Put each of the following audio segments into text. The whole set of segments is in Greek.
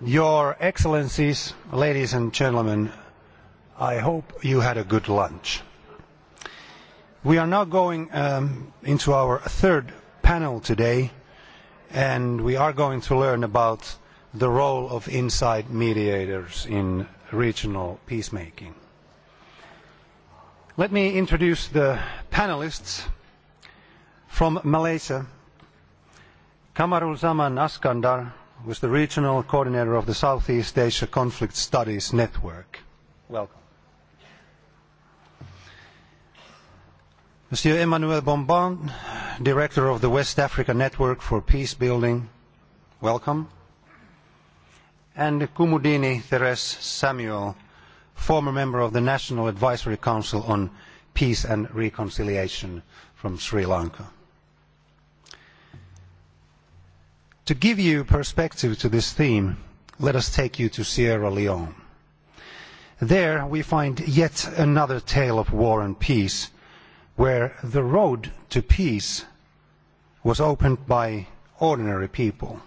Your Excellencies, ladies and gentlemen, I hope you had a good lunch. We are now going into our third panel today, and we are going to learn about the role of inside mediators in regional peacemaking. Let me introduce the panelists from Malaysia, Kamarul Zaman Askandar was the regional coordinator of the Southeast Asia Conflict Studies Network. Welcome. Monsieur Emmanuel Bombon, Director of the West Africa Network for Peace Building, welcome. And Kumudini Therese Samuel, former member of the National Advisory Council on Peace and Reconciliation from Sri Lanka. To give you perspective to this theme, let us take you to Sierra Leone. There we find yet another tale of war and peace, where the road to peace was opened by ordinary people.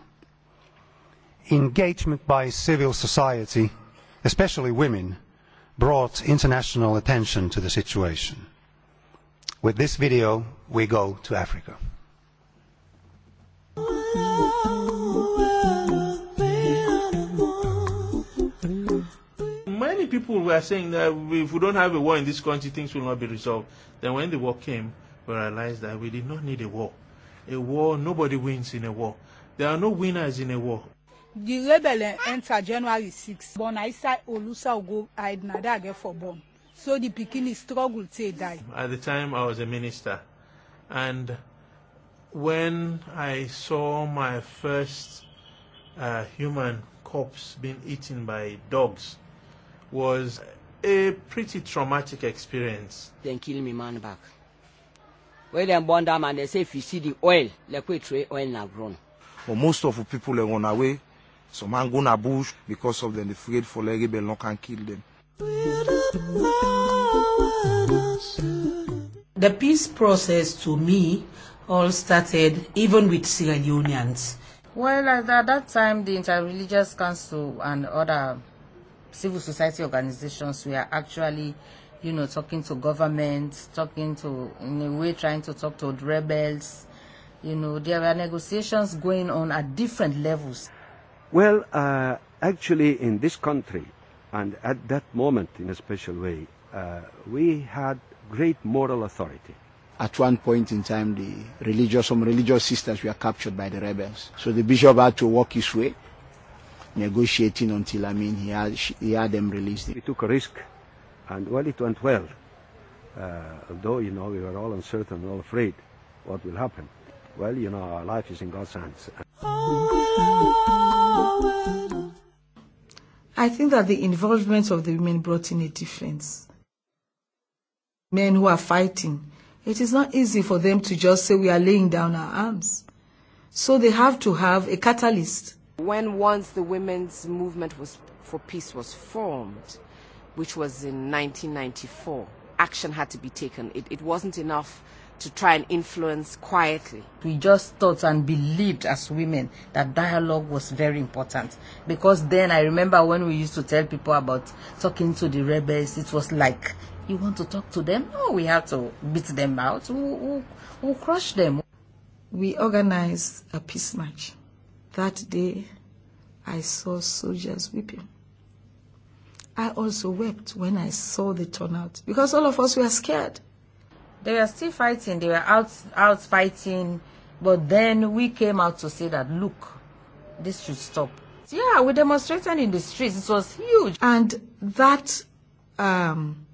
Engagement by civil society, especially women, brought international attention to the situation. With this video, we go to Africa. people were saying that if we don't have a war in this country, things will not be resolved. Then when the war came, we realized that we did not need a war. A war, nobody wins in a war. There are no winners in a war. The rebel entered January 6. Born I Olusogo get for born. So the Pekini struggle till die. At the time, I was a minister. And when I saw my first uh, human corpse being eaten by dogs, was a pretty traumatic experience. Then kill me man back. When they burn that man, they say if you see the oil, like we oil na grown. But most of the people they run away. so man go na bush because of them they afraid for the rebel no can kill them. The peace process to me all started even with Sierra Leoneans. Well, at that time, the Interreligious Council and other civil society organizations we are actually you know talking to governments talking to in a way trying to talk to rebels you know there are negotiations going on at different levels well uh, actually in this country and at that moment in a special way uh, we had great moral authority at one point in time the religious some religious sisters were captured by the rebels so the bishop had to walk his way negotiating until, I mean, he had, he had them released. We took a risk, and well, it went well. Uh, although, you know, we were all uncertain all afraid what will happen. Well, you know, our life is in God's hands. I think that the involvement of the women brought in a difference. Men who are fighting, it is not easy for them to just say we are laying down our arms. So they have to have a catalyst when once the women's movement was for peace was formed, which was in 1994, action had to be taken. It, it wasn't enough to try and influence quietly. We just thought and believed as women that dialogue was very important because then I remember when we used to tell people about talking to the rebels, it was like, you want to talk to them? No, we have to beat them out. We'll, crush them. We organized a peace march That day I saw soldiers weeping. I also wept when I saw the turnout because all of us were scared. They were still fighting, they were out, out fighting, but then we came out to say that, look, this should stop. Yeah, we demonstrated in the streets. It was huge. And that um,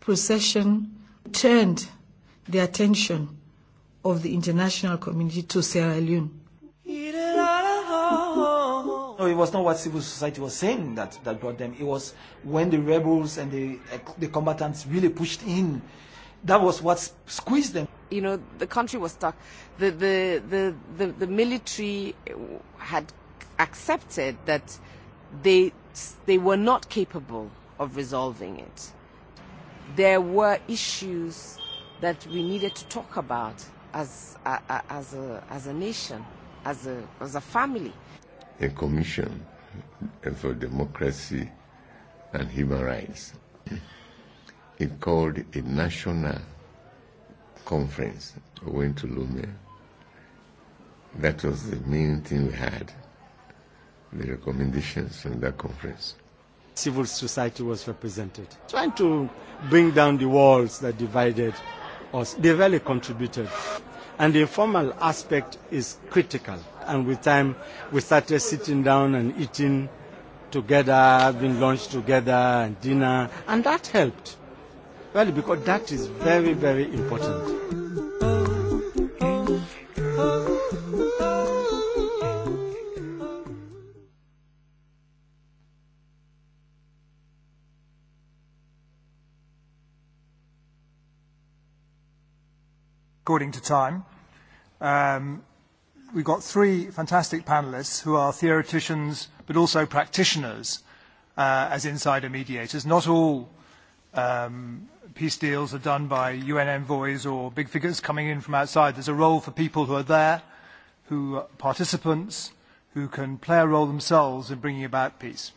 procession turned the attention of the international community to Sierra Leone no, it was not what civil society was saying that, that brought them. It was when the rebels and the, the combatants really pushed in. That was what squeezed them. You know, the country was stuck. The, the, the, the, the military had accepted that they, they were not capable of resolving it. There were issues that we needed to talk about as, as, a, as a nation, as a, as a family a commission for democracy and human rights. It called a national conference. We went to Lumia. That was the main thing we had, the recommendations from that conference. Civil society was represented, trying to bring down the walls that divided us. They really contributed. And the informal aspect is critical and with time we started sitting down and eating together, having lunch together and dinner, and that helped. Well, because that is very, very important. According to time we've got three fantastic panelists who are theoreticians but also practitioners as insider mediators. Not all peace deals are done by UN envoys or big figures coming in from outside. There's a role for people who are there, who are participants, who can play a role themselves in bringing about peace.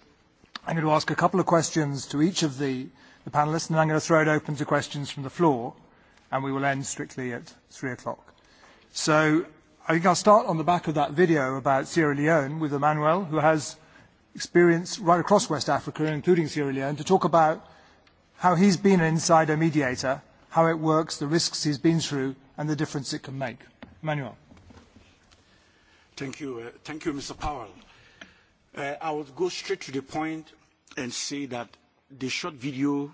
I'm going to ask a couple of questions to each of the panelists, and then I'm going to throw it open to questions from the floor, and we will end strictly at 3 o'clock. So I think I'll start on the back of that video about Sierra Leone with Emmanuel, who has experience right across West Africa, including Sierra Leone, to talk about how he's been an insider mediator, how it works, the risks he's been through, and the difference it can make. Emmanuel. Thank you, Thank you, Mr. Powell. I would go straight to the point and say that the short video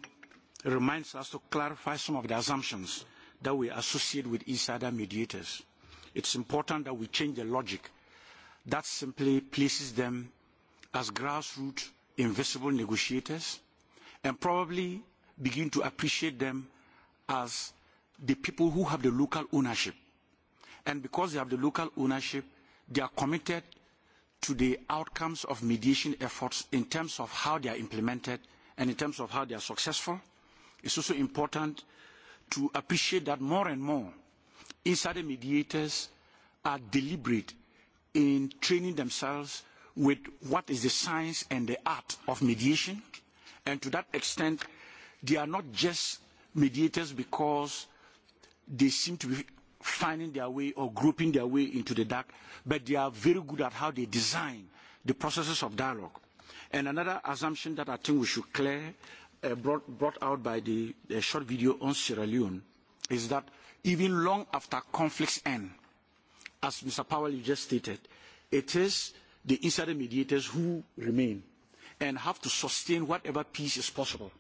reminds us to clarify some of the assumptions that we associate with insider mediators. It's important that we change the logic. That simply places them as grassroots, invisible negotiators, and probably begin to appreciate them as the people who have the local ownership. And because they have the local ownership, they are committed to the outcomes of mediation efforts in terms of how they are implemented and in terms of how they are successful. It's also important to appreciate that more and more insider mediators are deliberate in training themselves with what is the science and the art of mediation, and to that extent, they are not just mediators because they seem to be finding their way or grouping their way into the dark, but they are very good at how they design the processes of dialogue. And another assumption that I think we should clear, brought out by the short video on Sierra Leone, is that even long after conflicts end, as Mr. Powell just stated, it is the insider mediators who remain and have to sustain whatever peace is possible.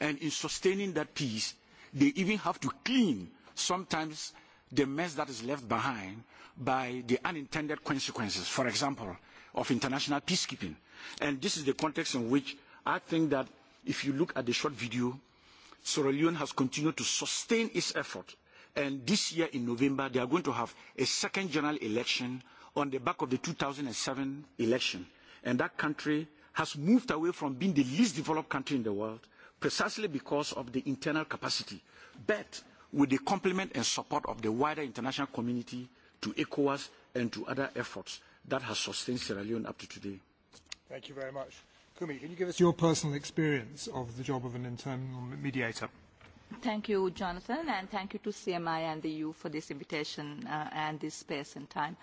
And in sustaining that peace, they even have to clean sometimes the mess that is left behind by the unintended consequences, for example, of international peacekeeping. And this is the context in which I think that if you look at the short video Sierra Leone has continued to sustain its effort, and this year in November they are going to have a second general election on the back of the 2007 election. And that country has moved away from being the least developed country in the world precisely because of the internal capacity, but with the complement and support of the wider international community to ECOWAS and to other efforts that has sustained Sierra Leone up to today. Thank you very much. Kumi, can you give us your personal experience of the job of an internal mediator? Thank you, Jonathan, and thank you to CMI and the EU for this invitation and this space and time.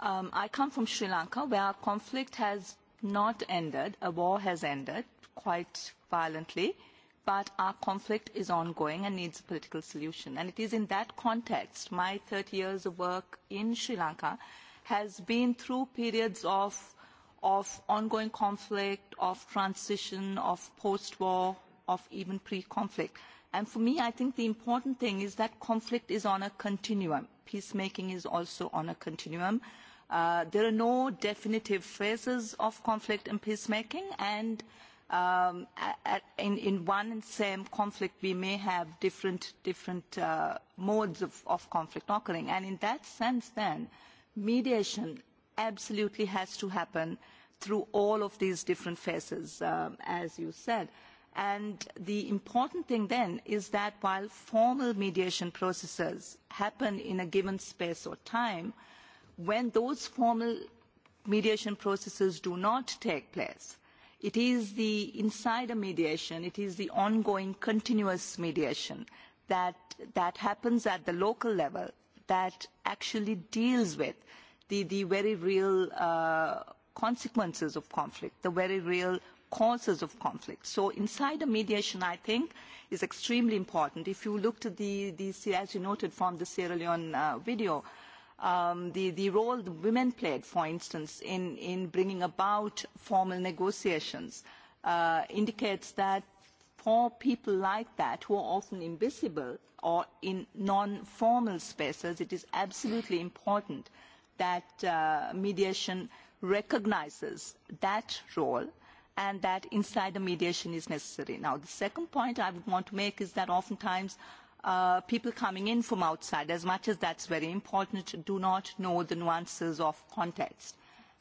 I come from Sri Lanka, where our conflict has not ended. A war has ended quite violently, but our conflict is ongoing and needs a political solution. And it is in that context my 30 years of work in Sri Lanka has been through periods of of ongoing conflict, of transition, of post-war, of even pre-conflict. And for me, I think the important thing is that conflict is on a continuum. Peacemaking is also on a continuum. There are no definitive phases of conflict and peacemaking, and in one and same conflict, we may have different modes of conflict occurring. And in that sense, then, mediation absolutely has to happen through all of these different phases, as you said. And the important thing then is that while formal mediation processes happen in a given space or time, when those formal mediation processes do not take place, it is the insider mediation, it is the ongoing continuous mediation that happens at the local level that actually deals with the very real consequences of conflict, the very real causes of conflict. So inside mediation, I think, is extremely important. If you look at the, as you noted from the Sierra Leone video, the role the women played, for instance, in bringing about formal negotiations indicates that for people like that who are often invisible or in non-formal spaces, it is absolutely important that mediation recognises that role and that the mediation is necessary. Now, the second point I would want to make is that oftentimes people coming in from outside, as much as that's very important, do not know the nuances of context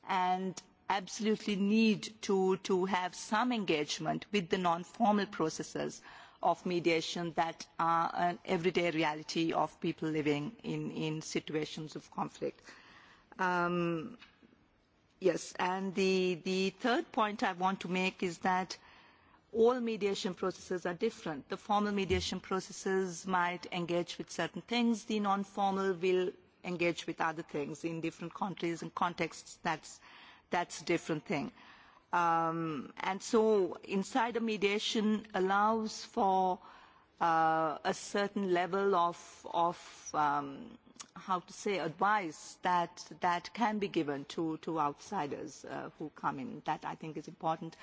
and absolutely need to have some engagement with the non-formal processes of mediation that are an everyday reality of people living in situations of conflict. Yes, and the third point I want to make is that all mediation processes are different. The formal mediation processes might engage with certain things. The non-formal will engage with other things in different countries and contexts. That's a different thing. And so, insider mediation allows for a certain level of of how to say advice that that can be given to outsiders who come in that i think is important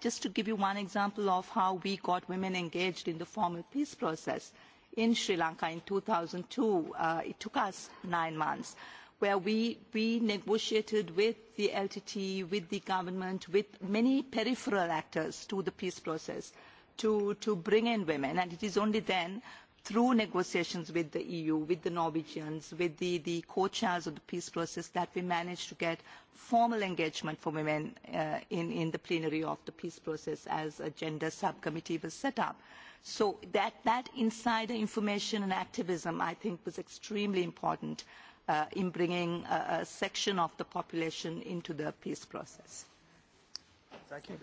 just to give you one example of how we got women engaged in the formal peace process in sri lanka in 2002 it took us nine months where we we negotiated with the ltt with the government with many peripheral actors to the peace process to bring in women and it is only then through negotiations with the eu with the norwegians with the co chairs of the peace process that we managed to get formal engagement for women in the plenary of the peace process as a gender subcommittee was set up. so that insider information and activism i think was extremely important in bringing a section of the population into the peace process. Thank you,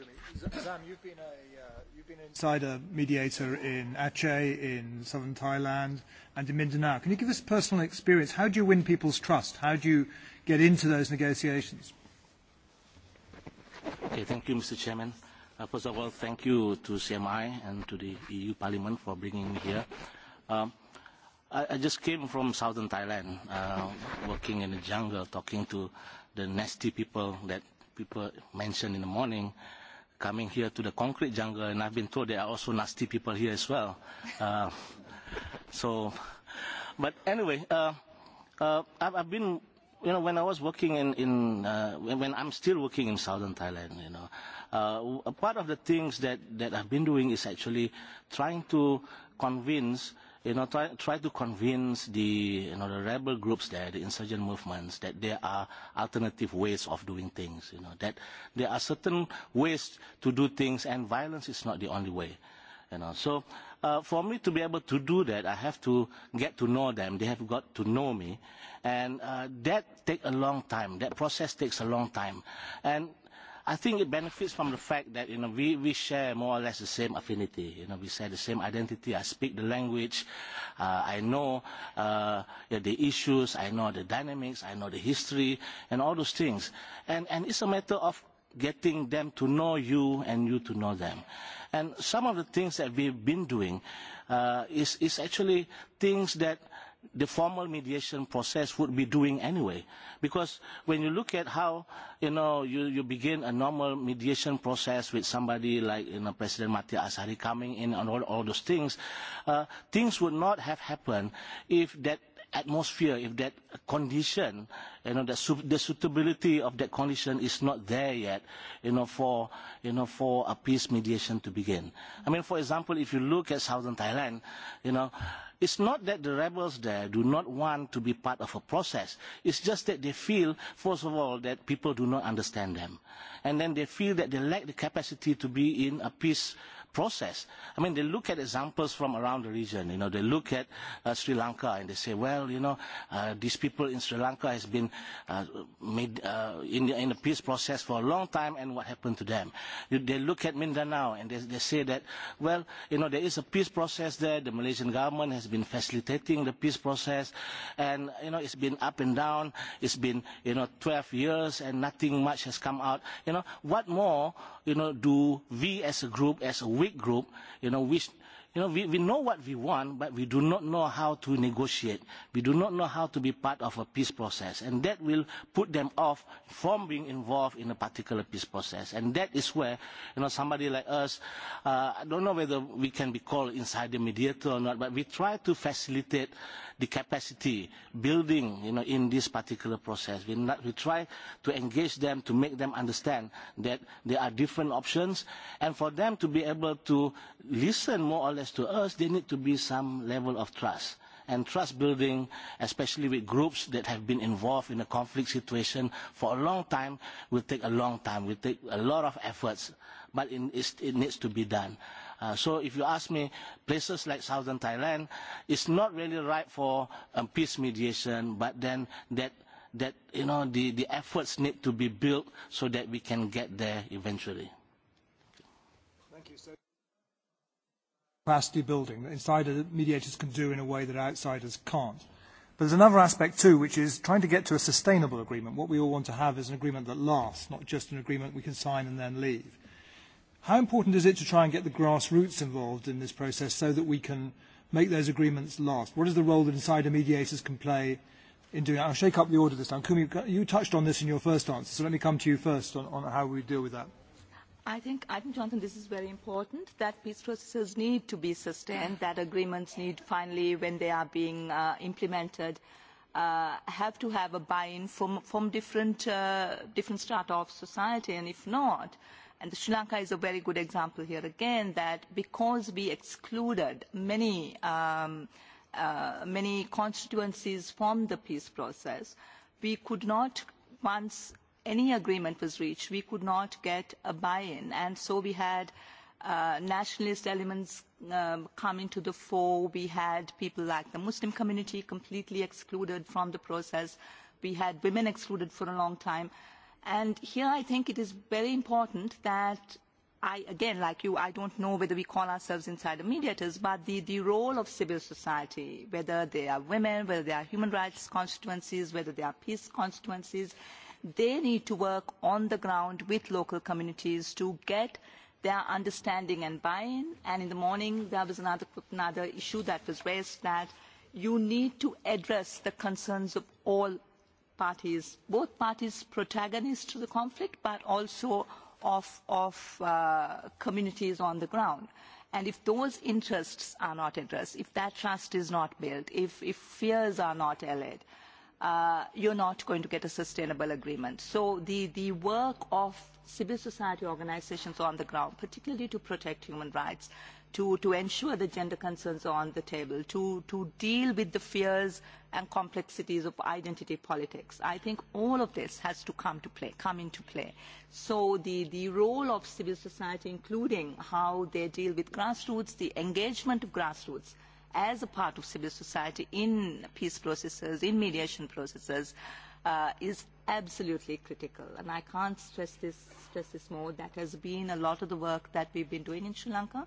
Zam, you've been an insider mediator in Aceh, in southern Thailand, and in Mindanao. Can you give us personal experience? How do you win people's trust? How do you get into those negotiations? Okay, thank you, Mr. Chairman. First of all, thank you to CMI and to the EU Parliament for bringing me here. Um I just came from southern Thailand, working in the jungle, talking to the nasty people that people mentioned in the morning, coming here to the concrete jungle, and I've been told there are also nasty people here as well. So, but anyway, I've been, you know, when I was working in, in when I'm still working in southern Thailand, you know, part of the things that that I've been doing is actually trying to convince you know, try, try to convince the, you know, the rebel groups there, the insurgent movements, that there are alternative ways of doing things, you know, that there are certain ways to do things and violence is not the only way, you know. So uh, for me to be able to do that, I have to get to know them. They have got to know me. And uh, that takes a long time. That process takes a long time. And I think it benefits from the fact that you know we we share more or less the same affinity. You know we share the same identity. I speak the language. I know the issues. I know the dynamics. I know the history and all those things. And and it's a matter of getting them to know you and you to know them. And some of the things that we've been doing is is actually things that the formal mediation process would be doing anyway. Because when you look at how, you know, you, you begin a normal mediation process with somebody like, you know, President Mati Asari coming in and all, all those things, uh, things would not have happened if that atmosphere, if that condition, you know, the suitability of that condition is not there yet, you know, for, you know, for a peace mediation to begin. I mean, for example, if you look at southern Thailand, you know, it's not that the rebels there do not want to be part of a process. It's just that they feel, first of all, that people do not understand them, and then they feel that they lack the capacity to be in a peace process. I mean, they look at examples from around the region. You know, they look at Sri Lanka and they say, well, you know, these people in Sri Lanka has been made in the peace process for a long time, and what happened to them? They look at Mindanao and they say that, well, you know, there is a peace process there. The Malaysian government has been facilitating the peace process, and you know, it's been up and down. It's been, you know, 12 years and nothing much has come out. You know, what more? you know, do we as a group, as a weak group, you know, which You know, we know what we want, but we do not know how to negotiate. We do not know how to be part of a peace process, and that will put them off from being involved in a particular peace process. And that is where, you know, somebody like us, I don't know whether we can be called inside the mediator or not, but we try to facilitate the capacity building, you know, in this particular process. We we try to engage them to make them understand that there are different options, and for them to be able to listen more or less to us, there need to be some level of trust. And trust building, especially with groups that have been involved in a conflict situation for a long time, will take a long time, will take a lot of efforts, but it needs to be done. So if you ask me, places like southern Thailand, it's not really right for peace mediation, but then that that you know the the efforts need to be built so that we can get there eventually. capacity building that insider mediators can do in a way that outsiders can't. But there's another aspect too, which is trying to get to a sustainable agreement. What we all want to have is an agreement that lasts, not just an agreement we can sign and then leave. How important is it to try and get the grassroots involved in this process so that we can make those agreements last? What is the role that insider mediators can play in doing that? I'll shake up the order this time. Kumi, you touched on this in your first answer, so let me come to you first on how we deal with that. I think, I think, Jonathan, this is very important that peace processes need to be sustained, that agreements need finally, when they are being implemented, have to have a buy-in from, different, different strata of society, and if not, and Sri Lanka is a very good example here again, that because we excluded many, many constituencies from the peace process, we could not once any agreement was reached, we could not get a buy-in. And so we had nationalist elements coming to the fore. We had people like the Muslim community completely excluded from the process. We had women excluded for a long time. And here I think it is very important that I, again, like you, I don't know whether we call ourselves insider mediators, but the role of civil society, whether they are women, whether they are human rights constituencies, whether they are peace constituencies, they need to work on the ground with local communities to get their understanding and buy-in. And in the morning, there was another issue that was raised that you need to address the concerns of all parties, both parties protagonists to the conflict, but also of communities on the ground. And if those interests are not addressed, if that trust is not built, if fears are not allayed, You are not going to get a sustainable agreement. So the work of civil society organisations on the ground, particularly to protect human rights, to ensure the gender concerns are on the table, to deal with the fears and complexities of identity politics, I think all of this has to come to play, come into play. So the role of civil society, including how they deal with grassroots, the engagement of grassroots as a part of civil society in peace processes, in mediation processes, is absolutely critical. And I can't stress this stress this more. That has been a lot of the work that we've been doing in Sri Lanka.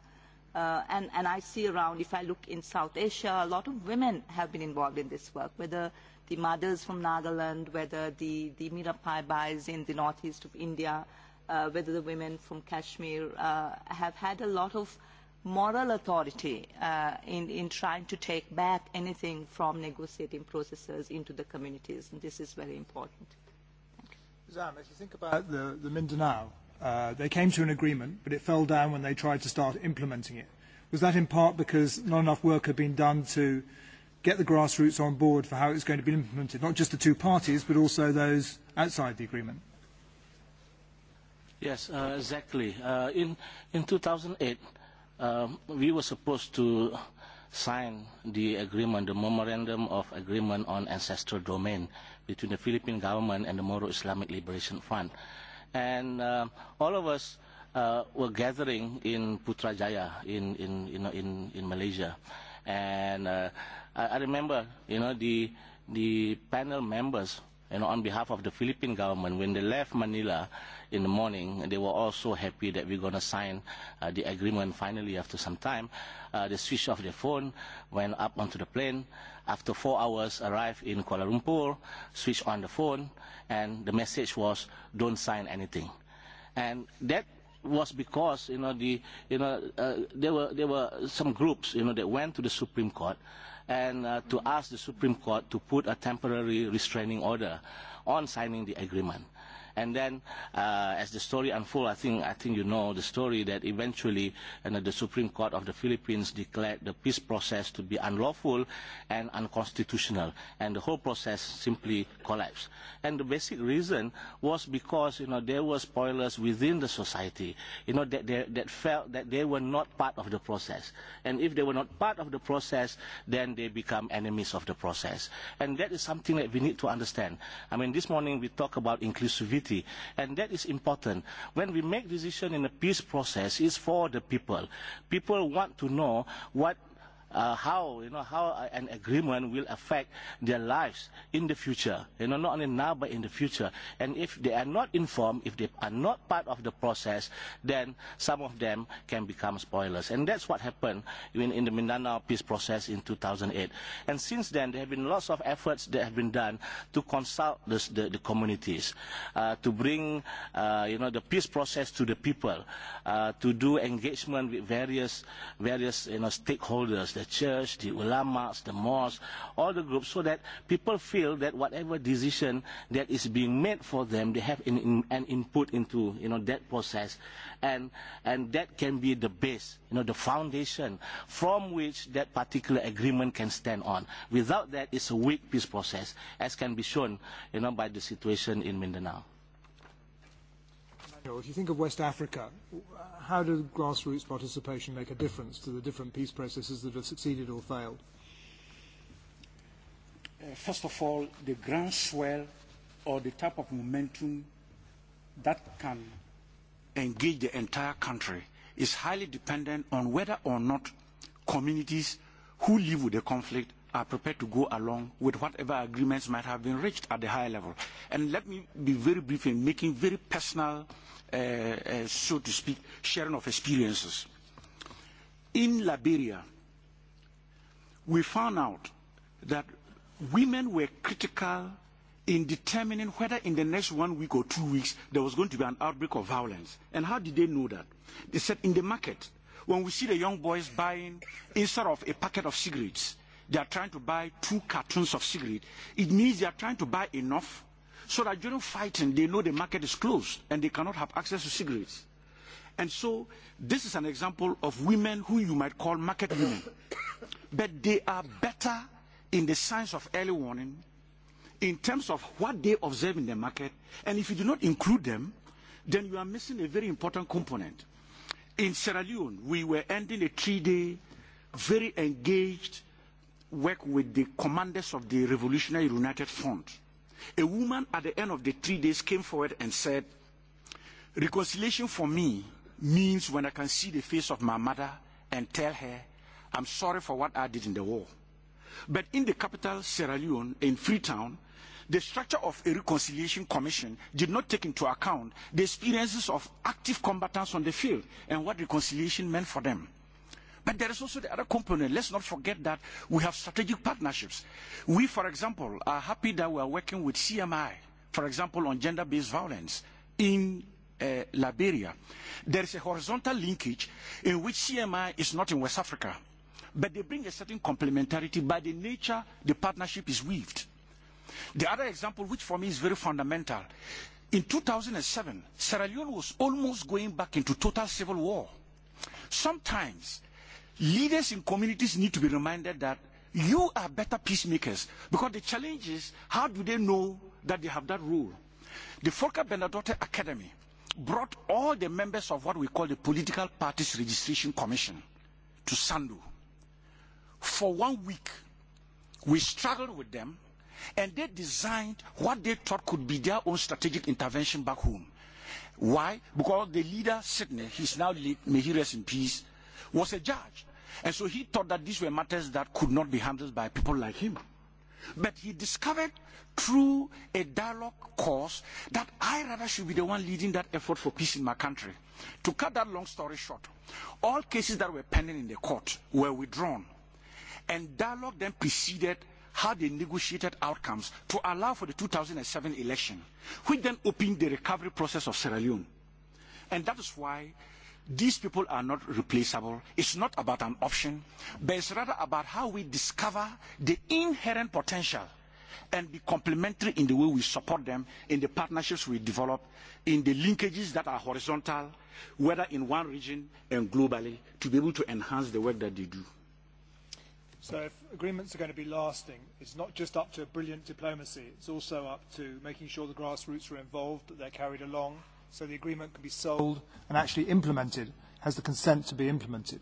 And and I see around, if I look in South Asia, a lot of women have been involved in this work, whether the mothers from Nagaland, whether the the Mirapai Bais in the northeast of India, whether the women from Kashmir have had a lot of moral authority in in trying to take back anything from negotiating processes into the communities. And this is very important. Zan, if you think about the the Mindanao, they came to an agreement, but it fell down when they tried to start implementing it. Was that in part because not enough work had been done to get the grassroots on board for how it was going to be implemented, not just the two parties, but also those outside the agreement? Yes, exactly. In 2008, we were supposed to sign the agreement, the memorandum of agreement on ancestral domain between the Philippine government and the Moro Islamic Liberation Front. And all of us were gathering in Putrajaya in, in, in, in Malaysia. And I, I remember, you know, the, the panel members, you know, on behalf of the Philippine government, when they left Manila, in the morning, they were all so happy that we're going to sign the agreement finally after some time. They switched off their phone, went up onto the plane, after four hours arrived in Kuala Lumpur, switched on the phone, and the message was, don't sign anything. And that was because, you know, the, you know, there were there were some groups, you know, that went to the Supreme Court and to ask the Supreme Court to put a temporary restraining order on signing the agreement. And then, as the story unfolds, I think I think you know the story that eventually the Supreme Court of the Philippines declared the peace process to be unlawful and unconstitutional, and the whole process simply collapsed. And the basic reason was because you know there were spoilers within the society, you know that that felt that they were not part of the process, and if they were not part of the process, then they become enemies of the process, and that is something that we need to understand. I mean, this morning we talk about inclusivity and that is important. When we make decision in a peace process, it's for the people. People want to know what how you know how an agreement will affect their lives in the future you know not only now but in the future and if they are not informed if they are not part of the process then some of them can become spoilers and that's what happened in the Mindanao peace process in 2008 and since then there have been lots of efforts that have been done to consult the the communities to bring you know the peace process to the people to do engagement with various various you know stakeholders the church, the ulamas, the mosques, all the groups, so that people feel that whatever decision that is being made for them, they have an input into that process, and that can be the base, the foundation from which that particular agreement can stand on. Without that, it's a weak peace process, as can be shown by the situation in Mindanao. Africa, if you think of West Africa, how does grassroots participation make a difference to the different peace processes that have succeeded or failed? First of all, the grand swell or the type of momentum that can engage the entire country is highly dependent on whether or not communities who live with the conflict are prepared to go along with whatever agreements might have been reached at the higher level. And let me be very brief in making very personal, so to speak, sharing of experiences. In Liberia, we found out that women were critical in determining whether in the next one week or two weeks there was going to be an outbreak of violence. And how did they know that? They said in the market, when we see the young boys buying, instead of a packet of cigarettes, they are trying to buy two cartons of cigarettes. It means they are trying to buy enough so that during fighting they know the market is closed and they cannot have access to cigarettes. And so this is an example of women who you might call market women. But they are better in the science of early warning in terms of what they observe in the market. And if you do not include them, then you are missing a very important component. In Sierra Leone, we were ending a three-day, very engaged work with the commanders of the Revolutionary United Front. A woman at the end of the three days came forward and said, Reconciliation for me means when I can see the face of my mother and tell her, I'm sorry for what I did in the war. But in the capital, Sierra Leone, in Freetown, the structure of a reconciliation commission did not take into account the experiences of active combatants on the field and what reconciliation meant for them. But there is also the other component. Let's not forget that we have strategic partnerships. We, for example, are happy that we are working with CMI, for example, on gender-based violence in Liberia. There is a horizontal linkage in which CMI is not in West Africa, but they bring a certain complementarity by the nature the partnership is weaved. The other example, which for me is very fundamental, in 2007, Sierra Leone was almost going back into total civil war. Sometimes leaders in communities need to be reminded that you are better peacemakers because the challenge is how do they know that they have that role? The Volker Bernadotte Academy brought all the members of what we call the Political Parties Registration Commission to Sandu. For one week, we struggled with them and they designed what they thought could be their own strategic intervention back home. Why? Because the leader, Sidney, he's now late, may he rest in peace, was a judge And so he thought that these were matters that could not be handled by people like him. But he discovered through a dialogue course that I rather should be the one leading that effort for peace in my country. To cut that long story short, all cases that were pending in the court were withdrawn. And dialogue then preceded how they negotiated outcomes to allow for the 2007 election, which then opened the recovery process of Sierra Leone. And that is why These people are not replaceable. It's not about an option, but it's rather about how we discover the inherent potential and be complementary in the way we support them, in the partnerships we develop, in the linkages that are horizontal, whether in one region and globally, to be able to enhance the work that they do. So if agreements are going to be lasting, it's not just up to brilliant diplomacy, it's also up to making sure the grassroots are involved, that they're carried along so the agreement can be sold and actually implemented, has the consent to be implemented.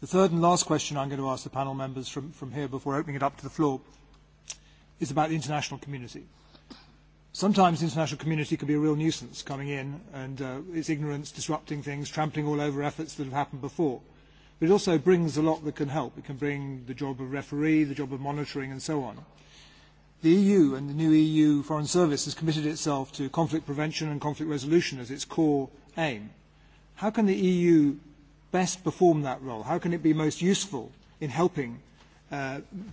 The third and last question I'm going to ask the panel members from here before opening it up to the floor is about the international community. Sometimes the international community can be a real nuisance coming in and its ignorance disrupting things, trampling all over efforts that have happened before. But it also brings a lot that can help. It can bring the job of referee, the job of monitoring and so on. The EU and the new EU Foreign Service has committed itself to conflict prevention and conflict resolution as its core aim. How can the EU best perform that role? How can it be most useful in helping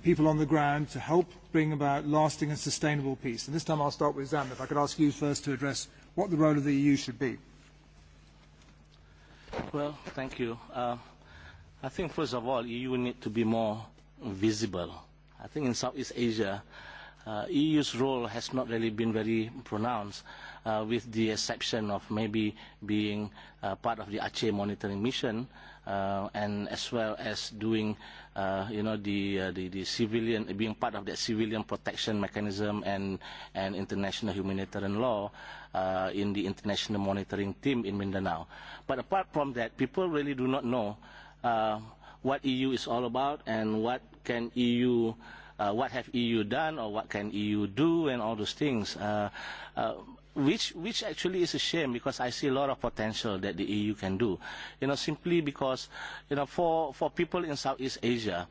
people on the ground to help bring about lasting and sustainable peace? And this time I'll start with Zam. If I could ask you first to address what the role of the EU should be. Well, thank you. I think, first of all, the EU need to be more visible. I think in Southeast Asia, EU's role has not really been very pronounced, with the exception of maybe being part of the Aceh monitoring mission, and as well as doing, you know, the the civilian being part of that civilian protection mechanism and and international humanitarian law in the international monitoring team in Mindanao. But apart from that, people really do not know what EU is all about and what can EU what have EU done or what can EU do and all those things, which which actually is a shame because I see a lot of potential that the EU can do, you know, simply because, you know, for for people in Southeast Asia,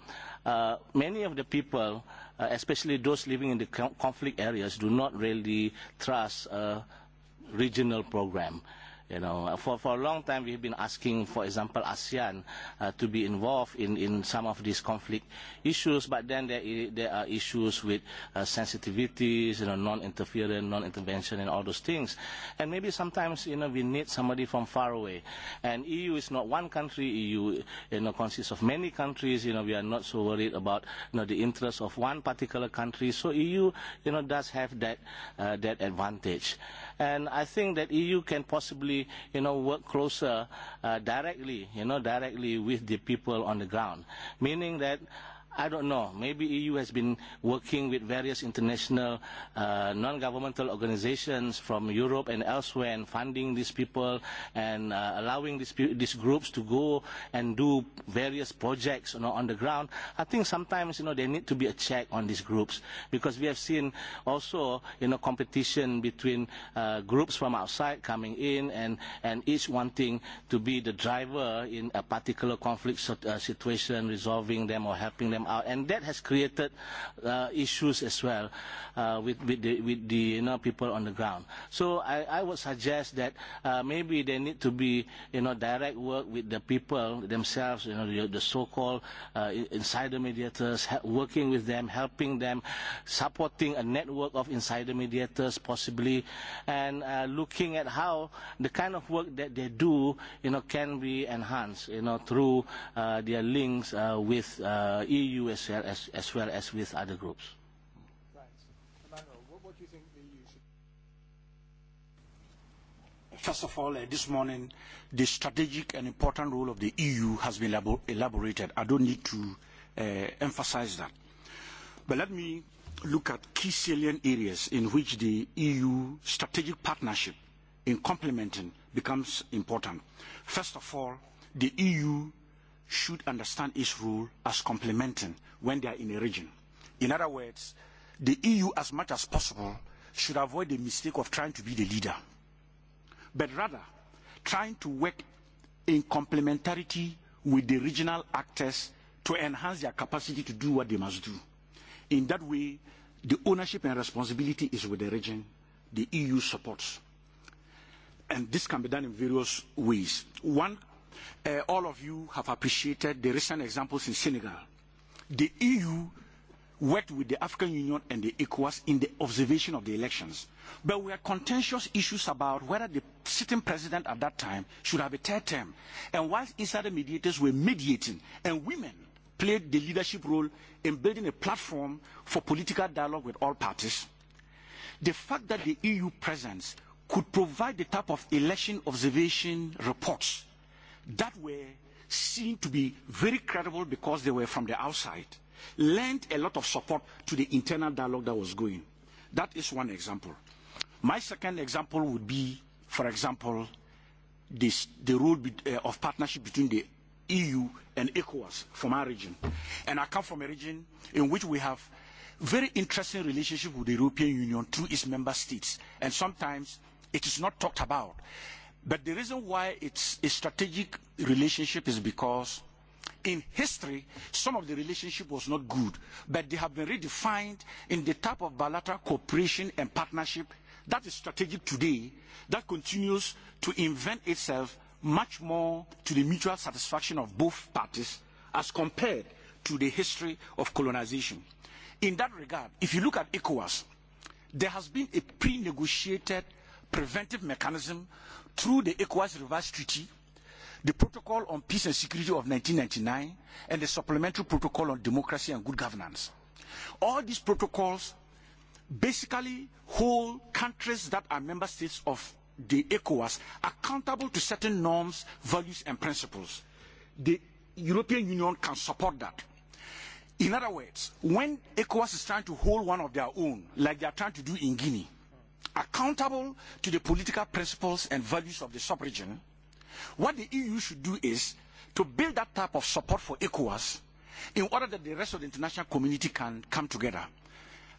many of the people, especially those living in the conflict areas, do not really trust a regional program. You know, for for a long time we have been asking, for example, ASEAN to be involved in in some of these conflict issues, but then there are issues with sensitivities, you know, non-interference, non-intervention, and all those things. And maybe sometimes you know we need somebody from far away. And EU is not one country. EU you know consists of many countries. You know we are not so worried about you know the interests of one particular country. So EU you know does have that that advantage and I think that EU can possibly, you know, work closer directly, you know, directly with the people on the ground, meaning that I don't know. Maybe EU has been working with various international non-governmental organizations from Europe and elsewhere and funding these people and allowing these groups to go and do various projects on the ground. I think sometimes you know, there need to be a check on these groups because we have seen also you know, competition between groups from outside coming in and each wanting to be the driver in a particular conflict situation, resolving them or helping them out, and that has created issues as well with with the with you know people on the ground. So I I would suggest that maybe there need to be you know direct work with the people themselves, you know the so-called insider mediators, working with them, helping them, supporting a network of insider mediators possibly, and looking at how the kind of work that they do you know can be enhanced you know through their links with EU EU as well as with other groups. First of all, this morning, the strategic and important role of the EU has been elaborated. I don't need to emphasize that. But let me look at key salient areas in which the EU strategic partnership in complementing becomes important. First of all, the EU should understand its role as complementing when they are in a region. In other words, the EU, as much as possible, should avoid the mistake of trying to be the leader, but rather trying to work in complementarity with the regional actors to enhance their capacity to do what they must do. In that way, the ownership and responsibility is with the region, the EU supports. And this can be done in various ways. One all of you have appreciated the recent examples in Senegal. The EU worked with the African Union and the ECOWAS in the observation of the elections. But we had contentious issues about whether the sitting president at that time should have a third term. And whilst insider mediators were mediating, and women played the leadership role in building a platform for political dialogue with all parties, the fact that the EU presence could provide the type of election observation reports that were seen to be very credible because they were from the outside, lent a lot of support to the internal dialogue that was going. That is one example. My second example would be, for example, the role of partnership between the EU and ECOWAS from our region. And I come from a region in which we have very interesting relationship with the European Union through its member states, and sometimes it is not talked about. But the reason why it's a strategic relationship is because in history, some of the relationship was not good, but they have been redefined in the type of bilateral cooperation and partnership that is strategic today, that continues to invent itself much more to the mutual satisfaction of both parties as compared to the history of colonization. In that regard, if you look at ECOWAS, there has been a pre-negotiated preventive mechanism through the ECOWAS Reverse Treaty, the Protocol on Peace and Security of 1999, and the Supplementary Protocol on Democracy and Good Governance. All these protocols basically hold countries that are member states of the ECOWAS accountable to certain norms, values, and principles. The European Union can support that. In other words, when ECOWAS is trying to hold one of their own, like they are trying to do in Guinea, accountable to the political principles and values of the sub-region, what the EU should do is to build that type of support for ECOWAS in order that the rest of the international community can come together.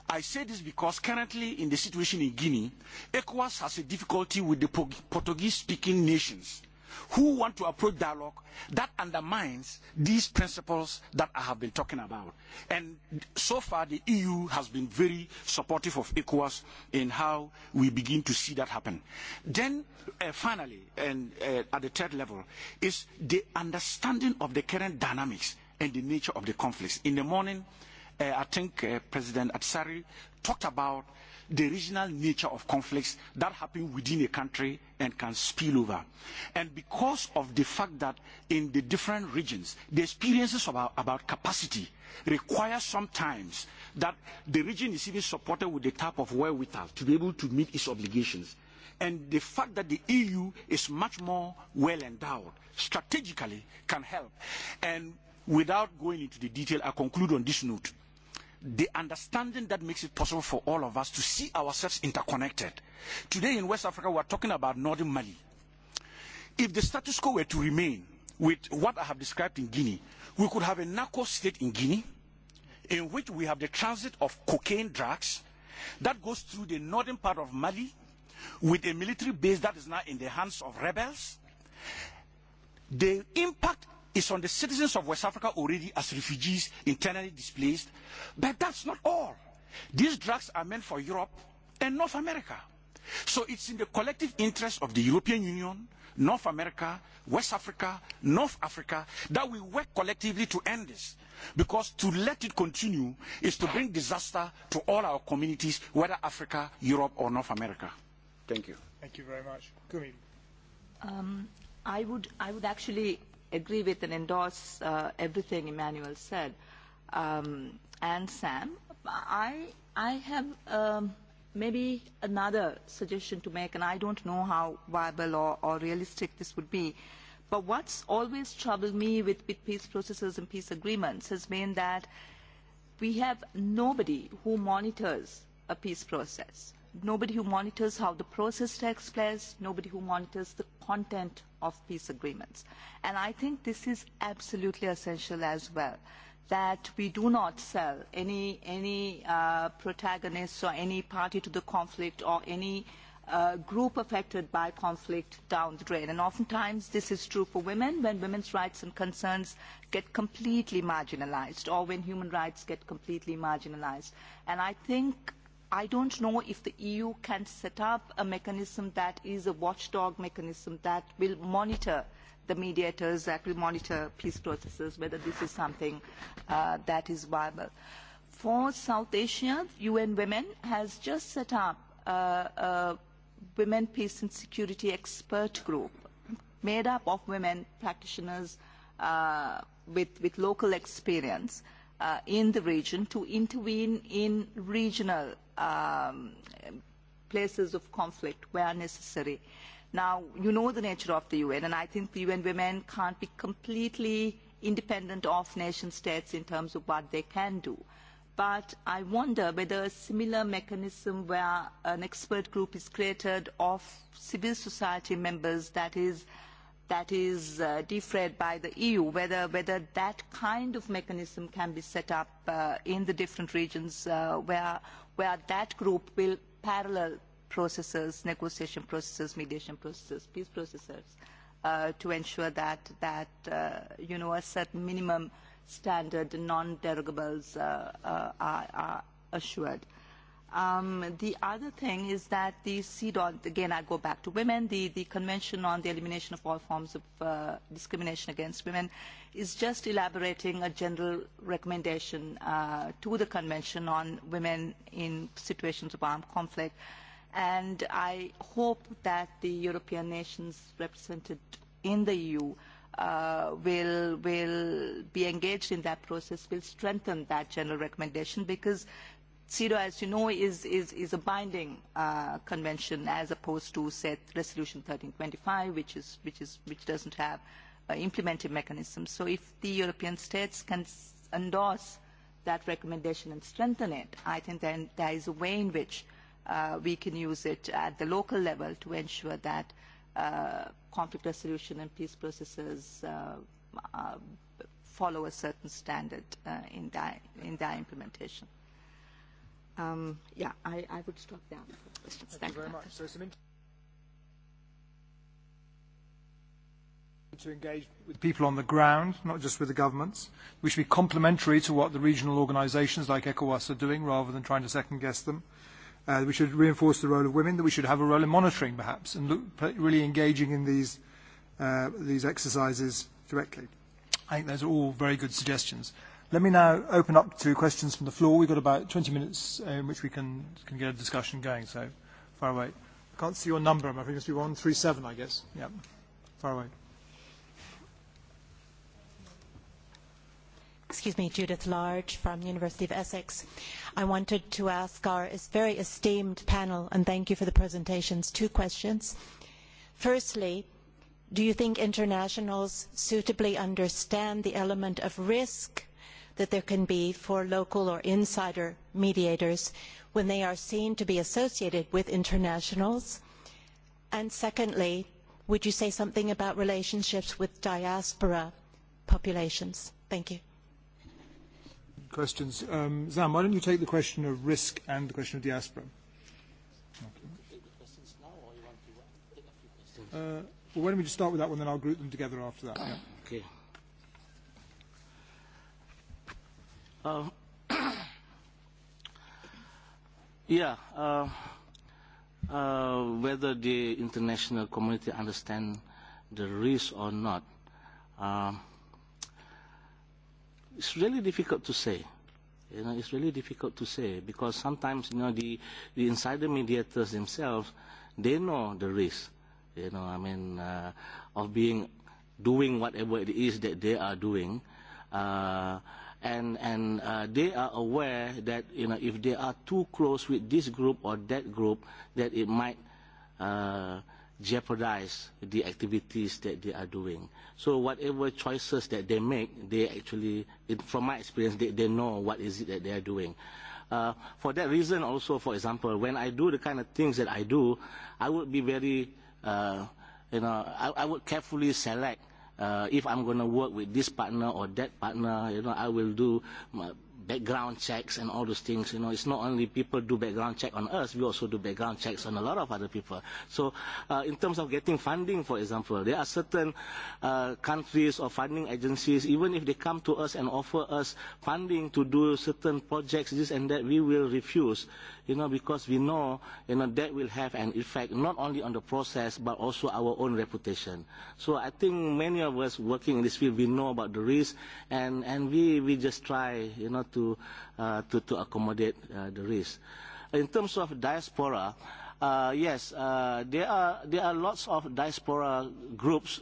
I say this because currently in the situation in Guinea, ECOWAS has a difficulty with the Portuguese-speaking nations who want to approach dialogue that undermines these principles that I have been talking about. And so far the EU has been very supportive of ECOWAS in how we begin to see that happen. Then finally, and at the third level, is the understanding of the current dynamics and the nature of the conflicts. In the morning, I think President Atsari talked about the regional nature of conflicts that happen within a country and can spill over. And because of the fact that in the different regions, the experiences about capacity require sometimes that the region is even supported with the type of wherewithal to be able to meet its obligations. And the fact that the EU is much more well endowed strategically can help. And without going into the detail, I conclude on this note the understanding that makes it possible for all of us to see ourselves interconnected. Today in West Africa we are talking about northern Mali. If the status quo were to remain with what I have described in Guinea, we could have a narco state in Guinea in which we have the transit of cocaine drugs that goes through the northern part of Mali with a military base that is now in the hands of rebels. The impact is on the citizens of West Africa already as refugees, internally displaced. But that's not all. These drugs are meant for Europe and North America. So it's in the collective interest of the European Union, North America, West Africa, North Africa, that we work collectively to end this. Because to let it continue is to bring disaster to all our communities, whether Africa, Europe or North America. Thank you. Thank you very much. I would actually agree with and endorse everything Emmanuel said. And Sam, I I have maybe another suggestion to make, and I don't know how viable or realistic this would be. But what's always troubled me with peace processes and peace agreements has been that we have nobody who monitors a peace process nobody who monitors how the process takes place, nobody who monitors the content of peace agreements. And I think this is absolutely essential as well, that we do not sell any protagonists or any party to the conflict or any group affected by conflict down the drain. And oftentimes this is true for women when women's rights and concerns get completely marginalized or when human rights get completely marginalized. And I think I don't know if the EU can set up a mechanism that is a watchdog mechanism that will monitor the mediators, that will monitor peace processes, whether this is something that is viable. For South Asia, UN Women has just set up a Women, Peace and Security Expert Group made up of women practitioners with local experience in the region to intervene in regional places of conflict where necessary. Now, you know the nature of the UN, and I think the UN women can't be completely independent of nation states in terms of what they can do. But I wonder whether a similar mechanism where an expert group is created of civil society members that is that is defrayed by the EU, whether whether that kind of mechanism can be set up in the different regions where where that group will parallel processes, negotiation processes, mediation processes, peace processes, to ensure that that you know a certain minimum standard non-derogables are assured. The other thing is that the CEDAW, again I go back to women, the Convention on the Elimination of All Forms of Discrimination Against Women is just elaborating a general recommendation to the Convention on Women in Situations of Armed Conflict. And I hope that the European nations represented in the EU will be engaged in that process, will strengthen that general recommendation because CEDAW, as you know, is a binding convention as opposed to, say, Resolution 1325, which doesn't have implementing mechanisms. So if the European states can endorse that recommendation and strengthen it, I think then there is a way in which we can use it at the local level to ensure that conflict resolution and peace processes follow a certain standard in their implementation. Um, yeah, to engage with people on the ground, not just with the governments. We should be complementary to what the regional organisations like ECOWAS are doing rather than trying to second-guess them. we should reinforce the role of women, that we should have a role in monitoring perhaps and look, really engaging in these, these exercises directly. I think those are all very good suggestions. Let me now open up to questions from the floor. We've got about 20 minutes in which we can get a discussion going, so far away. I can't see your number. I'm afraid it's 137, I guess. Yeah, far away. Excuse me, Judith Large from the University of Essex. I wanted to ask our very esteemed panel, and thank you for the presentations, two questions. Firstly, do you think internationals suitably understand the element of risk that there can be for local or insider mediators when they are seen to be associated with internationals? And secondly, would you say something about relationships with diaspora populations? Thank you. Questions. Zam, why don't you take the question of risk and the question of diaspora? Well, why don't we just start with that one, then I'll group them together after that. Okay. Yeah, whether the international community understand the risk or not, it's really difficult to say. You know, it's really difficult to say because sometimes you know the the insider mediators themselves, they know the risk. You know, I mean, of being doing whatever it is that they are doing and and uh they are aware that you know if they are too close with this group or that group that it might uh jeopardize the activities that they are doing. So whatever choices that they make, they actually, from my experience, they, they know what is it that they are doing. Uh, for that reason also, for example, when I do the kind of things that I do, I would be very, uh, you know, I, I would carefully select if I'm going to work with this partner or that partner, you know, I will do background checks and all those things. You know, it's not only people do background check on us, we also do background checks on a lot of other people. So, in terms of getting funding, for example, there are certain countries or funding agencies, even if they come to us and offer us funding to do certain projects, this and that, we will refuse you know, because we know, you know, that will have an effect not only on the process but also our own reputation. So I think many of us working in this field we know about the risk and and we we just try, you know, to to to accommodate the risk. In terms of diaspora, yes, there are there are lots of diaspora groups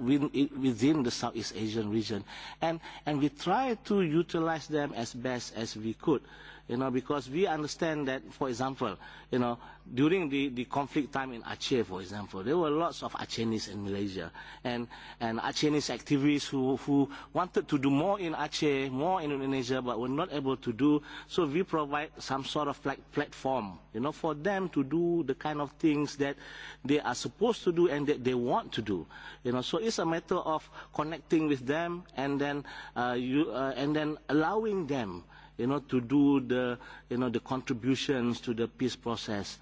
within the Southeast Asian region, and and we try to utilize them as best as we could you know, because we understand that, for example, you know, during the, the conflict time in Aceh, for example, there were lots of Achenis in Malaysia and, and Achenis activists who, who wanted to do more in Aceh, more in Indonesia, but were not able to do. So we provide some sort of like platform, you know, for them to do the kind of things that they are supposed to do and that they want to do. You know, so it's a matter of connecting with them and then, uh, you, uh, and then allowing them you know, to do the, you know, the contributions to the peace process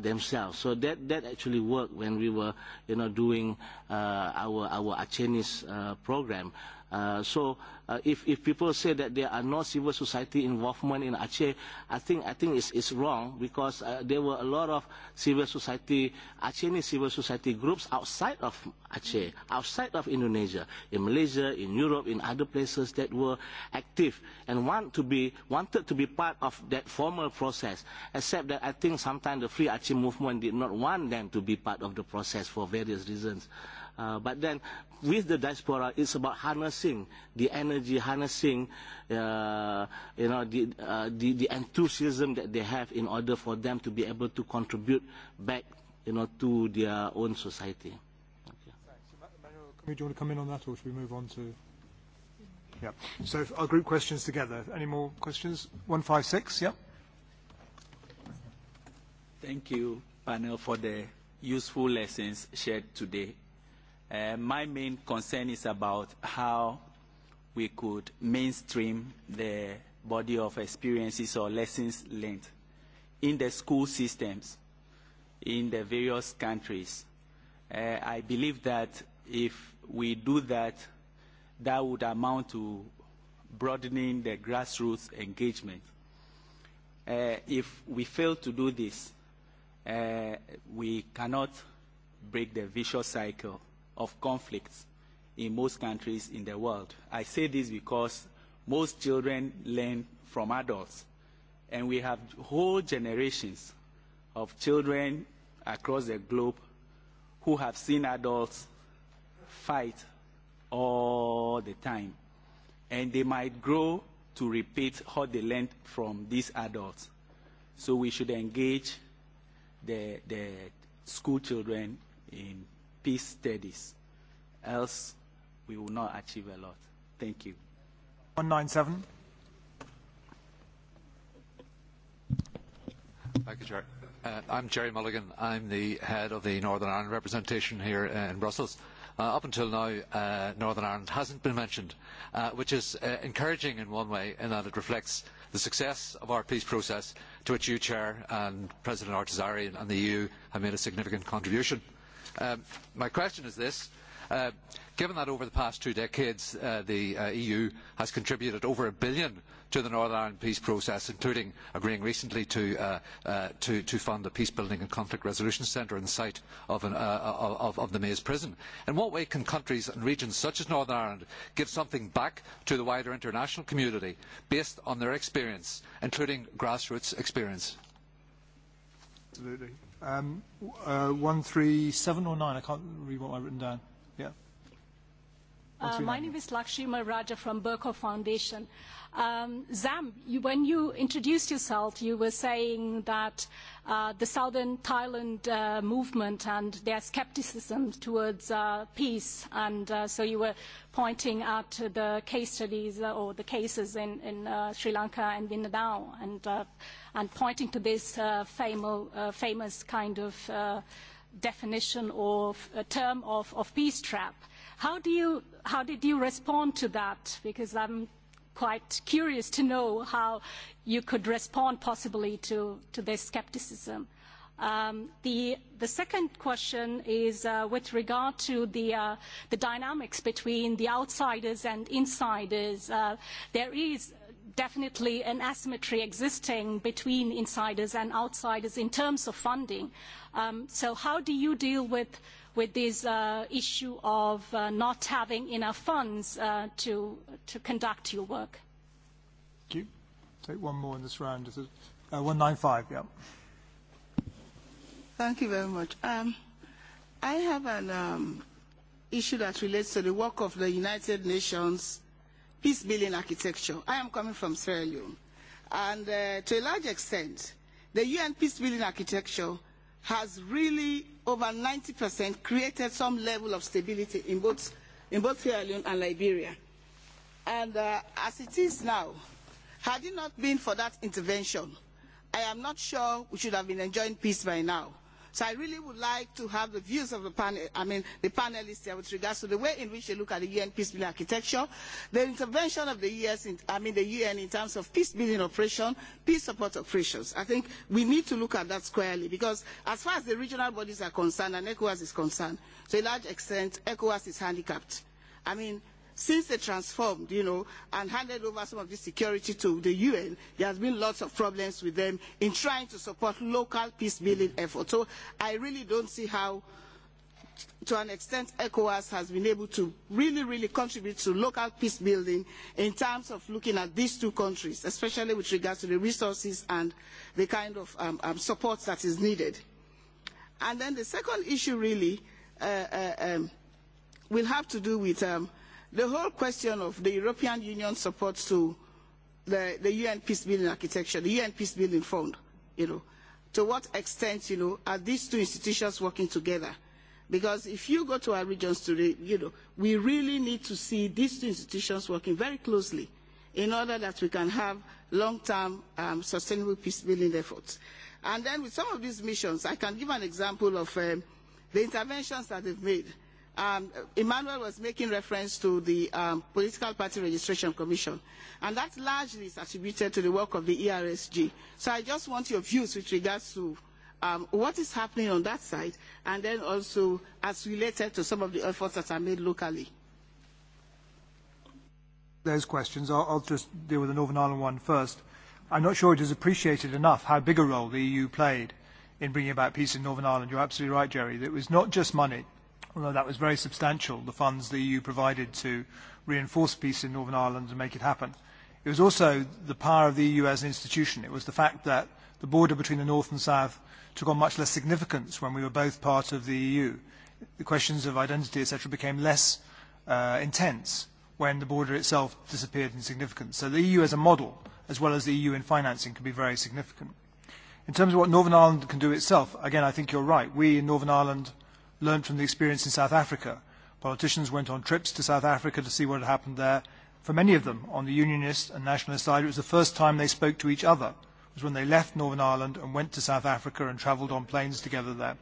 themselves. So that that actually worked when we were, you know, doing our our Achenis program So if people say that there are no civil society involvement in Aceh, I think I think it's wrong because there were a lot of civil society, Aceh civil society groups outside of Aceh, outside of Indonesia, in Malaysia, in Europe, in other places that were active and want to be wanted to be part of that formal process. Except that I think sometimes the Free Aceh movement did not want them to be part of the process for various reasons. But then with the diaspora, it's about harnessing the energy, harnessing you know the the enthusiasm that they have in order for them to be able to contribute back you know to their own society. Do you want to come in on that, or should we move on to? Yeah. So I'll group questions together. Any more questions? 156, yeah. Thank you, panel, for the useful lessons shared today. My main concern is about how we could mainstream the body of experiences or lessons learned in the school systems in the various countries. I believe that if we do that, that would amount to broadening the grassroots engagement. If we fail to do this, we cannot break the vicious cycle of conflicts in most countries in the world. I say this because most children learn from adults, and we have whole generations of children across the globe who have seen adults fight all the time, and they might grow to repeat what they learned from these adults. So we should engage the school children in peace studies. Else, we will not achieve a lot. Thank you. 197. Thank you, Chair. I'm Jerry Mulligan. I'm the head of the Northern Ireland representation here in Brussels. Up until now, Northern Ireland hasn't been mentioned, which is encouraging in one way in that it reflects the success of our peace process to which you, Chair, and President Artazari and the EU have made a significant contribution. My question is this. Given that over the past two decades the EU has contributed over a billion to the Northern Ireland peace process, including agreeing recently to fund a peace building and conflict resolution centre in the site of the Mays prison, in what way can countries and regions such as Northern Ireland give something back to the wider international community based on their experience, including grassroots experience? Absolutely. 137 or 9? I can't read what I've written down. My name is Lakshmi Raja from Burko Foundation. Zam, when you introduced yourself, you were saying that the Southern Thailand movement and their skepticism towards peace, and so you were pointing out the case studies or the cases in Sri Lanka and Mindanao, and pointing to this famous kind of definition or term of peace trap. How do you how did you respond to that? Because I'm quite curious to know how you could respond possibly to this scepticism. The second question is with regard to the dynamics between the outsiders and insiders. There is definitely an asymmetry existing between insiders and outsiders in terms of funding. So how do you deal with with this issue of not having enough funds to conduct your work. Thank you. Take one more in this round. 195, yeah. Thank you very much. I have an issue that relates to the work of the United Nations peace building architecture. I am coming from Sierra Leone. And to a large extent, the UN peace building architecture has really over 90% created some level of stability in both Sierra Leone and Liberia. And as it is now, had it not been for that intervention, I am not sure we should have been enjoying peace by now. So I really would like to have the views of the I mean the panelists here with regards to the way in which they look at the UN peace building architecture, the intervention of the UN in terms of peace building operation, peace support operations. I think we need to look at that squarely because as far as the regional bodies are concerned and ECOWAS is concerned, to a large extent ECOWAS is handicapped. I mean Since they transformed, you know, and handed over some of the security to the UN, there has been lots of problems with them in trying to support local peace building efforts. So I really don't see how, to an extent, ECOWAS has been able to really, really contribute to local peace building in terms of looking at these two countries, especially with regards to the resources and the kind of support that is needed. And then the second issue really will have to do with the whole question of the European Union support to the, the UN peace building architecture, the UN peace building fund, you know, to what extent, you know, are these two institutions working together? Because if you go to our regions today, you know, we really need to see these two institutions working very closely in order that we can have long-term sustainable peace building efforts. And then with some of these missions, I can give an example of the interventions that they've made Emmanuel was making reference to the Political Party Registration Commission, and that largely is attributed to the work of the ERSG. So I just want your views with regards to what is happening on that side, and then also as related to some of the efforts that are made locally. Those questions, I'll just deal with the Northern Ireland one first. I'm not sure it is appreciated enough how big a role the EU played in bringing about peace in Northern Ireland. You're absolutely right, Jerry. It was not just money although that was very substantial, the funds the EU provided to reinforce peace in Northern Ireland and make it happen. It was also the power of the EU as an institution. It was the fact that the border between the North and South took on much less significance when we were both part of the EU. The questions of identity, etc., became less intense when the border itself disappeared in significance. So the EU as a model, as well as the EU in financing, can be very significant. In terms of what Northern Ireland can do itself, again, I think you're right. We in Northern Ireland learned from the experience in South Africa. Politicians went on trips to South Africa to see what had happened there. For many of them, on the unionist and nationalist side, it was the first time they spoke to each other. It was when they left Northern Ireland and went to South Africa and travelled on planes together there.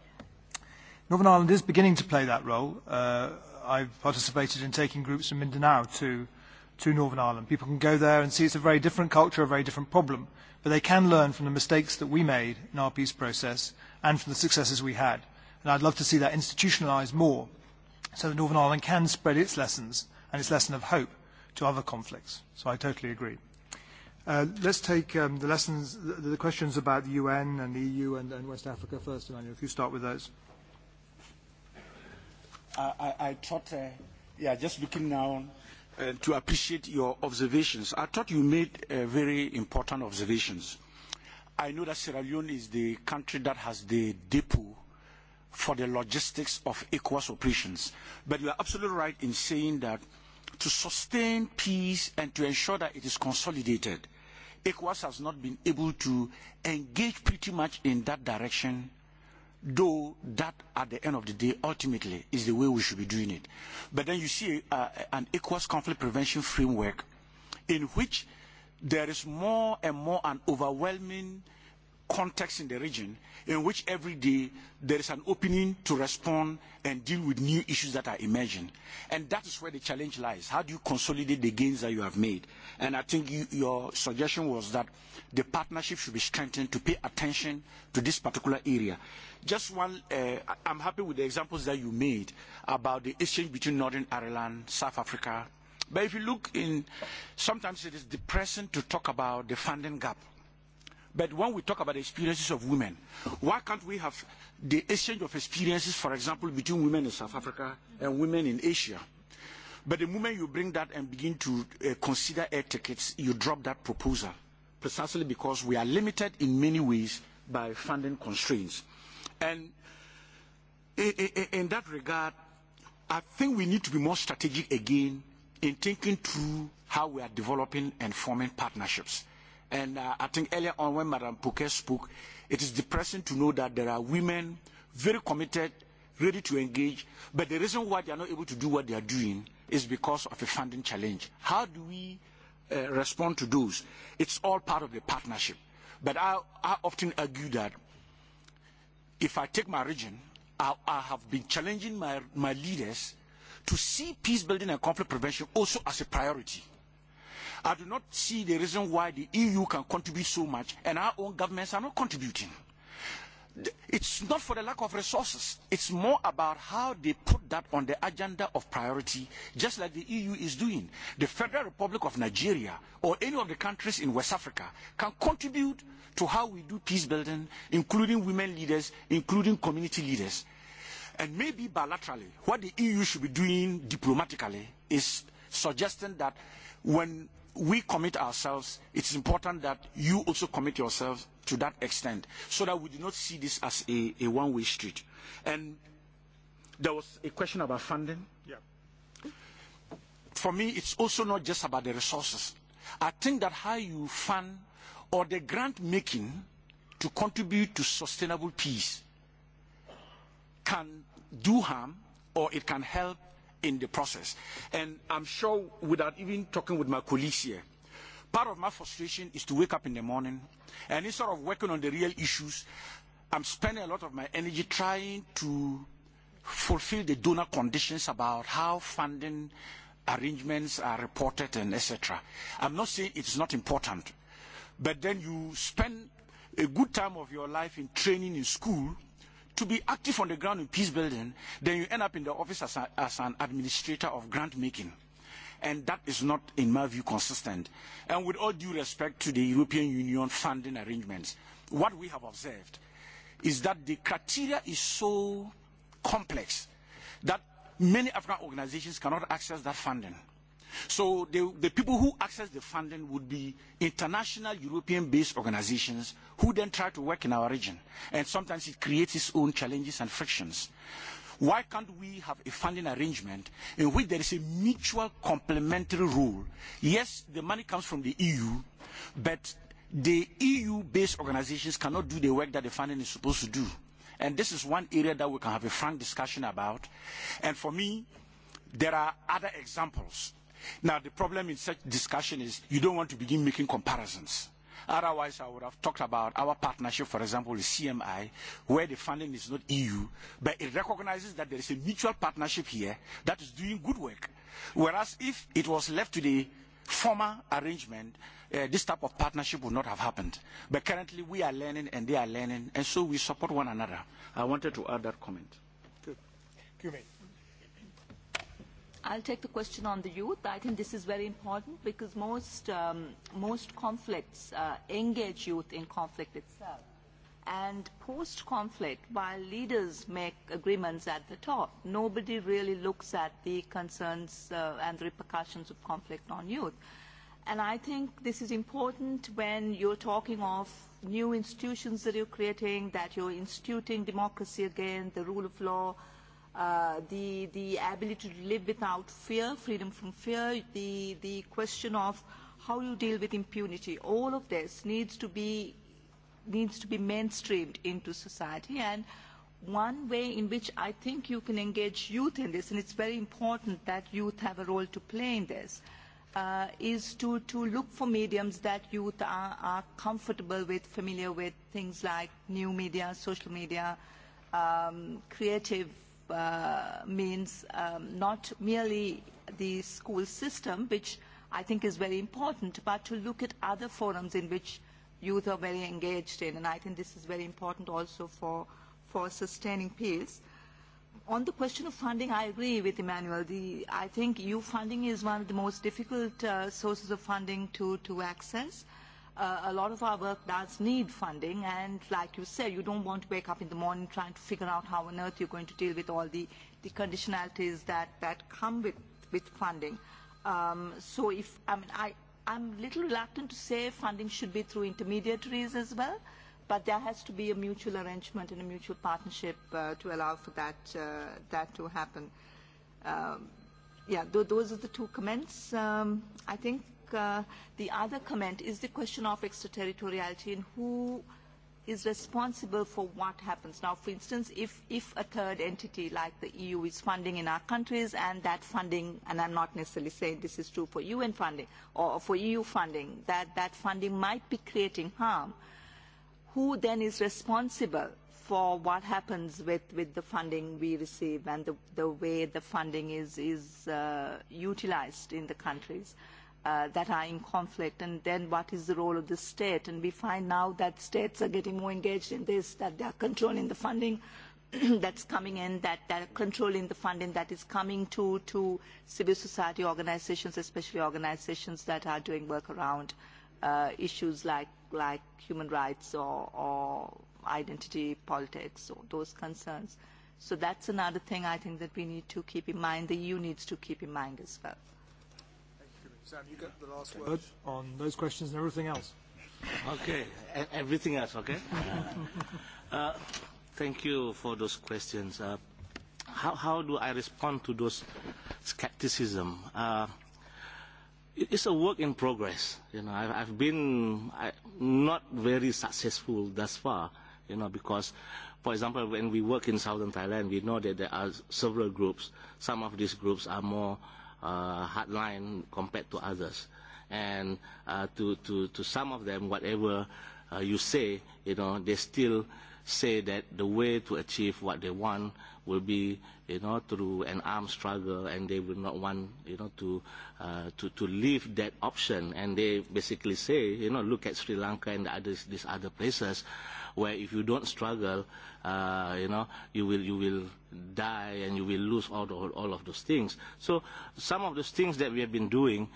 Northern Ireland is beginning to play that role. I've participated in taking groups from Mindanao to to Northern Ireland. People can go there and see it's a very different culture, a very different problem, but they can learn from the mistakes that we made in our peace process and from the successes we had and I'd love to see that institutionalised more so that Northern Ireland can spread its lessons and its lesson of hope to other conflicts. So I totally agree. Let's take the lessons, the questions about the UN and the EU and West Africa first, Emmanuel, if you start with those. I I thought, yeah, just looking now to appreciate your observations. I thought you made very important observations. I know that Sierra Leone is the country that has the depot for the logistics of ECOWAS operations. But you are absolutely right in saying that to sustain peace and to ensure that it is consolidated, ECOWAS has not been able to engage pretty much in that direction, though that at the end of the day ultimately is the way we should be doing it. But then you see an ECOWAS conflict prevention framework in which there is more and more an overwhelming context in the region in which every day there is an opening to respond and deal with new issues that are emerging. And that is where the challenge lies. How do you consolidate the gains that you have made? And I think your suggestion was that the partnership should be strengthened to pay attention to this particular area. Just one, I'm happy with the examples that you made about the exchange between Northern Ireland, South Africa. But if you look in, sometimes it is depressing to talk about the funding gap But when we talk about the experiences of women, why can't we have the exchange of experiences, for example, between women in South Africa and women in Asia? But the moment you bring that and begin to consider air tickets, you drop that proposal, precisely because we are limited in many ways by funding constraints. And in that regard, I think we need to be more strategic again in thinking through how we are developing and forming partnerships and I think earlier on when Madam Pouquet spoke, it is depressing to know that there are women very committed, ready to engage, but the reason why they are not able to do what they are doing is because of a funding challenge. How do we respond to those? It's all part of the partnership. But I often argue that if I take my region, I have been challenging my leaders to see peace building and conflict prevention also as a priority. I do not see the reason why the EU can contribute so much and our own governments are not contributing. It's not for the lack of resources. It's more about how they put that on the agenda of priority, just like the EU is doing. The Federal Republic of Nigeria or any of the countries in West Africa can contribute to how we do peace building, including women leaders, including community leaders. And maybe bilaterally, what the EU should be doing diplomatically is suggesting that when we commit ourselves, it is important that you also commit yourselves to that extent, so that we do not see this as a one-way street. And there was a question about funding. For me, it's also not just about the resources. I think that how you fund or the grant making to contribute to sustainable peace can do harm or it can help in the process. And I'm sure, without even talking with my colleagues here, part of my frustration is to wake up in the morning and instead of working on the real issues, I'm spending a lot of my energy trying to fulfill the donor conditions about how funding arrangements are reported and etc. I'm not saying it's not important, but then you spend a good time of your life in training in school to be active on the ground in peace building, then you end up in the office as an administrator of grant making. And that is not, in my view, consistent. And with all due respect to the European Union funding arrangements, what we have observed is that the criteria is so complex that many African organizations cannot access that funding. So the people who access the funding would be international European-based organizations who then try to work in our region. And sometimes it creates its own challenges and frictions. Why can't we have a funding arrangement in which there is a mutual complementary role? Yes, the money comes from the EU, but the EU-based organizations cannot do the work that the funding is supposed to do. And this is one area that we can have a frank discussion about. And for me, there are other examples Now, the problem in such discussion is you don't want to begin making comparisons. Otherwise, I would have talked about our partnership, for example, with CMI, where the funding is not EU, but it recognizes that there is a mutual partnership here that is doing good work. Whereas if it was left to the former arrangement, this type of partnership would not have happened. But currently, we are learning and they are learning, and so we support one another. I wanted to add that comment. Good. I'll take the question on the youth. I think this is very important because most most conflicts engage youth in conflict itself. And post-conflict, while leaders make agreements at the top, nobody really looks at the concerns and the repercussions of conflict on youth. And I think this is important when you're talking of new institutions that you're creating, that you're instituting democracy again, the rule of law the the ability to live without fear, freedom from fear, the the question of how you deal with impunity. All of this needs to be needs to be mainstreamed into society and one way in which I think you can engage youth in this, and it's very important that youth have a role to play in this, is to look for mediums that youth are comfortable with, familiar with, things like new media, social media, creative means not merely the school system, which I think is very important, but to look at other forums in which youth are very engaged in, and I think this is very important also for for sustaining peace. On the question of funding, I agree with Emmanuel. I think youth funding is one of the most difficult sources of funding to to access a lot of our work does need funding and like you said you don't want to wake up in the morning trying to figure out how on earth you're going to deal with all the the conditionalities that that come with with funding so if i mean i i'm a little reluctant to say funding should be through intermediaries as well but there has to be a mutual arrangement and a mutual partnership to allow for that that to happen yeah those are the two comments i think the other comment is the question of extraterritoriality and who is responsible for what happens. Now, for instance, if a third entity like the EU is funding in our countries and that funding, and I'm not necessarily saying this is true for UN funding or for EU funding, that that funding might be creating harm, who then is responsible for what happens with the funding we receive and the way the funding is utilized in the countries? that are in conflict and then what is the role of the state and we find now that states are getting more engaged in this that they are controlling the funding that's coming in that they are controlling the funding that is coming to to civil society organizations especially organizations that are doing work around issues like like human rights or or identity politics or those concerns so that's another thing i think that we need to keep in mind the eu needs to keep in mind as well Sam, you get the last word on those questions and everything else. Okay, everything else, okay? Thank you for those questions. How how do I respond to those skepticism? It's a work in progress. You know, I've been not very successful thus far. You know, because, for example, when we work in southern Thailand, we know that there are several groups. Some of these groups are more uh hardline compared to others. And uh to to to some of them, whatever you say, you know, they still say that the way to achieve what they want will be, you know, through an armed struggle, and they will not want, you know, to to to leave that option. And they basically say, you know, look at Sri Lanka and the others, these other places where if you don't struggle, you know, you will you will die and you will lose all all of those things. So some of those things that we have been doing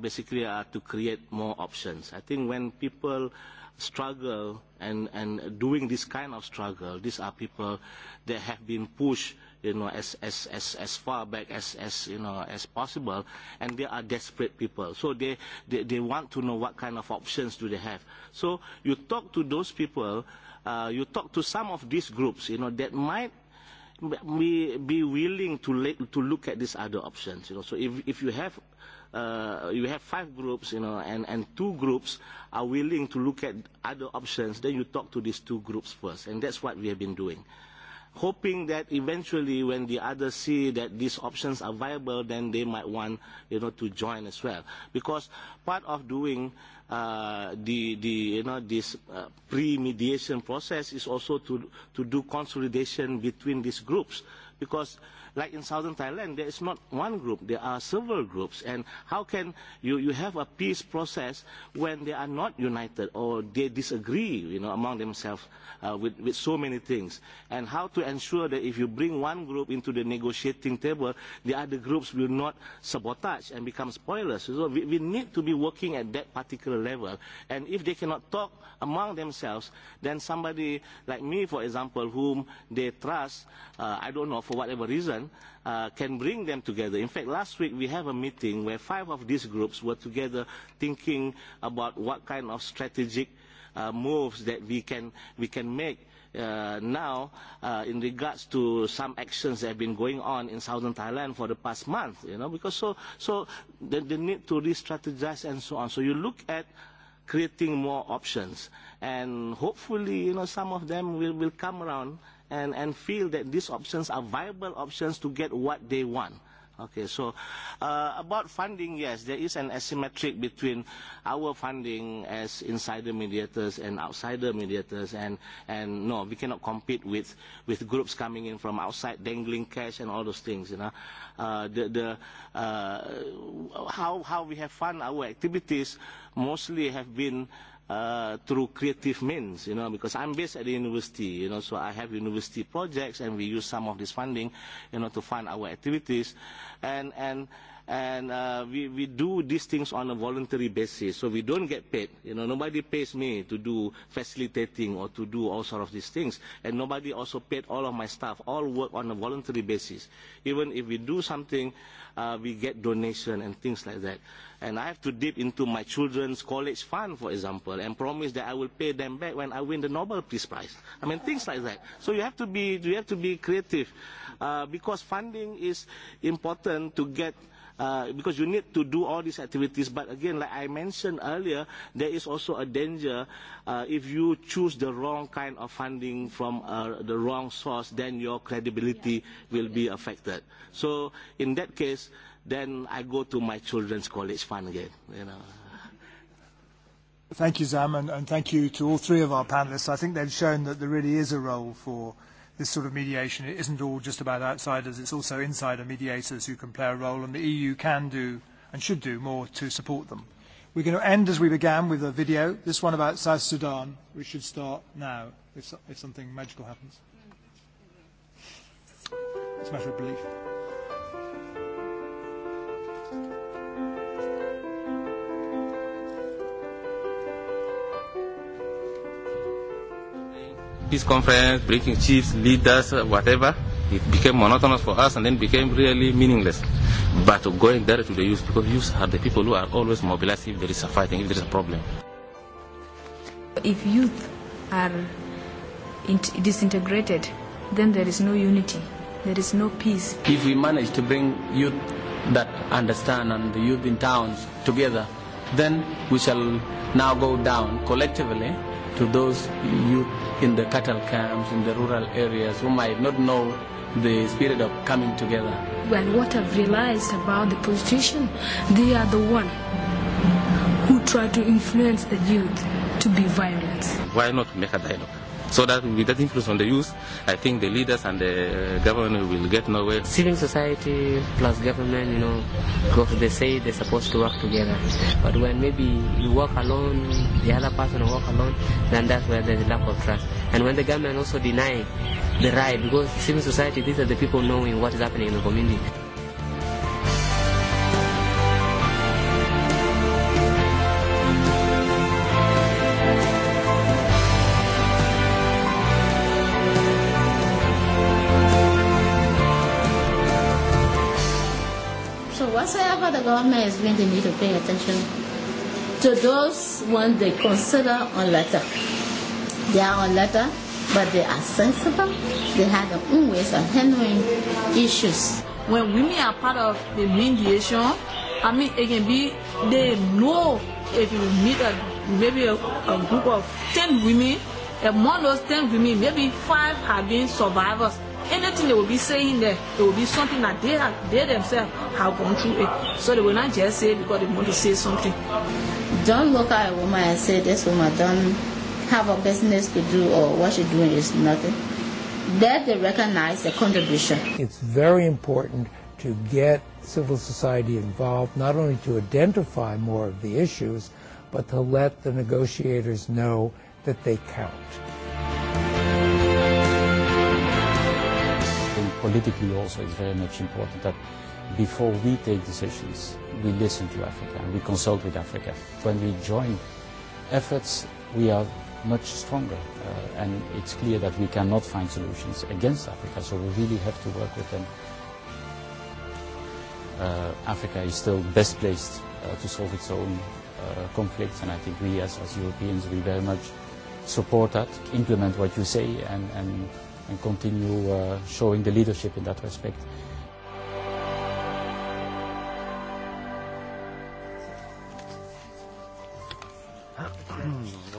basically are to create more options. I think when people struggle and and doing this kind of struggle, these are people that have been pushed you know, as, as, as, as far back as, as, you know, as possible. And they are desperate people. So they, they, they want to know what kind of options do they have. So you talk to those people, uh, you talk to some of these groups, you know, that might be, be willing to, to look at these other options. You know, so if, if you have uh, you have five groups, you know, and, and two groups are willing to look at other options, then you talk to these two groups first, and that's what we have been doing hoping that eventually when the others see that these options are viable, then they might want you know, to join as well. Because part of doing uh, the, the, you know, this uh, pre-mediation process is also to, to do consolidation between these groups. Because like in southern Thailand, there is not one group, there are several groups. And how can you, you have a peace process when they are not united or they disagree, you know, among themselves with, with so many things? And how to ensure that if you bring one group into the negotiating table, the other groups will not sabotage and become spoilers. So we, we need to be working at that particular level. And if they cannot talk among themselves, then somebody like me, for example, whom they trust, I don't know, for whatever reason, can bring them together. In fact, last week we have a meeting where five of these groups were together thinking about what kind of strategic moves that we can we can make now in regards to some actions that have been going on in southern Thailand for the past month, you know, because so so the need to re-strategize and so on. So you look at creating more options, and hopefully, you know, some of them will will come around and and feel that these options are viable options to get what they want. Okay, so about funding, yes, there is an asymmetric between our funding as insider mediators and outsider mediators, and and no, we cannot compete with with groups coming in from outside, dangling cash and all those things. You know, the the how how we have fund our activities mostly have been through creative means, you know, because I'm based at the university, you know, so I have university projects and we use some of this funding, you know, to fund our activities, and and and we we do these things on a voluntary basis so we don't get paid you know nobody pays me to do facilitating or to do all sort of these things and nobody also paid all of my staff all work on a voluntary basis even if we do something we get donation and things like that and I have to dip into my children's college fund for example and promise that I will pay them back when I win the Nobel Peace Prize I mean things like that so you have to be you have to be creative because funding is important to get because you need to do all these activities. But again, like I mentioned earlier, there is also a danger if you choose the wrong kind of funding from the wrong source, then your credibility will be affected. So in that case, then I go to my children's college fund again. Thank you, Zam, and thank you to all three of our panelists. I think they've shown that there really is a role for this sort of mediation isn't all just about outsiders, it's also insider mediators who can play a role, and the EU can do and should do more to support them. We're going to end as we began with a video, this one about South Sudan. We should start now, if something magical happens. It's a matter of belief. peace conference, breaking chiefs, leaders, whatever, it became monotonous for us and then became really meaningless. But going there to the youth, because youth are the people who are always mobilized if there is a fighting, if there is a problem. If youth are disintegrated, then there is no unity, there is no peace. If we manage to bring youth that understand and the youth in towns together, then we shall now go down collectively to those youth in the cattle camps, in the rural areas, who might not know the spirit of coming together. When what I've realized about the prostitution, they are the one who try to influence the youth to be violent. Why not make a dialogue? So that with that influence on the youth, I think the leaders and the government will get nowhere. Civil society plus government, you know, because they say they're supposed to work together. But when maybe you work alone, the other person will work alone, then that's where there's a lack of trust. And when the government also deny the right, because civil society, these are the people knowing what is happening in the community. government is going to need to pay attention to those when they consider on letter. They are on letter, but they are sensible. They have their own ways of handling issues. When women are part of the mediation, I mean, it can be they know if you meet a, maybe a, a group of 10 women, among those 10 women, maybe five have been survivors thing they will be saying there, it will be something that they, have, they themselves have gone through it. So they will not just say because they want to say something. Don't look at a woman and say, this woman don't have a business to do or what she's doing is nothing. That they recognize the contribution. It's very important to get civil society involved, not only to identify more of the issues, but to let the negotiators know that they count. politically also it's very much important that before we take decisions, we listen to Africa and we consult with Africa. When we join efforts, we are much stronger and it's clear that we cannot find solutions against Africa, so we really have to work with them. Africa is still best placed to solve its own conflicts and I think we as Europeans, we very much support that, implement what you say and and continue showing the leadership in that respect.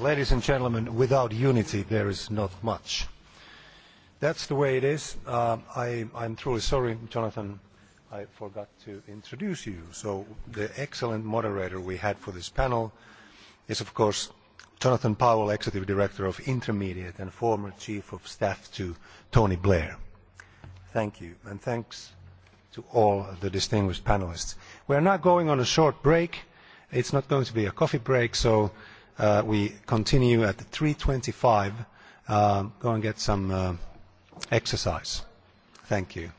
Ladies and gentlemen, without unity there is not much. That's the way it is. I I'm truly sorry, Jonathan, I forgot to introduce you. So the excellent moderator we had for this panel is, of course, Jonathan Powell, Executive Director of Intermediate and former Chief of Staff to Tony Blair. Thank you, and thanks to all the distinguished panelists. We are now going on a short break. It's not going to be a coffee break, so we continue at 3.25. Go and get some exercise. Thank you.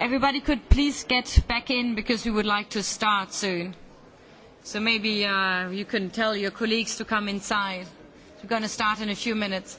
Everybody could please get back in because we would like to start soon. So maybe you can tell your colleagues to come inside. We're going to start in a few minutes.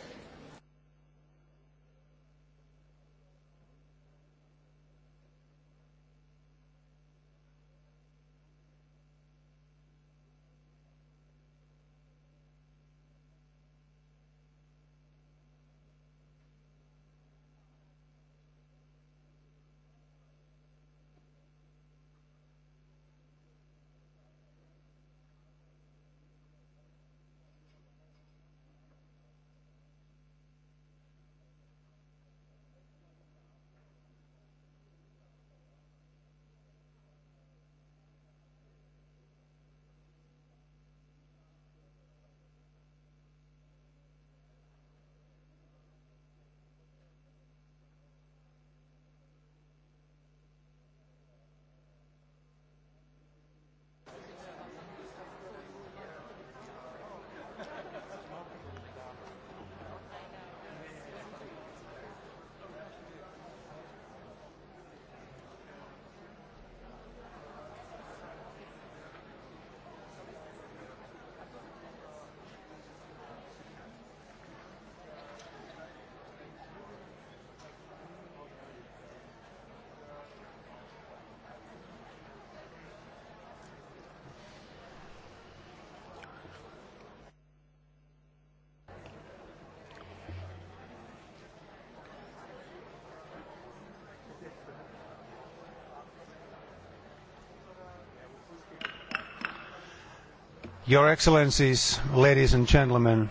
Your Excellencies, ladies and gentlemen,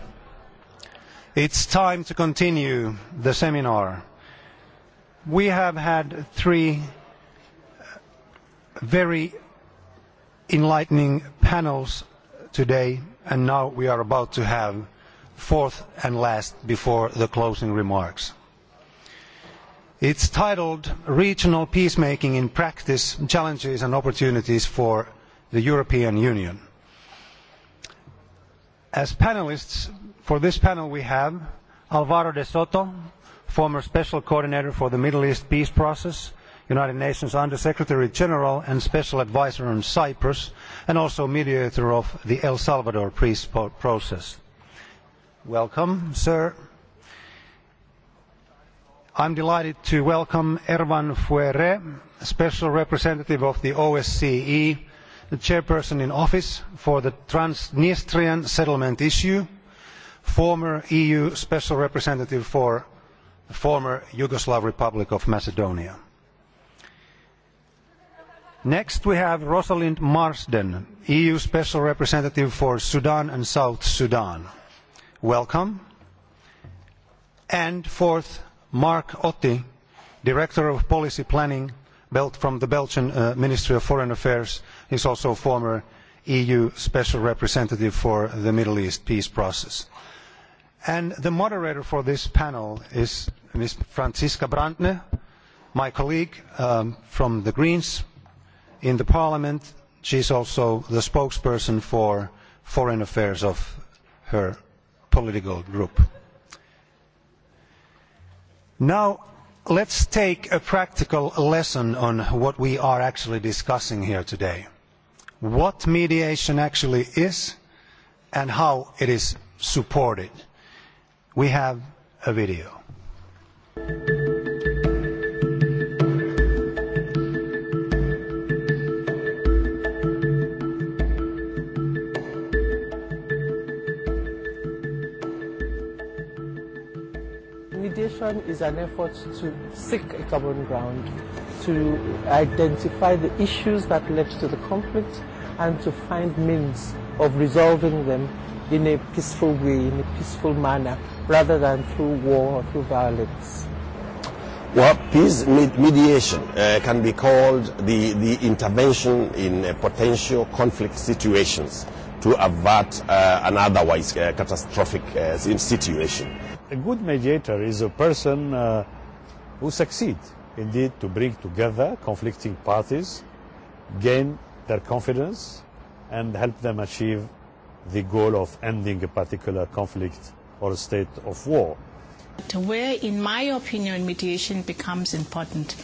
it's time to continue the seminar. We have had three very enlightening panels today, and now we are about to have fourth and last before the closing remarks. It's titled Regional Peacemaking in Practice, Challenges and Opportunities for the European Union. As panelists for this panel we have Alvaro de Soto, former Special Coordinator for the Middle East Peace Process, United Nations Under Secretary General and Special Advisor on Cyprus, and also mediator of the El Salvador peace process. Welcome, sir. I'm delighted to welcome Ervan Fuere, Special Representative of the OSCE the chairperson in office for the Transnistrian settlement issue, former EU Special Representative for the former Yugoslav Republic of Macedonia. Next we have Rosalind Marsden, EU Special Representative for Sudan and South Sudan. Welcome. And fourth, Mark Otti, Director of Policy Planning from the Belgian Ministry of Foreign Affairs He is also former EU Special Representative for the Middle East peace process. And the moderator for this panel is Ms. Franziska Brandner, my colleague from the Greens in the Parliament. She is also the spokesperson for foreign affairs of her political group. Now let's take a practical lesson on what we are actually discussing here today what mediation actually is and how it is supported. We have a video. Mediation is an effort to seek a common ground to identify the issues that led to the conflict and to find means of resolving them in a peaceful way, in a peaceful manner, rather than through war or through violence. Well, peace mediation can be called the, the intervention in potential conflict situations to avert an otherwise catastrophic situation. A good mediator is a person who succeeds indeed to bring together conflicting parties, gain their confidence, and help them achieve the goal of ending a particular conflict or state of war. Where, in my opinion, mediation becomes important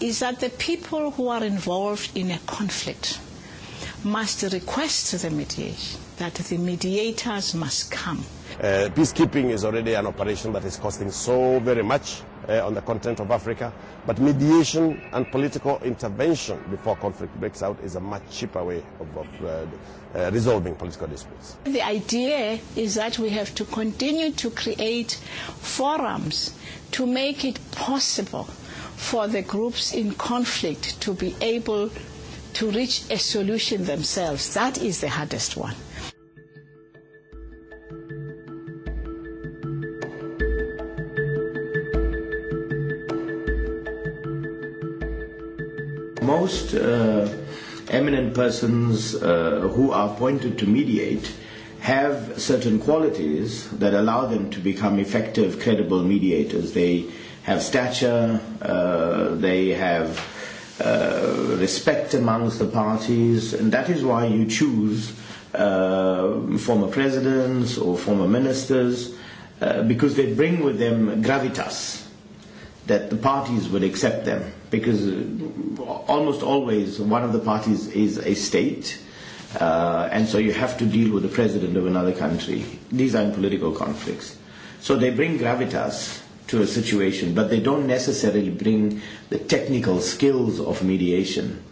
is that the people who are involved in a conflict must request the mediation, that the mediators must come. Peacekeeping is already an operation that is costing so very much on the continent of Africa. But mediation and political intervention before conflict breaks out is a much cheaper way of resolving political disputes. The idea is that we have to continue to create forums to make it possible for the groups in conflict to be able to reach a solution themselves. That is the hardest one. most eminent persons who are appointed to mediate have certain qualities that allow them to become effective, credible mediators. They have stature, they have respect amongst the parties, and that is why you choose former presidents or former ministers, because they bring with them gravitas, that the parties would accept them because almost always one of the parties is a state, and so you have to deal with the president of another country. These are in political conflicts. So they bring gravitas to a situation, but they don't necessarily bring the technical skills of mediation.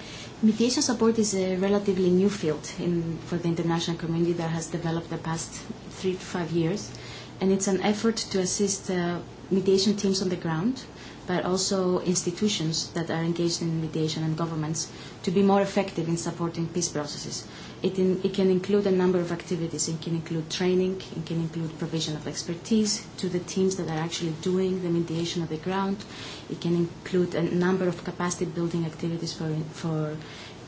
Mediation support is a relatively new field in, for the international community that has developed the past three to five years, and it's an effort to assist mediation teams on the ground but also institutions that are engaged in mediation and governments to be more effective in supporting peace processes. It can include a number of activities. It can include training. It can include provision of expertise to the teams that are actually doing the mediation on the ground. It can include a number of capacity building activities for for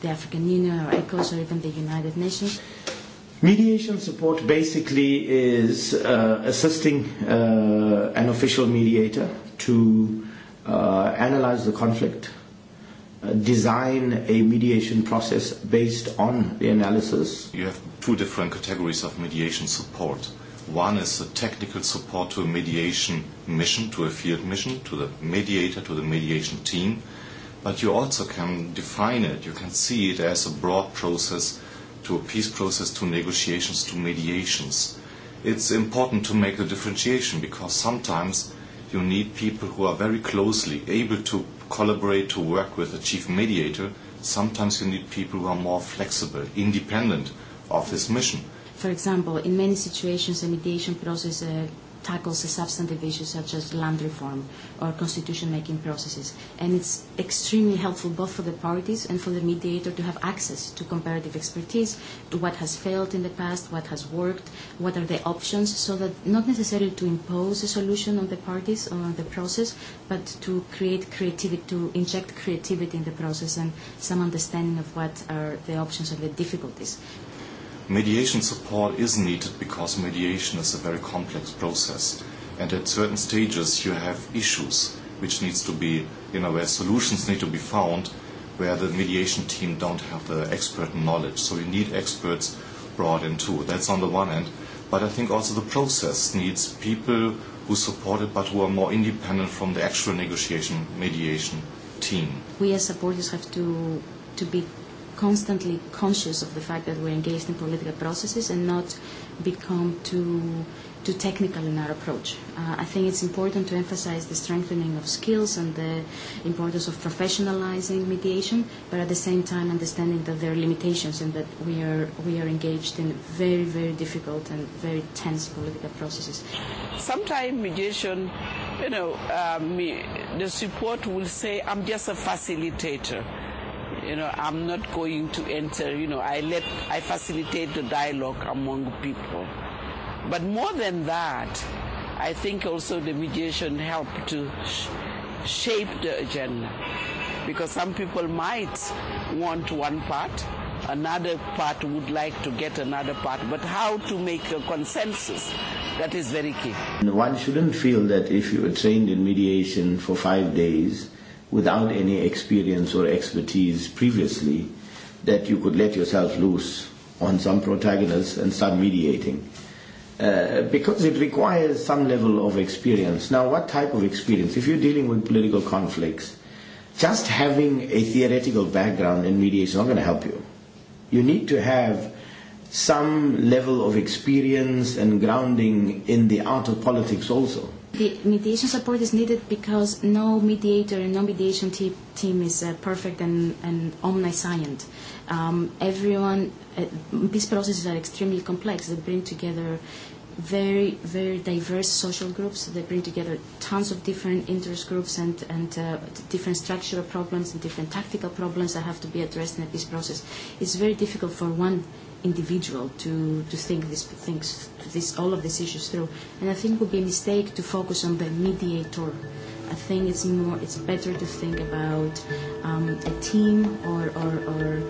the African Union or ECOS or even the United Nations. Mediation support basically is assisting an official mediator to analyze the conflict, design a mediation process based on the analysis. You have two different categories of mediation support. One is the technical support to a mediation mission, to a field mission, to the mediator, to the mediation team. But you also can define it. You can see it as a broad process to a peace process, to negotiations, to mediations. It's important to make the differentiation because sometimes you need people who are very closely able to collaborate, to work with the chief mediator. Sometimes you need people who are more flexible, independent of this mission. For example, in many situations, a mediation process tackles the substantive issues such as land reform or constitution-making processes. And it's extremely helpful both for the parties and for the mediator to have access to comparative expertise, to what has failed in the past, what has worked, what are the options, so that not necessarily to impose a solution on the parties or on the process, but to create creativity, to inject creativity in the process and some understanding of what are the options and the difficulties Mediation support is needed because mediation is a very complex process, and at certain stages you have issues which needs to be, you know, where solutions need to be found, where the mediation team don't have the expert knowledge. So you need experts brought in too. That's on the one end, but I think also the process needs people who support it, but who are more independent from the actual negotiation mediation team. We as supporters have to to be constantly conscious of the fact that we're engaged in political processes and not become too too technical in our approach. I think it's important to emphasize the strengthening of skills and the importance of professionalizing mediation, but at the same time understanding that there are limitations and that we are we are engaged in very very difficult and very tense political processes. Sometimes mediation, you know, the support will say, "I'm just a facilitator." you know, I'm not going to enter, you know, I let, I facilitate the dialogue among people. But more than that, I think also the mediation helped to sh- shape the agenda. Because some people might want one part, another part would like to get another part, but how to make a consensus, that is very key. One shouldn't feel that if you are trained in mediation for five days, without any experience or expertise previously that you could let yourself loose on some protagonists and start mediating because it requires some level of experience. Now, what type of experience? If you're dealing with political conflicts, just having a theoretical background in mediation is not going to help you. You need to have some level of experience and grounding in the art of politics also. The mediation support is needed because no mediator and no mediation team is perfect and, and omniscient. Um, everyone, these processes are extremely complex. They bring together very, very diverse social groups. They bring together tons of different interest groups and, and uh, different structural problems and different tactical problems that have to be addressed in this process. It's very difficult for one individual to to think this things this all of these issues through and i think it would be a mistake to focus on the mediator i think it's more it's better to think about a team or or or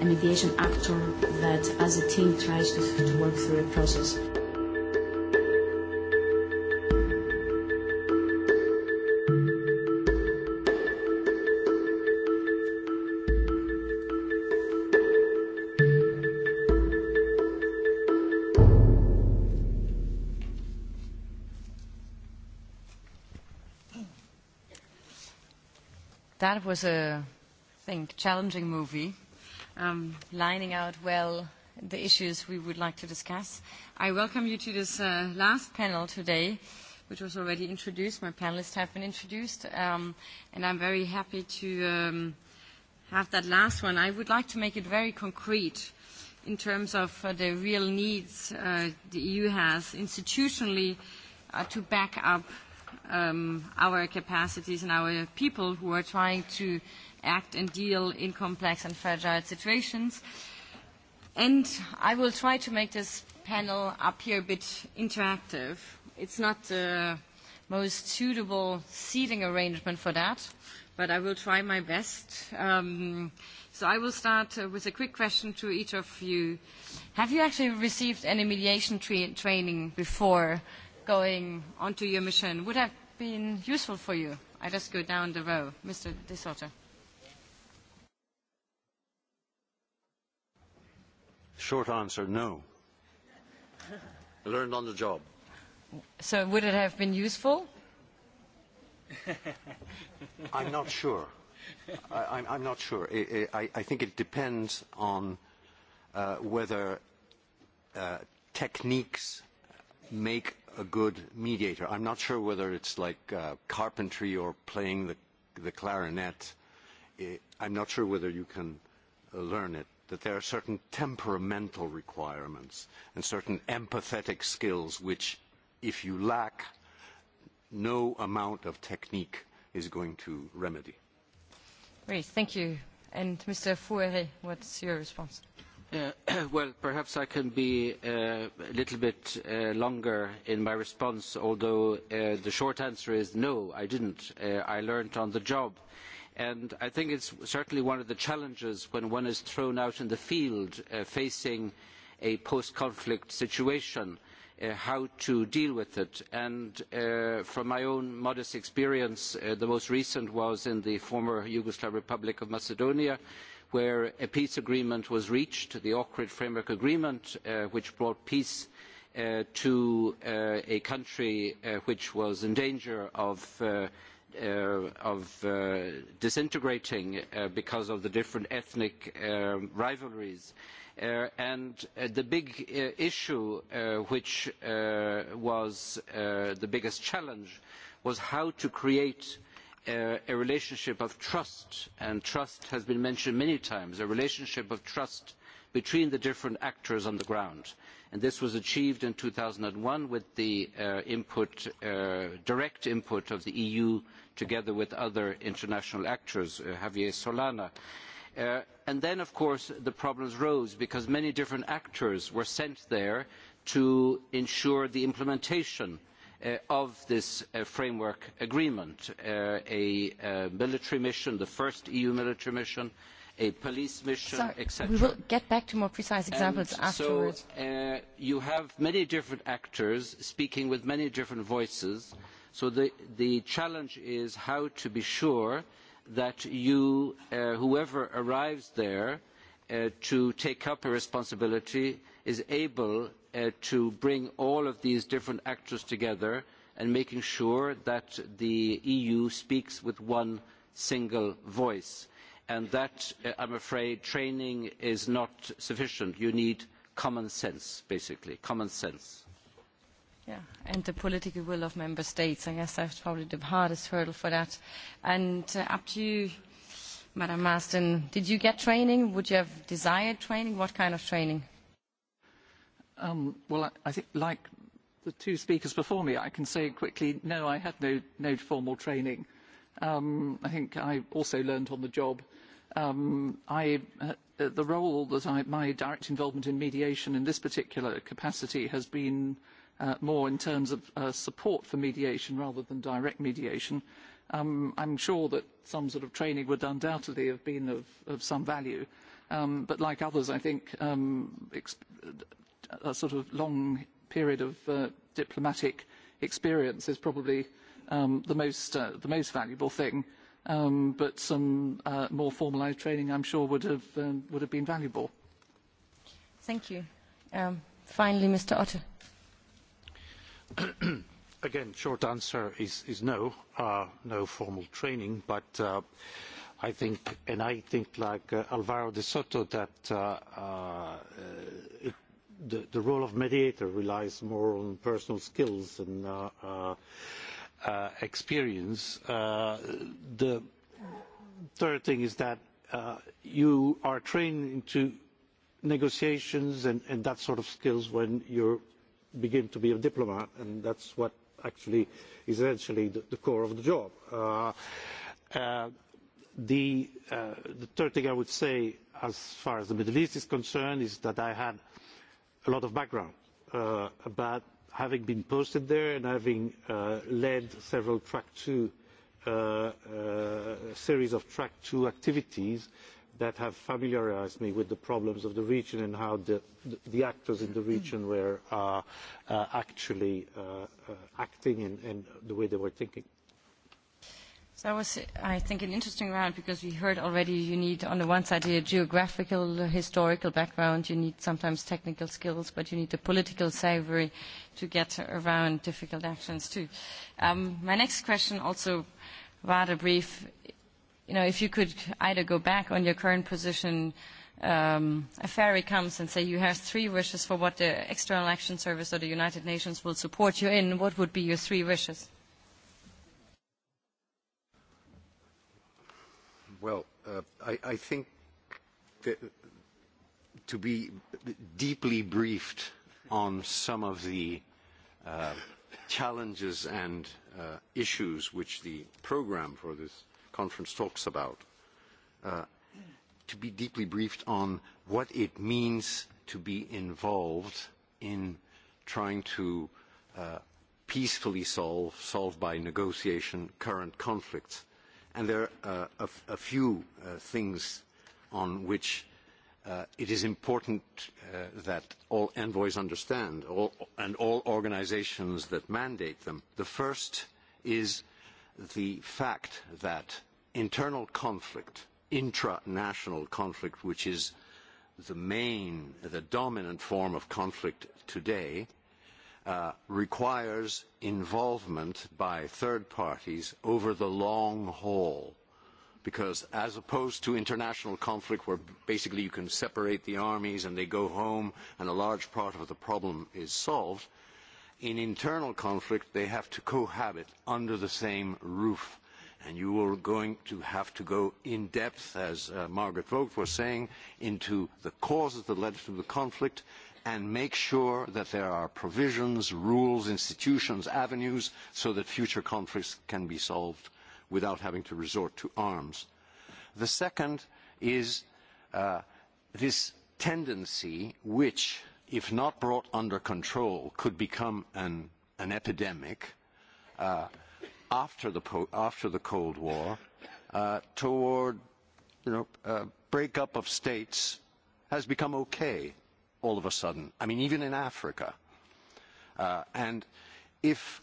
a mediation actor that as a team tries to work through a process that was a, I think, challenging movie, lining out well the issues we would like to discuss. I welcome you to this last panel today, which was already introduced. My panelists have been introduced, and I'm very happy to have that last one. I would like to make it very concrete in terms of the real needs the EU has institutionally to back up our capacities and our people who are trying to act and deal in complex and fragile situations. And I will try to make this panel up here a bit interactive. It's not the most suitable seating arrangement for that, but I will try my best. So I will start with a quick question to each of you. Have you actually received any mediation training before? going on to your mission would have been useful for you? I just go down the row. Mr. De Short answer, no. Learned on the job. So would it have been useful? I'm not sure. I, I'm not sure. I, I think it depends on whether techniques make a good mediator. I'm not sure whether it's like carpentry or playing the clarinet. I'm not sure whether you can learn it. That there are certain temperamental requirements and certain empathetic skills which, if you lack, no amount of technique is going to remedy. Great, thank you. And Mr. Fouere, what's your response? Well, perhaps I can be a little bit longer in my response, although the short answer is no, I didn't. I learned on the job. And I think it's certainly one of the challenges when one is thrown out in the field facing a post-conflict situation, how to deal with it. And from my own modest experience, the most recent was in the former Yugoslav Republic of Macedonia, where a peace agreement was reached, the Ohrid Framework Agreement, which brought peace to a country which was in danger of disintegrating because of the different ethnic rivalries. And the big issue, which was the biggest challenge, was how to create a relationship of trust and trust has been mentioned many times a relationship of trust between the different actors on the ground and this was achieved in 2001 with the direct input of the EU together with other international actors Javier Solana and then of course the problems rose because many different actors were sent there to ensure the implementation of this framework agreement a military mission the first eu military mission a police mission etc. we will get back to more precise examples afterwards. you have many different actors speaking with many different voices so the challenge is how to be sure that you whoever arrives there to take up a responsibility is able to bring all of these different actors together and making sure that the EU speaks with one single voice. And that, I'm afraid, training is not sufficient. You need common sense, basically, common sense. Yeah, and the political will of member states. I guess that's probably the hardest hurdle for that. And up to you, Madam Marsden, did you get training? Would you have desired training? What kind of training? Well, I think, like the two speakers before me, I can say quickly, no, I had no formal training. I think I also learned on the job. The role that my direct involvement in mediation in this particular capacity has been more in terms of support for mediation rather than direct mediation. I'm sure that some sort of training would undoubtedly have been of some value. But like others, I think a sort of long period of diplomatic experience is probably the most the most valuable thing but some more formalised training i'm sure would have would have been valuable thank you finally mr otter again short answer is is no no formal training but i think and i think like alvaro de soto that the role of mediator relies more on personal skills and experience. The third thing is that you are trained into negotiations and that sort of skills when you begin to be a diplomat, and that's what actually is essentially the core of the job. The third thing I would say, as far as the Middle East is concerned, is that I had a lot of background about having been posted there and having led several track two series of track two activities that have familiarised me with the problems of the region and how the actors in the region were actually acting and the way they were thinking. That was, I think, an interesting round because we heard already you need, on the one side, a geographical, historical background, you need sometimes technical skills, but you need the political savory to get around difficult actions too. My next question, also rather brief, you know, if you could either go back on your current position, a fairy comes and say you have three wishes for what the External Action Service or the United Nations will support you in, what would be your three wishes? Well, I think to be deeply briefed on some of the challenges and issues which the program for this conference talks about, to be deeply briefed on what it means to be involved in trying to peacefully solve, solve by negotiation, current conflicts And there are a few things on which it is important that all envoys understand and all organisations that mandate them. The first is the fact that internal conflict, intranational conflict, which is the main, the dominant form of conflict today, requires involvement by third parties over the long haul because as opposed to international conflict where basically you can separate the armies and they go home and a large part of the problem is solved in internal conflict they have to cohabit under the same roof and you are going to have to go in depth as margaret vogt was saying into the causes that led to the conflict and make sure that there are provisions, rules, institutions, avenues so that future conflicts can be solved without having to resort to arms. The second is this tendency which, if not brought under control, could become an epidemic after the Cold War toward break-up of states has become okay all of a sudden. I mean, even in Africa. And if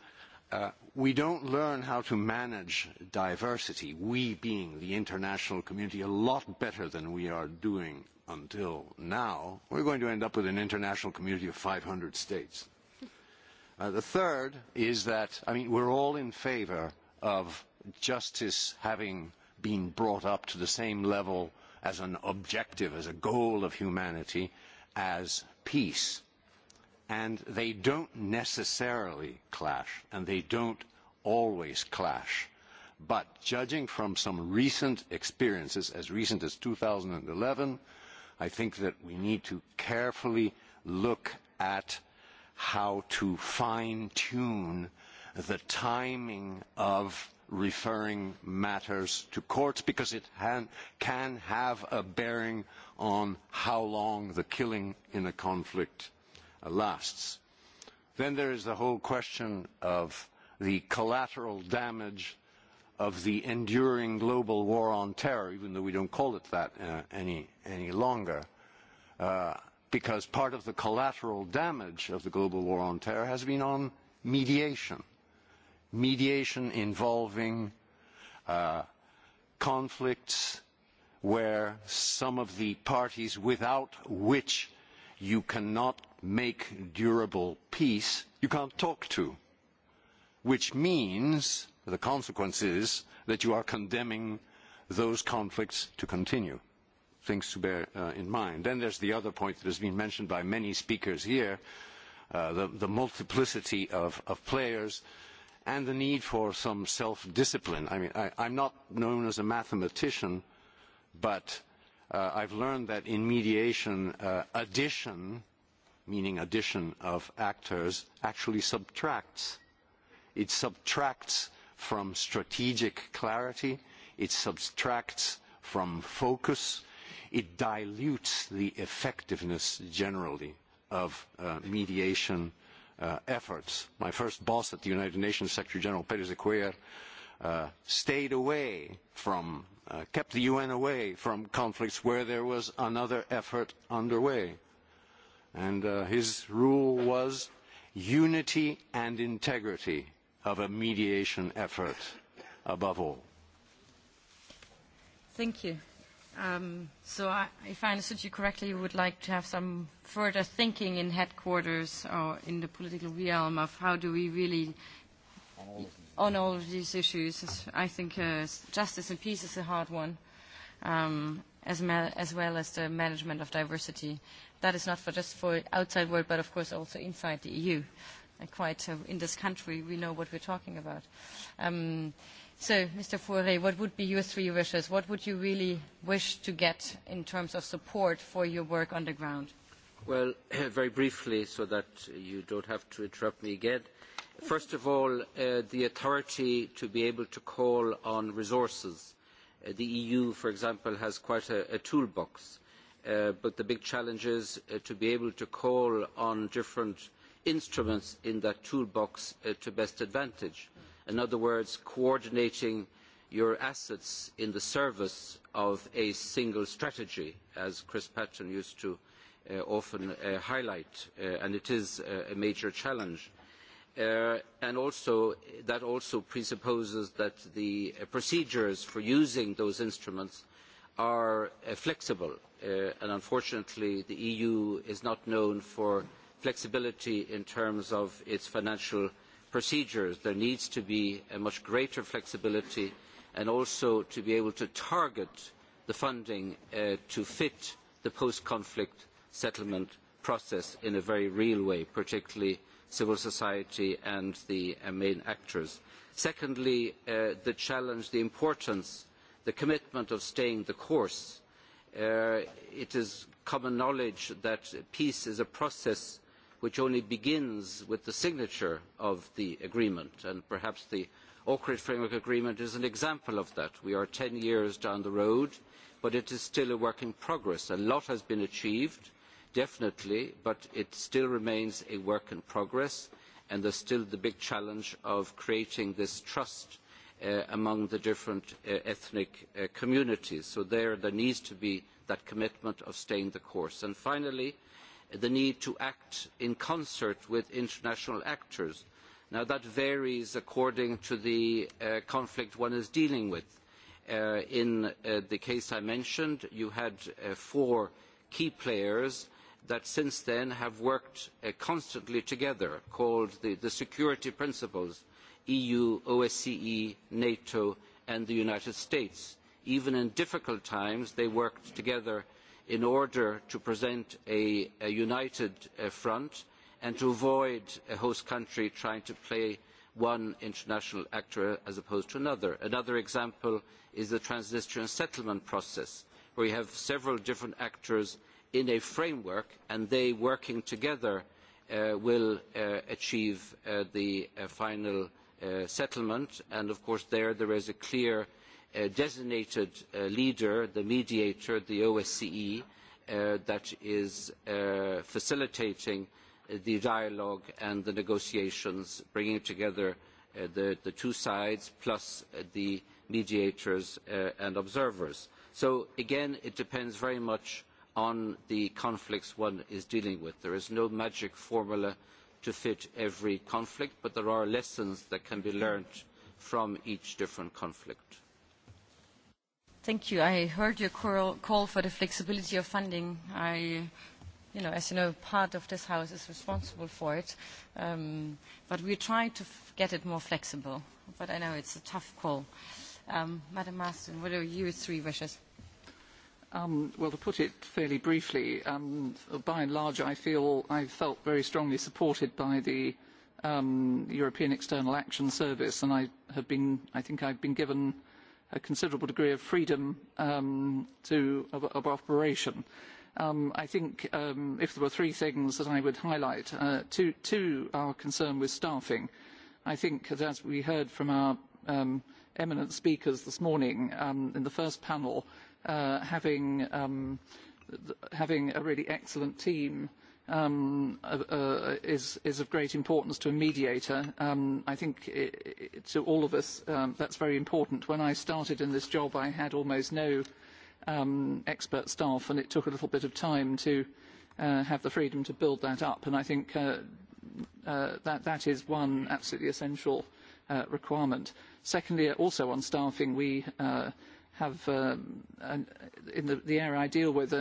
we don't learn how to manage diversity, we being the international community, a lot better than we are doing until now, we're going to end up with an international community of 500 states. The third is that, I mean, we're all in favor of justice having been brought up to the same level as an objective, as a goal of humanity as peace. And they don't necessarily clash, and they don't always clash. But judging from some recent experiences, as recent as 2011, I think that we need to carefully look at how to fine-tune the timing of referring matters to courts because it can have a bearing on how long the killing in a conflict lasts. Then there is the whole question of the collateral damage of the enduring global war on terror, even though we don't call it that any longer, because part of the collateral damage of the global war on terror has been on mediation mediation involving conflicts where some of the parties without which you cannot make durable peace, you can't talk to, which means the consequence is that you are condemning those conflicts to continue. Things to bear in mind. Then there's the other point that has been mentioned by many speakers here, the multiplicity of players and the need for some self-discipline. I mean, I'm not known as a mathematician, but I've learned that in mediation, addition, meaning addition of actors, actually subtracts. It subtracts from strategic clarity. It subtracts from focus. It dilutes the effectiveness generally of mediation efforts. My first boss at the United Nations, Secretary General Pérez de Cuellar, stayed away from, kept the UN away from conflicts where there was another effort underway. And his rule was unity and integrity of a mediation effort above all. Thank you. So if I understood you correctly, you would like to have some further thinking in headquarters or in the political realm of how do we really, on all of these issues, I think justice and peace is a hard one, as well as the management of diversity. That is not just for outside world, but of course also inside the EU. Quite in this country, we know what we're talking about. So, Mr. Fourier, what would be your three wishes? What would you really wish to get in terms of support for your work on the ground? Well, very briefly, so that you don't have to interrupt me again. First of all, the authority to be able to call on resources. The EU, for example, has quite a toolbox, but the big challenge is to be able to call on different instruments in that toolbox to best advantage in other words coordinating your assets in the service of a single strategy as chris patton used to often highlight and it is a major challenge and that also presupposes that the procedures for using those instruments are flexible and unfortunately the eu is not known for flexibility in terms of its financial procedures there needs to be a much greater flexibility and also to be able to target the funding to fit the post-conflict settlement process in a very real way, particularly civil society and the main actors. Secondly, the challenge, the importance, the commitment of staying the course. It is common knowledge that peace is a process which only begins with the signature of the agreement and perhaps the Ohrid Framework Agreement is an example of that. We are 10 years down the road, but it is still a work in progress. A lot has been achieved, definitely, but it still remains a work in progress and there is still the big challenge of creating this trust among the different ethnic communities. So there needs to be that commitment of staying the course. And finally the need to act in concert with international actors. Now that varies according to the conflict one is dealing with. In the case I mentioned, you had four key players that since then have worked constantly together, called the security principles, EU, OSCE, NATO and the United States. Even in difficult times, they worked together in order to present a united front and to avoid a host country trying to play one international actor as opposed to another. Another example is the Transnistrian settlement process, where you have several different actors in a framework, and they working together will achieve the final settlement. And, of course, there there is a clear designated leader, the mediator, the OSCE, that is facilitating the dialogue and the negotiations, bringing together the two sides plus the mediators and observers. So again, it depends very much on the conflicts one is dealing with. There is no magic formula to fit every conflict, but there are lessons that can be learned from each different conflict. Thank you. I heard your call for the flexibility of funding. I, you know, as you know, part of this house is responsible for it, but we trying to get it more flexible. But I know it's a tough call. Madam Marston, what are your three wishes? Well, to put it fairly briefly, by and large, I feel I felt very strongly supported by the European External Action Service, and I have been, I think, I've been given a considerable degree of freedom of operation. I think if there were three things that I would highlight, two are concerned with staffing. I think, as we heard from our eminent speakers this morning in the first panel, having a really excellent team is of great importance to a mediator. I think to all of us that's very important. When I started in this job I had almost no expert staff and it took a little bit of time to have the freedom to build that up and I think that that is one absolutely essential requirement. Secondly, also on staffing we have in the area I deal with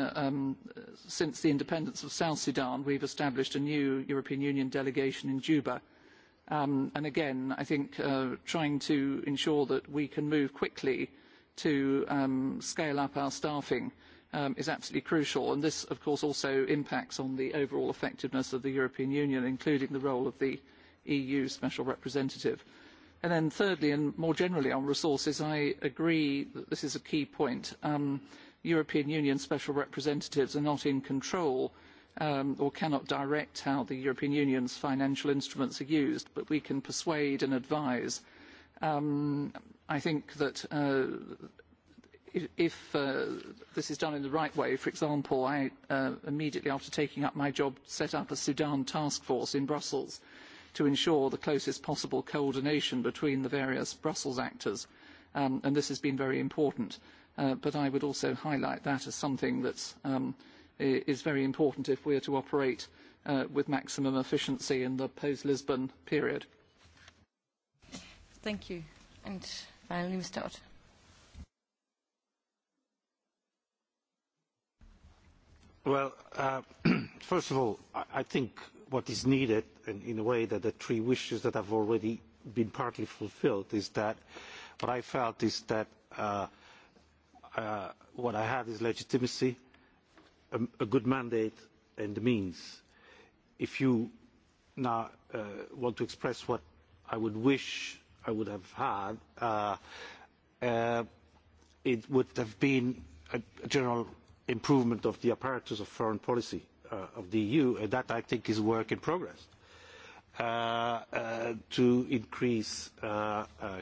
since the independence of South Sudan we've established a new European Union delegation in Juba and again I think trying to ensure that we can move quickly to scale up our staffing is absolutely crucial and this of course also impacts on the overall effectiveness of the European Union including the role of the EU special representative then thirdly, and more generally on resources, I agree that this is a key point. European Union special representatives are not in control or cannot direct how the European Union's financial instruments are used, but we can persuade and advise. I think that if this is done in the right way, for example, I immediately after taking up my job set up a Sudan task force in Brussels to ensure the closest possible coordination between the various Brussels actors. And this has been very important. But I would also highlight that as something that is very important if we are to operate with maximum efficiency in the post-Lisbon period. Thank you. And finally, Mr. Well, first of all, I think what is needed in a way that the three wishes that have already been partly fulfilled is that what I felt is that what I had is legitimacy, a good mandate and the means. If you now want to express what I would wish I would have had, it would have been a general improvement of the apparatus of foreign policy of the EU, and that I think is work in progress, to increase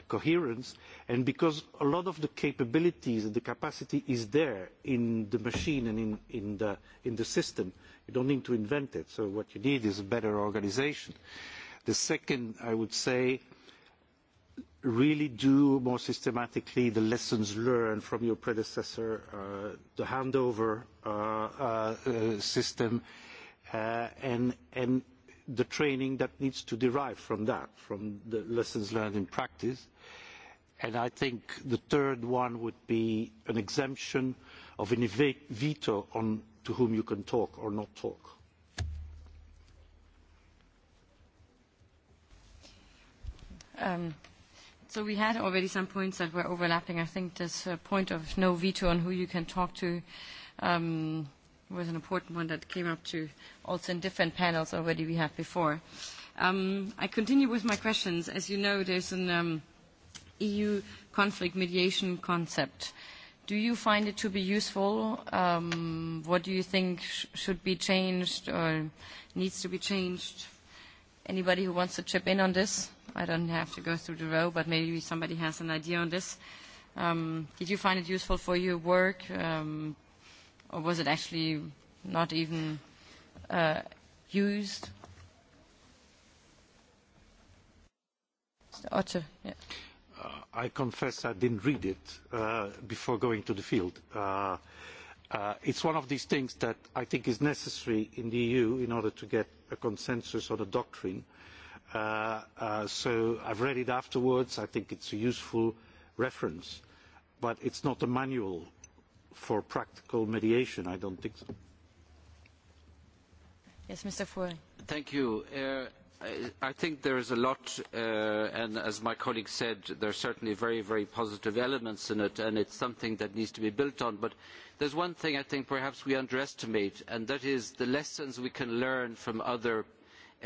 coherence, and because a lot of the capabilities and the capacity is there in the machine and in the system. You don't need to invent it, so what you need is a better organisation. The second, I would say, really do more systematically the lessons learned from your predecessor, the handover system, and the training that needs to derive from that, from the lessons learned in practice. And I think the third one would be an exemption of any veto on to whom you can talk or not talk. So we had already some points that were overlapping. I think this point of no veto on who you can talk to was an important one that came up to also in different panels already we had before. I continue with my questions. As you know, there's an EU conflict mediation concept. Do you find it to be useful? What do you think should be changed or needs to be changed Anybody who wants to chip in on this? I don't have to go through the row, but maybe somebody has an idea on this. Did you find it useful for your work, or was it actually not even used? yeah. I confess I didn't read it before going to the field. It's one of these things that I think is necessary in the EU in order to get a consensus on a doctrine. So I've read it afterwards. I think it's a useful reference, but it's not a manual for practical mediation. I don't think so. Yes, Mr. Thank you. I think there is a lot, and as my colleague said, there are certainly very, very positive elements in it, and it's something that needs to be built on. But there is one thing I think perhaps we underestimate, and that is the lessons we can learn from other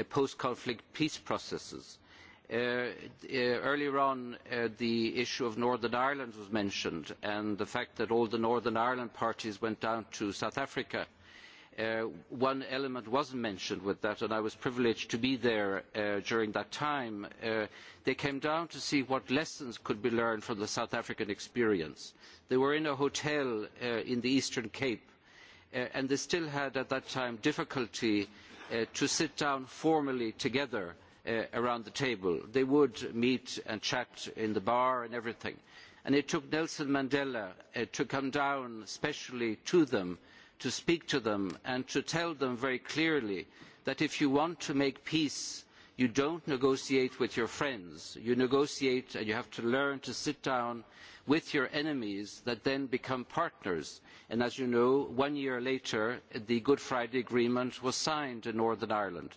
post-conflict peace processes. Earlier on, the issue of Northern Ireland was mentioned, and the fact that all the Northern Ireland parties went down to South Africa One element wasn't mentioned with that, and I was privileged to be there during that time. They came down to see what lessons could be learned from the South African experience. They were in a hotel in the Eastern Cape, and they still had at that time difficulty to sit down formally together around the table. They would meet and chat in the bar and everything. And it took Nelson Mandela to come down specially to them to speak to them and to tell them very clearly that if you want to make peace you do not negotiate with your friends you negotiate and you have to learn to sit down with your enemies that then become partners. And as you know, one year later, the Good Friday Agreement was signed in Northern Ireland.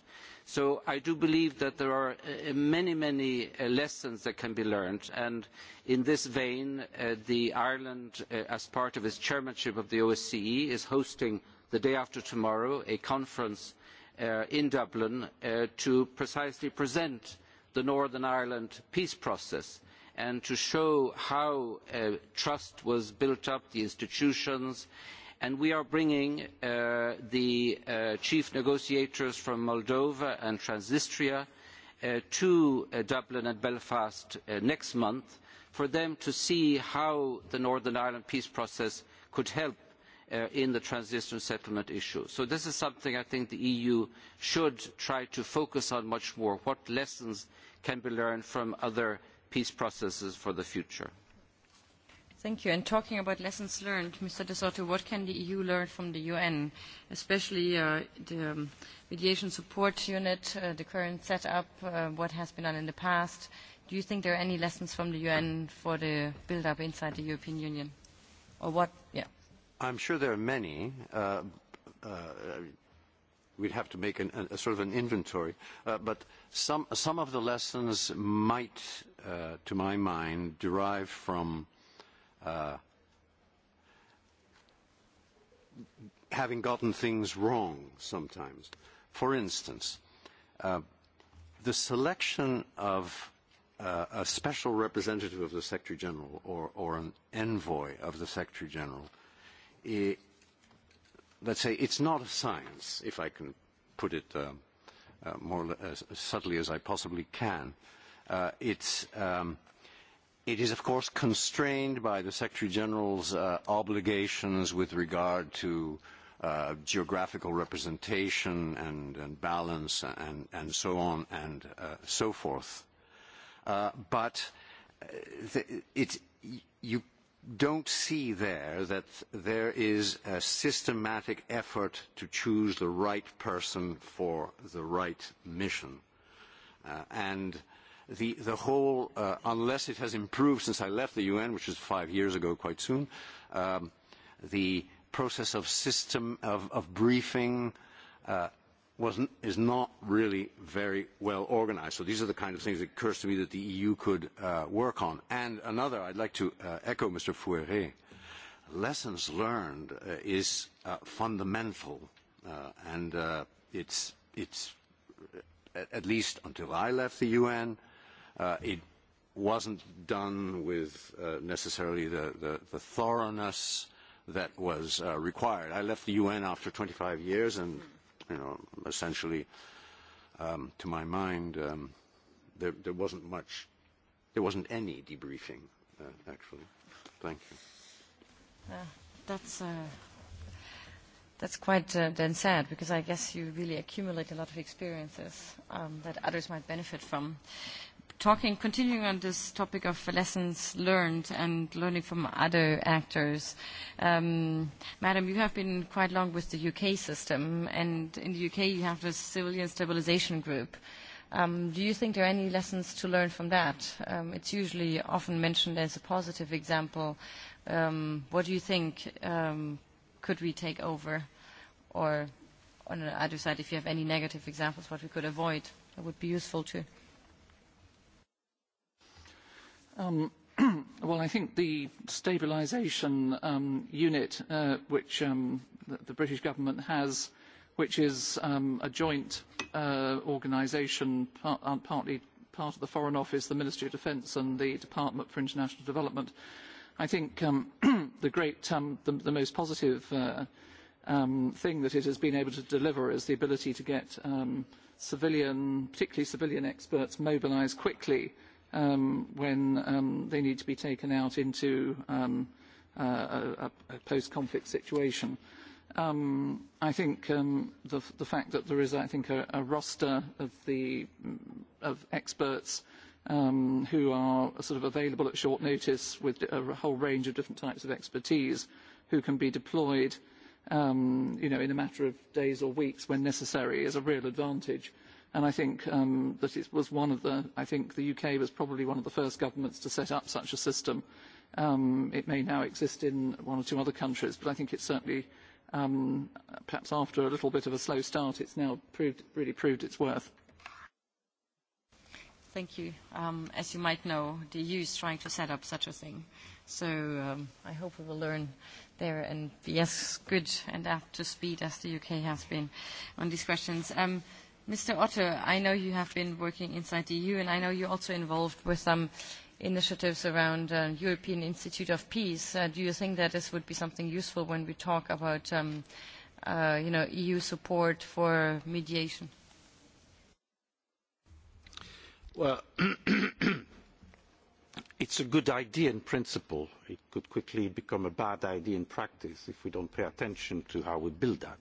So I do believe that there are many, many lessons that can be learned. And in this vein, Ireland, as part of its chairmanship of the OSCE, is hosting the day after tomorrow a conference in Dublin to precisely present the Northern Ireland peace process and to show how trust was built up, the institutions. And we are bringing the chief negotiators from Moldova and Transnistria to Dublin and Belfast next month for them to see how the Northern Ireland peace process could help in the transition settlement issue. So this is something I think the EU should try to focus on much more, what lessons can be learned from other peace processes for the future. Thank you. And talking about lessons learned, Mr. De Soto, what can the EU learn from the UN, especially the mediation support unit, the current setup, what has been done in the past? Do you think there are any lessons from the UN for the build-up inside the European Union? Or what? Yeah. I'm sure there are many we'd have to make a sort of an inventory. But some of the lessons might, to my mind, derive from having gotten things wrong sometimes. For instance, the selection of a special representative of the Secretary General or an envoy of the Secretary General let's say it's not a science, if I can put it more subtly as I possibly can. It's It is, of course, constrained by the Secretary General's obligations with regard to geographical representation and balance and so on and so forth. But you don't see there that there is a systematic effort to choose the right person for the right mission. And the whole, unless it has improved since I left the UN, which is five years ago quite soon, the process of system, of briefing, is not really very well organized. So these are the kind of things that occurs to me that the EU could work on. And another, I'd like to echo Mr. Fourier, lessons learned is fundamental, and it's at least until I left the UN, it wasn't done with necessarily the thoroughness that was required. I left the UN after 25 years and you know, essentially, to my mind, there there wasn't much, there wasn't any debriefing, actually. Thank you. That's that's quite then sad because I guess you really accumulate a lot of experiences that others might benefit from talking, continuing on this topic of lessons learned and learning from other actors, um, Madam, you have been quite long with the UK system, and in the UK you have the Civilian Stabilization Group. Um, do you think there are any lessons to learn from that? Um, it's usually often mentioned as a positive example. Um, what do you think um, could we take over? Or on the other side, if you have any negative examples, what we could avoid, that would be useful too. Well, I think the stabilization unit which the British government has, which is a joint organisation, partly part of the Foreign Office, the Ministry of Defence and the Department for International Development, I think the most positive thing that it has been able to deliver is the ability to get civilian, particularly civilian experts, mobilised quickly when they need to be taken out into a post-conflict situation. I think the fact that there is, I think, a roster of experts who are sort of available at short notice with a whole range of different types of expertise who can be deployed you know, in a matter of days or weeks when necessary is a real advantage and I think that it was one of the, I think the UK was probably one of the first governments to set up such a system. It may now exist in one or two other countries, but I think it's certainly, perhaps after a little bit of a slow start, it's now really proved its worth. Thank you. As you might know, the EU is trying to set up such a thing. So I hope we will learn there and be as good and up to speed as the UK has been on these questions. Mr. Otto, I know you have been working inside the EU, and I know you're also involved with some initiatives around the European Institute of Peace. Do you think that this would be something useful when we talk about EU support for mediation? Well, it's a good idea in principle. It could quickly become a bad idea in practice if we don't pay attention to how we build that.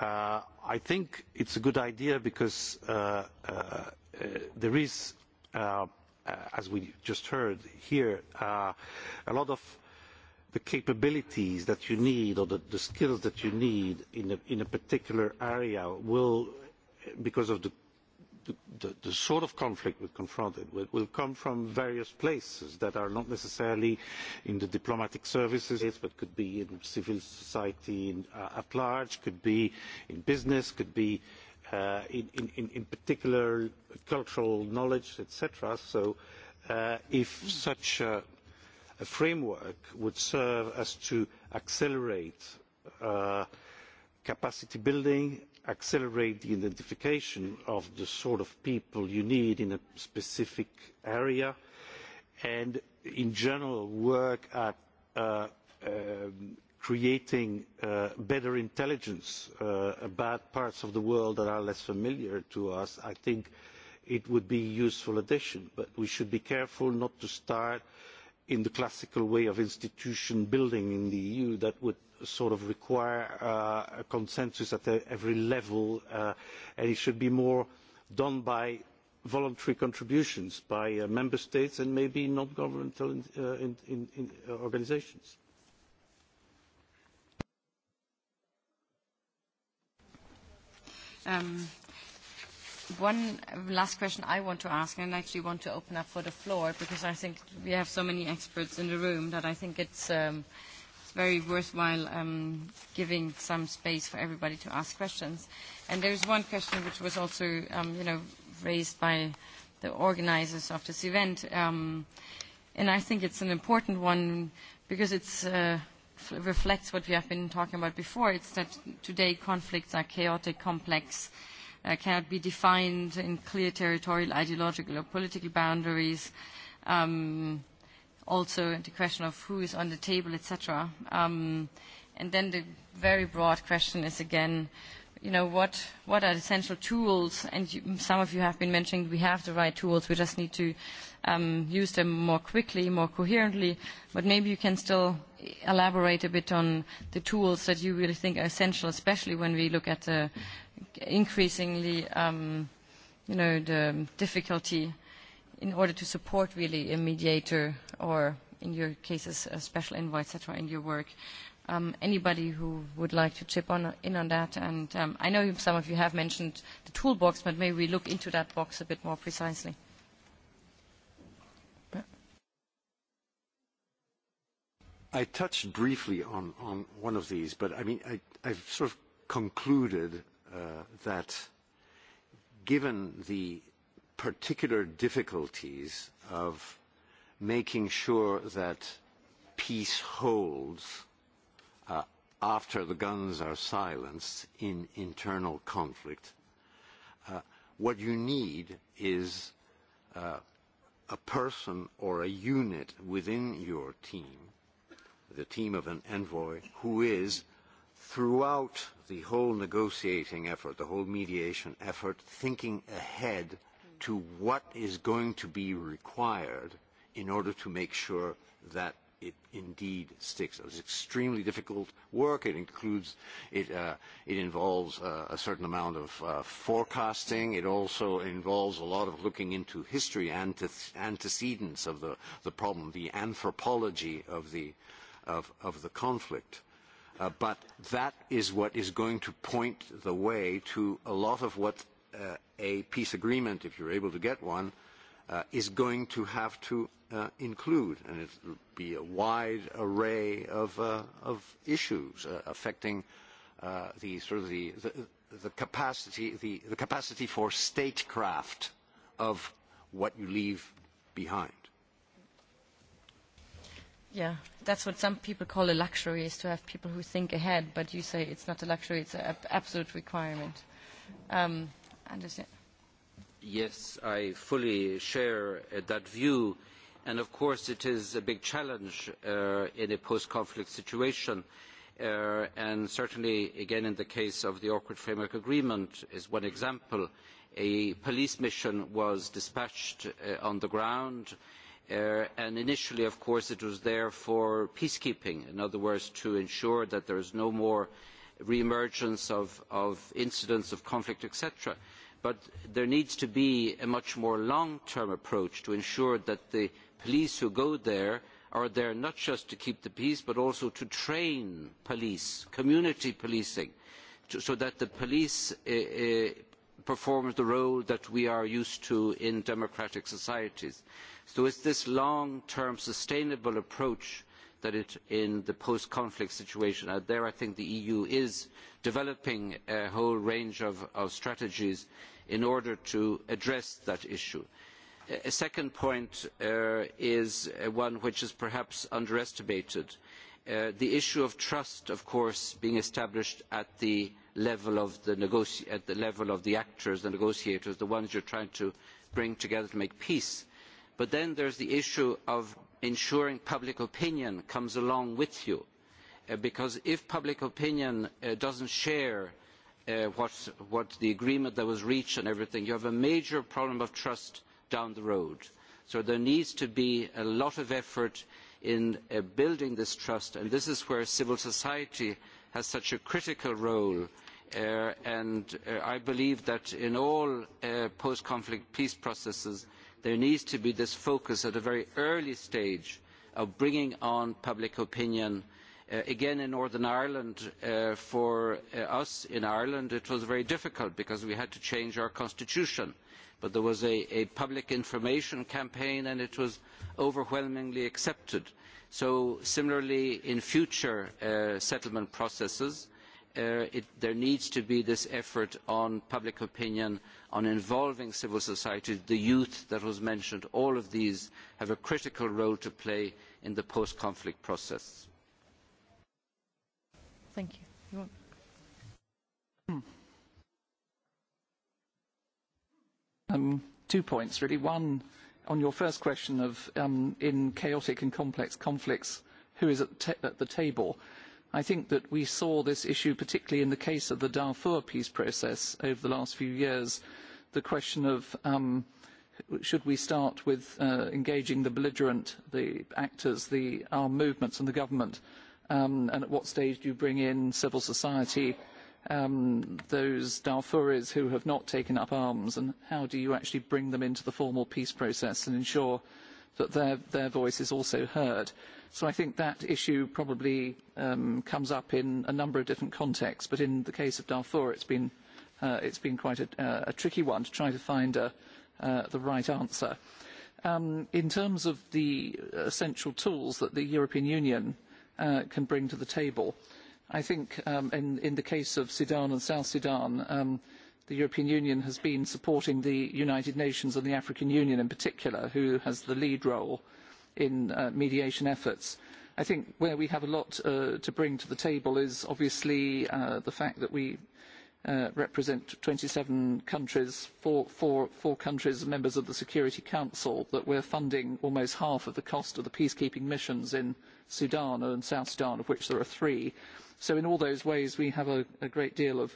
I think it's a good idea because there is, as we just heard here, a lot of the capabilities that you need or the skills that you need in a particular area will, because of the the sort of conflict we're confronted with will come from various places that are not necessarily in the diplomatic services, but could be in civil society at large, could be in business, could be in particular cultural knowledge, etc. So if such a framework would serve as to accelerate capacity building accelerate the identification of the sort of people you need in a specific area and in general work at creating better intelligence about parts of the world that are less familiar to us, I think it would be a useful addition. But we should be careful not to start in the classical way of institution building in the EU that would sort of require a consensus at every level and it should be more done by voluntary contributions by member states and maybe non governmental organisations. One last question I want to ask, and I actually want to open up for the floor because I think we have so many experts in the room that I think it's it's very worthwhile giving some space for everybody to ask questions. And there is one question which was also, you know, raised by the organizers of this event, and I think it's an important one because it reflects what we have been talking about before. It's that today conflicts are chaotic, complex, cannot be defined in clear territorial, ideological or political boundaries also the question of who is on the table, etc. Um, and then the very broad question is again, you know, what, what are essential tools? And some of you have been mentioning we have the right tools. We just need to um, use them more quickly, more coherently. But maybe you can still elaborate a bit on the tools that you really think are essential, especially when we look at the increasingly, um, you know, the difficulty in order to support really a mediator or in your cases a special envoy etc in your work anybody who would like to chip on in on that and um i know some of you have mentioned the toolbox but maybe we look into that box a bit more precisely i touched briefly on on one of these but i mean i i've sort of concluded that given the particular difficulties of making sure that peace holds after the guns are silenced in internal conflict. What you need is a person or a unit within your team, the team of an envoy, who is throughout the whole negotiating effort, the whole mediation effort, thinking ahead to what is going to be required in order to make sure that it indeed sticks. It extremely difficult work. It includes, it, it involves a certain amount of forecasting. It also involves a lot of looking into history, antecedents of the, the problem, the anthropology of the, of, of the conflict. But that is what is going to point the way to a lot of what a peace agreement, if you're able to get one, is going to have to include, and it will be a wide array of issues affecting the sort of the capacity, the capacity for statecraft of what you leave behind. Yeah, that's what some people call a luxury, is to have people who think ahead, but you say it's not a luxury, it's an absolute requirement. Yes, I fully share that view. And of course it is a big challenge in a post-conflict situation. And certainly, again, in the case of the Awkward Framework Agreement is one example. A police mission was dispatched on the ground. And initially, of course, it was there for peacekeeping. In other words, to ensure that there is no more reemergence emergence of incidents of conflict, etc but there needs to be a much more long term approach to ensure that the police who go there are there not just to keep the peace but also to train police community policing so that the police performs the role that we are used to in democratic societies. so it is this long term sustainable approach that in the post conflict situation there i think the eu is developing a whole range of strategies in order to address that issue. a second point is one which is perhaps underestimated the issue of trust of course being established at the level of the actors the negotiators the ones you are trying to bring together to make peace but then there is the issue of ensuring public opinion comes along with you because if public opinion does not share what the agreement that was reached and everything you have a major problem of trust down the road. so there needs to be a lot of effort in building this trust and this is where civil society has such a critical role and i believe that in all post conflict peace processes there needs to be this focus at a very early stage of bringing on public opinion. Again, in Northern Ireland, for us in Ireland, it was very difficult because we had to change our constitution. But there was a public information campaign and it was overwhelmingly accepted. So similarly, in future settlement processes, there needs to be this effort on public opinion, on involving civil society, the youth that was mentioned. All of these have a critical role to play in the post-conflict process. Thank you. Two points, really. One, on your first question of in chaotic and complex conflicts, who is at the table? I think that we saw this issue, particularly in the case of the Darfur peace process over the last few years, the question of should we start with engaging the belligerent, the actors, the armed movements and the government, and at what stage do you bring in civil society, those Darfuris who have not taken up arms, and how do you actually bring them into the formal peace process and ensure that their voice is also heard. So I think that issue probably comes up in a number of different contexts, but in the case of Darfur it's been quite a tricky one to try to find the right answer. In terms of the essential tools that the European Union can bring to the table, I think in the case of Sudan and South Sudan, the European Union has been supporting the United Nations and the African Union in particular, who has the lead role in mediation efforts. I think where we have a lot to bring to the table is obviously the fact that we represent 27 countries, four countries members of the Security Council, that we are funding almost half of the cost of the peacekeeping missions in Sudan and South Sudan, of which there are three. So in all those ways, we have a great deal of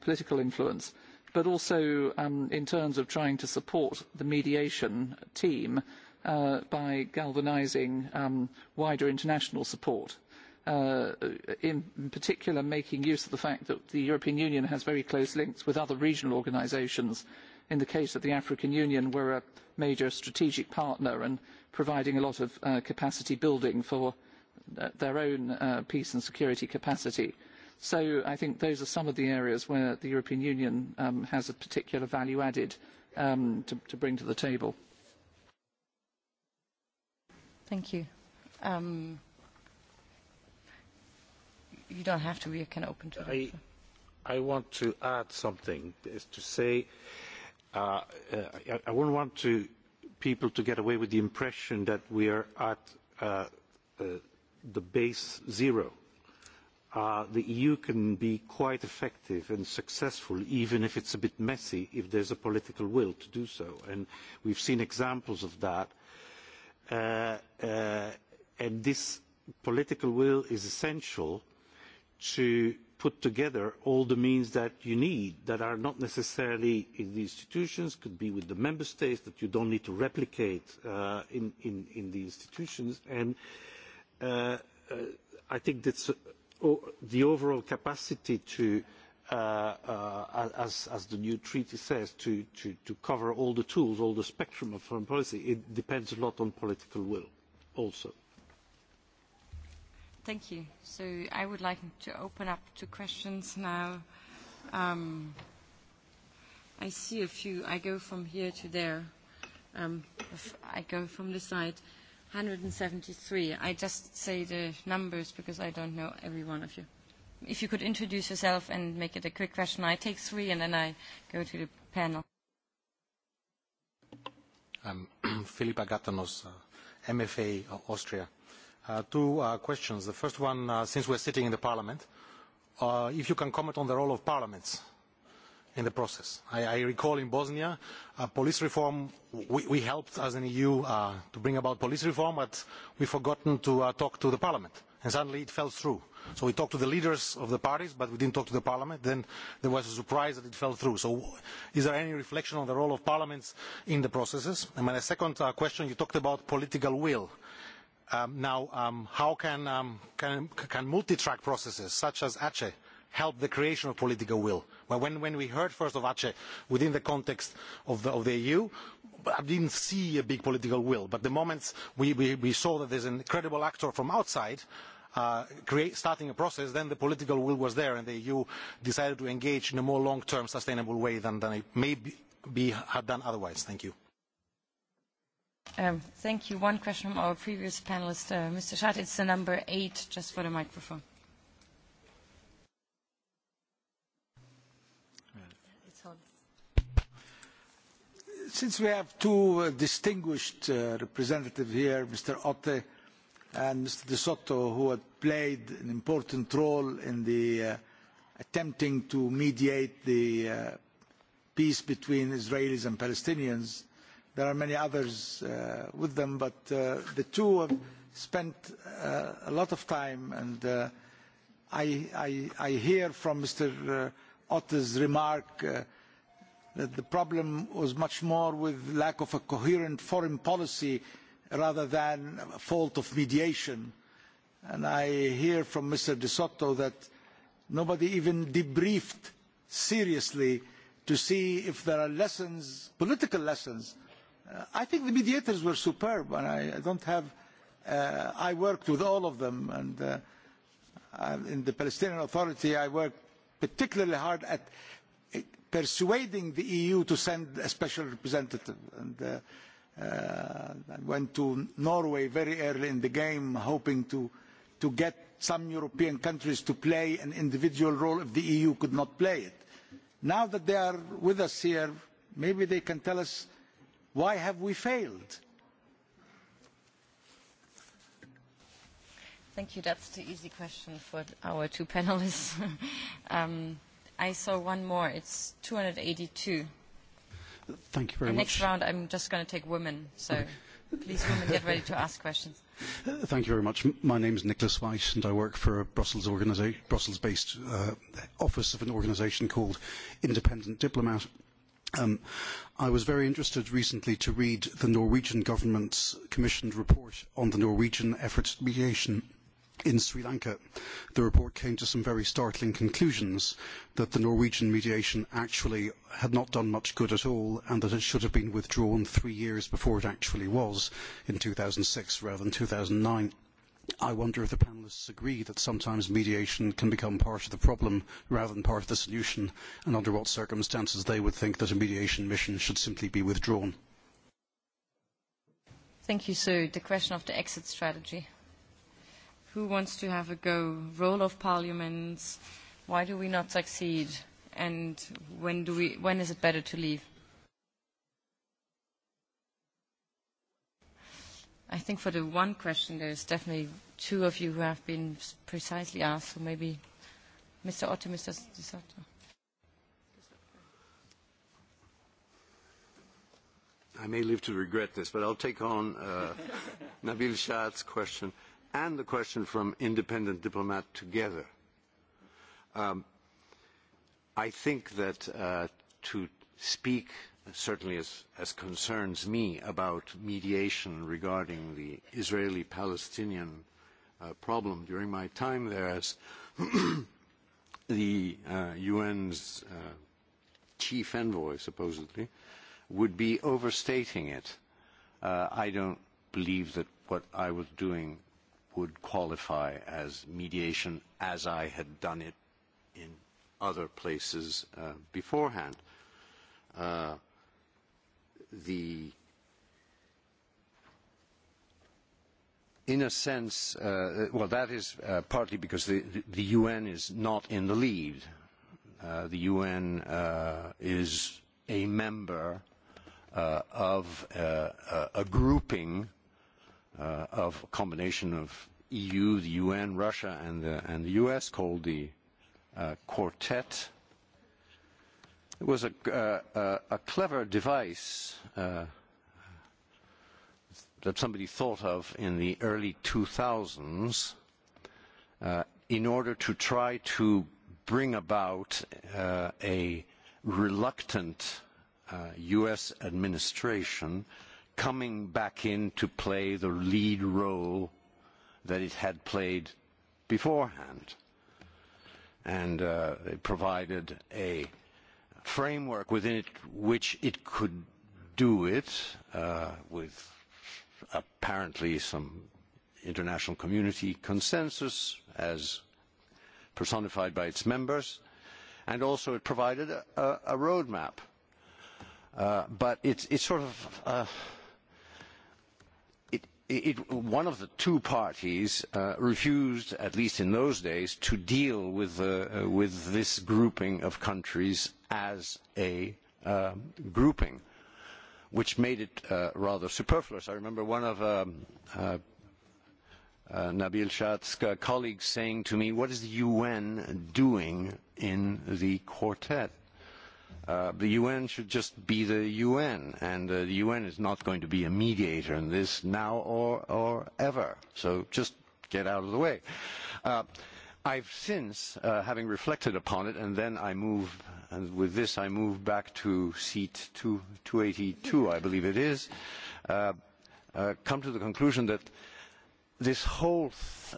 political influence but also in terms of trying to support the mediation team by galvanising wider international support, in particular making use of the fact that the European Union has very close links with other regional organisations. In the case of the African Union, we're a major strategic partner and providing a lot of capacity building for their own peace and security capacity So I think those are some of the areas where the European Union has a particular value added to bring to the table. Thank you. You don't have to. We can open to I want to add something. to say, I wouldn't want people to get away with the impression that we are at the base zero the EU can be quite effective and successful, even if it's a bit messy, if there's a political will to do so. And we've seen examples of that. And this political will is essential to put together all the means that you need that are not necessarily in the institutions, could be with the member states that you don't need to replicate in the institutions. And I think that's the overall capacity to, as the new treaty says, to cover all the tools, all the spectrum of foreign policy, it depends a lot on political will also. Thank you. So I would like to open up to questions now. I see a few. I go from here to there. I go from the side. 173. I just say the numbers because I don't know every one of you. If you could introduce yourself and make it a quick question. I take three and then I go to the panel. I'm Filip Agatanos, MFA Austria. Two questions. The first one, since we're sitting in the Parliament, if you can comment on the role of parliaments in the process. I I recall in Bosnia, police reform, we helped as an EU to bring about police reform, but we forgotten to talk to the parliament, and suddenly it fell through. So we talked to the leaders of the parties, but we didn't talk to the parliament. Then there was a surprise that it fell through. So is there any reflection on the role of parliaments in the processes? And my second question, you talked about political will. Now, how can can multi-track processes, such as ACE, help the creation of political will. When we heard first of Aceh within the context of the EU, I didn't see a big political will. But the moment we saw that there's an incredible actor from outside starting a process, then the political will was there and the EU decided to engage in a more long-term sustainable way than it may be had done otherwise. Thank you. Thank you. One question from our previous panelist, Mr. Schatz. It's the number eight, just for the microphone. Since we have two distinguished representatives here, Mr. Otte and Mr. De Soto, who had played an important role in the attempting to mediate the peace between Israelis and Palestinians, there are many others with them, but the two have spent a lot of time, and I hear from Mr. Otte's remark that the problem was much more with lack of a coherent foreign policy rather than a fault of mediation. And I hear from Mr. De Soto that nobody even debriefed seriously to see if there are lessons, political lessons. I think the mediators were superb, and I don't have. I worked with all of them, and in the Palestinian Authority I worked particularly hard at persuading the EU to send a special representative. And I went to Norway very early in the game, hoping to get some European countries to play an individual role if the EU could not play it. Now that they are with us here, maybe they can tell us why have we failed. Thank you. That's the easy question for our two panelists. I saw one more. It's 282. Thank you very much. Next round, I'm just going to take women. So please, women, get ready to ask questions. Thank you very much. My name is Nicholas Weiss, and I work for a Brussels-based office of an organisation called Independent Diplomat. I was very interested recently to read the Norwegian government's commissioned report on the Norwegian efforts at mediation in Sri Lanka. The report came to some very startling conclusions that the Norwegian mediation actually had not done much good at all and that it should have been withdrawn three years before it actually was in 2006 rather than 2009. I wonder if the panelists agree that sometimes mediation can become part of the problem rather than part of the solution and under what circumstances they would think that a mediation mission should simply be withdrawn. Thank you. the question of the exit strategy who wants to have a go, role of parliaments, why do we not succeed, and when, do we, when is it better to leave? I think for the one question, there's definitely two of you who have been precisely asked, so maybe Mr. Otto, Mr. Soto. I may live to regret this, but I'll take on Nabil Shah's question and the question from independent diplomat together. I think that to speak, certainly as concerns me, about mediation regarding the Israeli-Palestinian problem during my time there as the UN's chief envoy, supposedly, would be overstating it. I don't believe that what I was doing would qualify as mediation as I had done it in other places beforehand. The in a sense well that is partly because the UN is not in the lead. The UN is a member of a grouping of a combination of EU, the UN, Russia, and the US called the Quartet. It was a clever device that somebody thought of in the early 2000s in order to try to bring about a reluctant US administration coming back in to play the lead role that it had played beforehand. And it provided a framework within it which it could do it with apparently some international community consensus as personified by its members, and also it provided a roadmap. But it's sort of one of the two parties refused, at least in those days, to deal with this grouping of countries as a grouping, which made it rather superfluous. I remember one of Nabil Shatsk colleagues saying to me, what is the UN doing in the quartet? The UN should just be the UN, and the UN is not going to be a mediator in this now or or ever. So just get out of the way. I've since, having reflected upon it, and then I move, and with this I move back to seat two 282, I believe it is, come to the conclusion that this whole,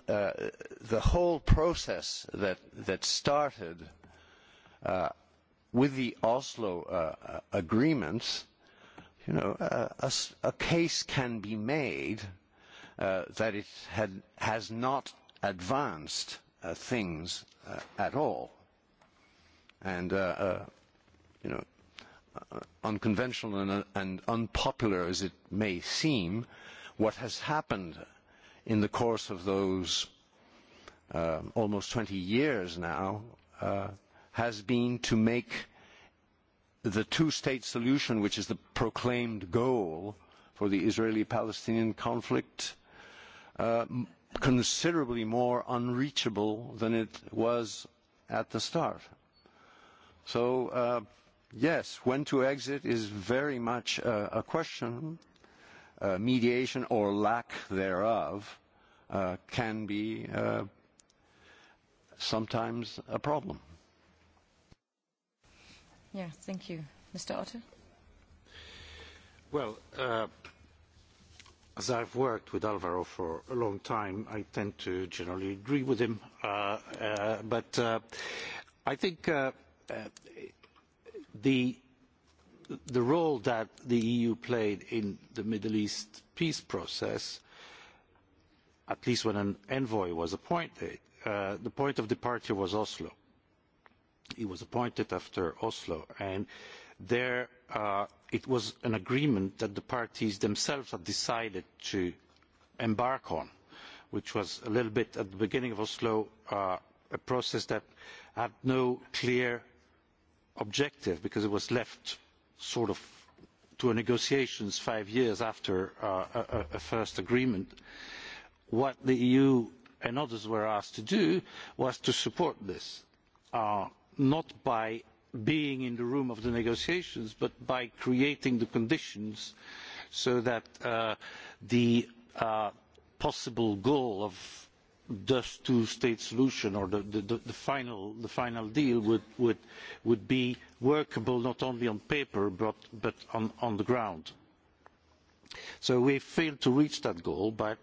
the whole process that started with the Oslo agreements, you know, a case can be made that it has not advanced things at all. And, you know, unconventional and unpopular as it may seem, what has happened in the course of those almost 20 years now has been to make the two-state solution, which is the proclaimed goal for the Israeli-Palestinian conflict, considerably more unreachable than it was at the start. So, yes, when to exit is very much a question. Mediation or lack thereof can be sometimes a problem. Yeah, thank you. Mr. Well, as I've worked with Alvaro for a long time, I tend to generally agree with him. But I think the role that the EU played in the Middle East peace process, at least when an envoy was appointed, the point of departure was Oslo He was appointed after Oslo, and there it was an agreement that the parties themselves had decided to embark on, which was a little bit at the beginning of Oslo a process that had no clear objective because it was left sort of to negotiations five years after a first agreement. What the EU and others were asked to do was to support this not by being in the room of the negotiations, but by creating the conditions so that the possible goal of the two-state solution or the final deal would be workable not only on paper but on the ground. So we failed to reach that goal, but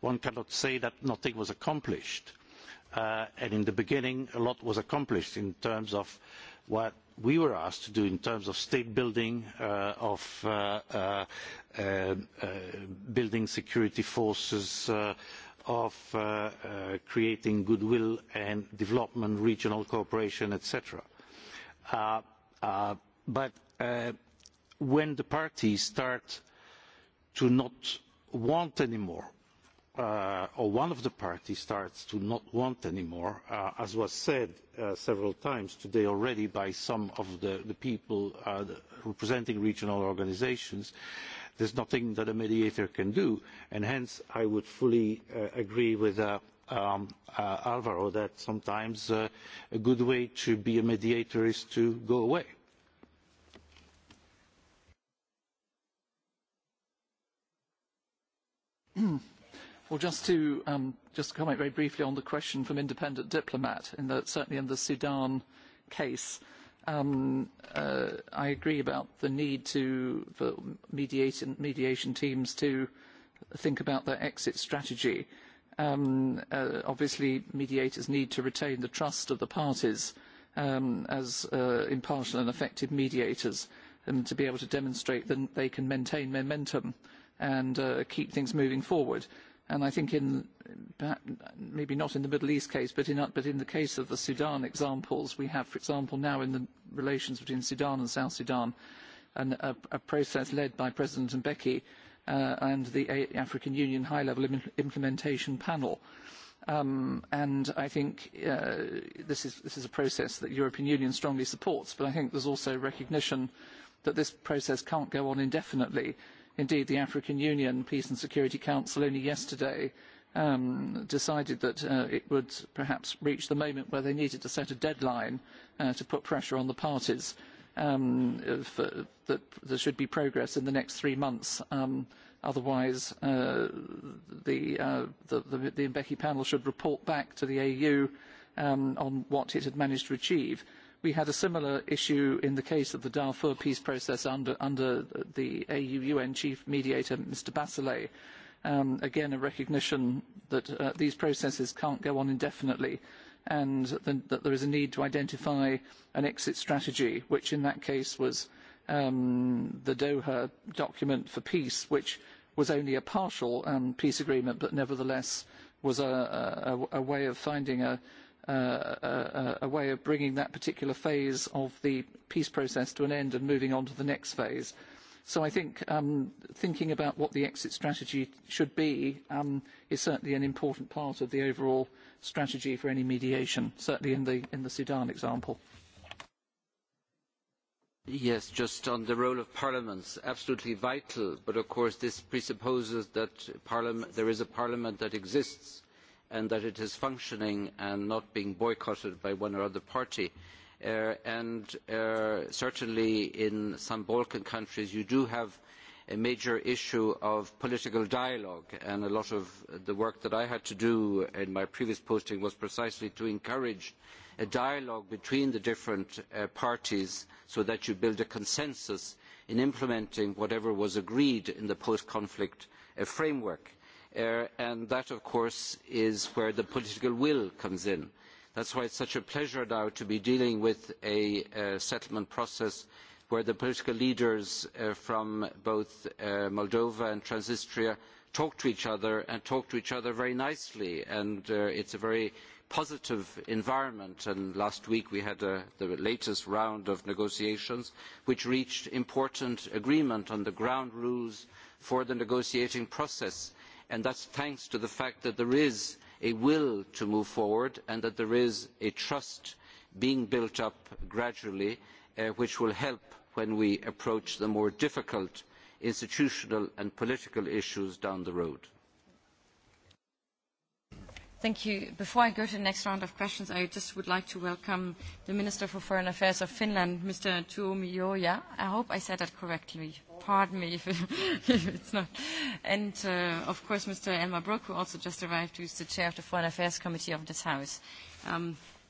one cannot say that nothing was accomplished and in the beginning a lot was accomplished in terms of what we were asked to do in terms of state building, of building security forces, of creating goodwill and development, regional cooperation, etc. But when the parties start to not want anymore or one of the parties starts to not want anymore, as was said several times today already by some of the people representing regional organisations, there is nothing that a mediator can do, and hence I would fully agree with Alvaro that sometimes a good way to be a mediator is to go away. Well, just to just comment very briefly on the question from Independent Diplomat, in certainly in the Sudan case, I agree about the need to for mediation teams to think about their exit strategy. Obviously, mediators need to retain the trust of the parties as impartial and effective mediators, and to be able to demonstrate that they can maintain momentum and keep things moving forward. And I think in, maybe not in the Middle East case, but in but in the case of the Sudan examples, we have, for example, now in the relations between Sudan and South Sudan, a process led by President Mbeki and the African Union High-Level Implementation Panel. And I think this is a process that the European Union strongly supports, but I think there's also recognition that this process can't go on indefinitely Indeed, the African Union Peace and Security Council only yesterday decided that it would perhaps reach the moment where they needed to set a deadline to put pressure on the parties that there should be progress in the next three months. Otherwise, the Mbeki panel should report back to the AU on what it had managed to achieve. We had a similar issue in the case of the Darfur peace process under the AU-UN chief mediator, Mr. Bachelet. Again, a recognition that these processes can't go on indefinitely and that there is a need to identify an exit strategy, which in that case was the Doha document for peace, which was only a partial peace agreement, but nevertheless was a way of finding a a way of bringing that particular phase of the peace process to an end and moving on to the next phase. So I think thinking about what the exit strategy should be is certainly an important part of the overall strategy for any mediation, certainly in the Sudan example. Yes, just on the role of parliaments, absolutely vital. But of course, this presupposes that there is a parliament that exists and that it is functioning and not being boycotted by one or other party. And certainly in some Balkan countries you do have a major issue of political dialogue and a lot of the work that I had to do in my previous posting was precisely to encourage a dialogue between the different parties so that you build a consensus in implementing whatever was agreed in the post-conflict framework and that of course is where the political will comes in. that is why it is such a pleasure now to be dealing with a settlement process where the political leaders from both moldova and transnistria talk to each other and talk to each other very nicely and it is a very positive environment and last week we had the latest round of negotiations which reached important agreement on the ground rules for the negotiating process and that is thanks to the fact that there is a will to move forward and that there is a trust being built up gradually which will help when we approach the more difficult institutional and political issues down the road. Thank you. Before I go to the next round of questions, I just would like to welcome the Minister for Foreign Affairs of Finland, Mr. Tuomi Tuomioja. I hope I said that correctly. Pardon me if it's not. And, of course, Mr. Elmar Brok, who also just arrived, who is the Chair of the Foreign Affairs Committee of this House.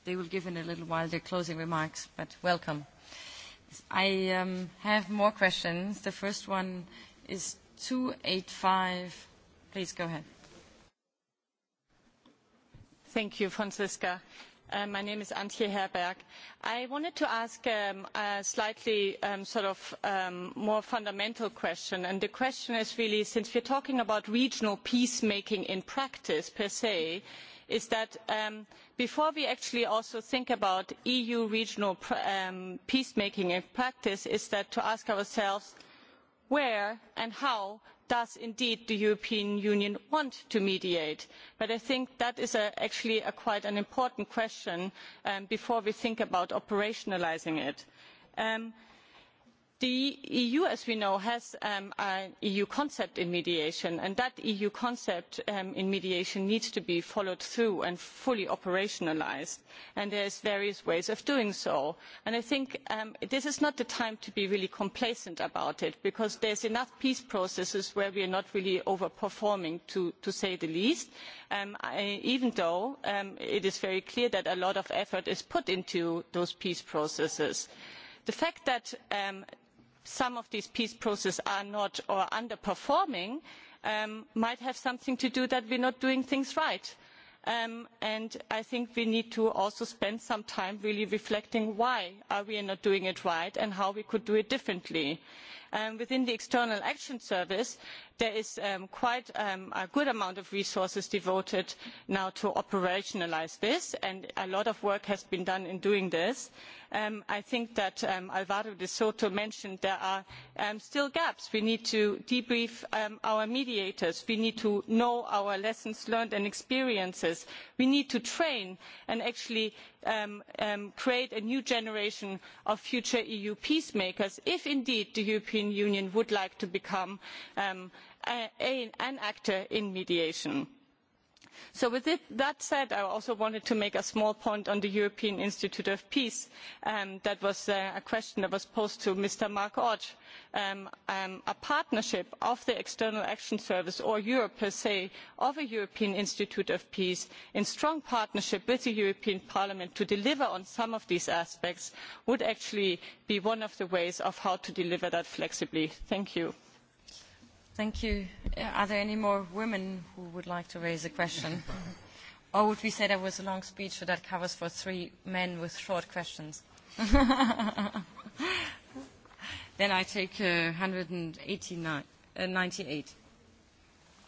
They will give in a little while their closing remarks, but welcome. I have more questions. The first one is 285. Please go ahead. Thank you, Franziska. My name is Antje Herberg. I wanted to ask a slightly more fundamental question, and the question is really, since we are talking about regional peacemaking in practice per se, is that before we actually also think about EU regional peacemaking in practice, is that to ask ourselves where and how does indeed the European Union want to mediate? But I think that is actually quite an important question before we think about operationalising it the eu as we know has an eu concept in mediation and that eu concept in mediation needs to be followed through and fully operationalised and there are various ways of doing so. i think this is not the time to be really complacent about it because there are enough peace processes where we are not really overperforming to say the least even though it is very clear that a lot of effort is put into those peace processes. the fact that some of these peace processes are not or underperforming might have something to do that we are not doing things right. And I think we need to also spend some time really reflecting why we are not doing it right and how we could do it differently within the external action service there is quite a good amount of resources devoted now to operationalise this and a lot of work has been done in doing this. i think that alvaro de soto mentioned there are still gaps. we need to debrief our mediators we need to know our lessons learned and experiences we need to train and actually create a new generation of future eu peacemakers if indeed the european union would like to become an actor in mediation so with that said i also wanted to make a small point on the european institute of peace that was a question that was posed to mr mark Orts. a partnership of the external action service or europe per se of a european institute of peace in strong partnership with the european parliament to deliver on some of these aspects would actually be one of the ways of how to deliver that flexibly. thank you. Thank you. Are there any more women who would like to raise a question? Or would we say that was a long speech, so that covers for three men with short questions? Then I take 198.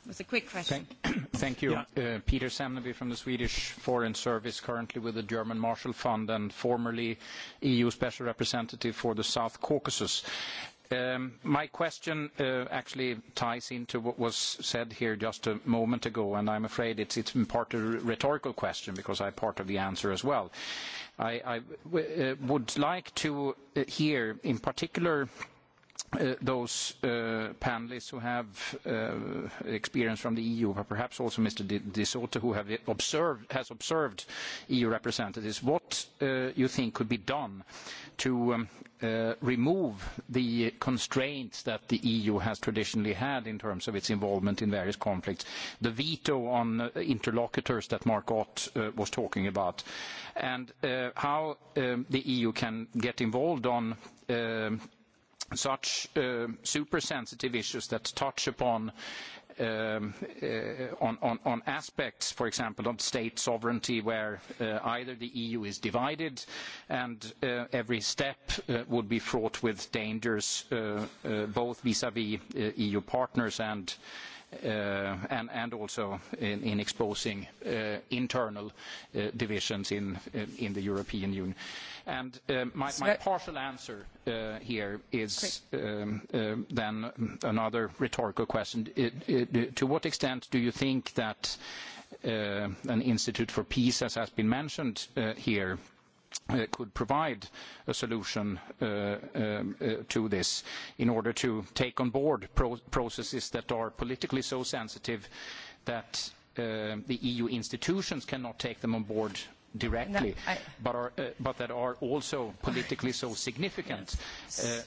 It's a quick question. Thank you. Peter Semneby from the Swedish Foreign Service, currently with the German Marshall Fund and formerly EU Special Representative for the South Caucasus. My question actually ties into what was said here just a moment ago, and I'm afraid it's in part a rhetorical question because I'm part of the answer as well. I would like to hear, in particular those panelists who have experience from the EU, but perhaps also Mr. De Soto, who has observed EU representatives, what you think could be done to remove the constraints that the EU has traditionally had in terms of its involvement in various conflicts, the veto on interlocutors that Mark Ott was talking about, and how the EU can get involved on such super sensitive issues that touch upon on aspects, for example, of state sovereignty, where either the EU is divided and every step would be fraught with dangers, both vis-à-vis EU partners and and also in exposing internal divisions in the European Union. And my partial answer here is then another rhetorical question. To what extent do you think that an Institute for Peace, as has been mentioned here, could provide a solution to this in order to take on board processes that are politically so sensitive that the EU institutions cannot take them on board directly, but that are also politically so significant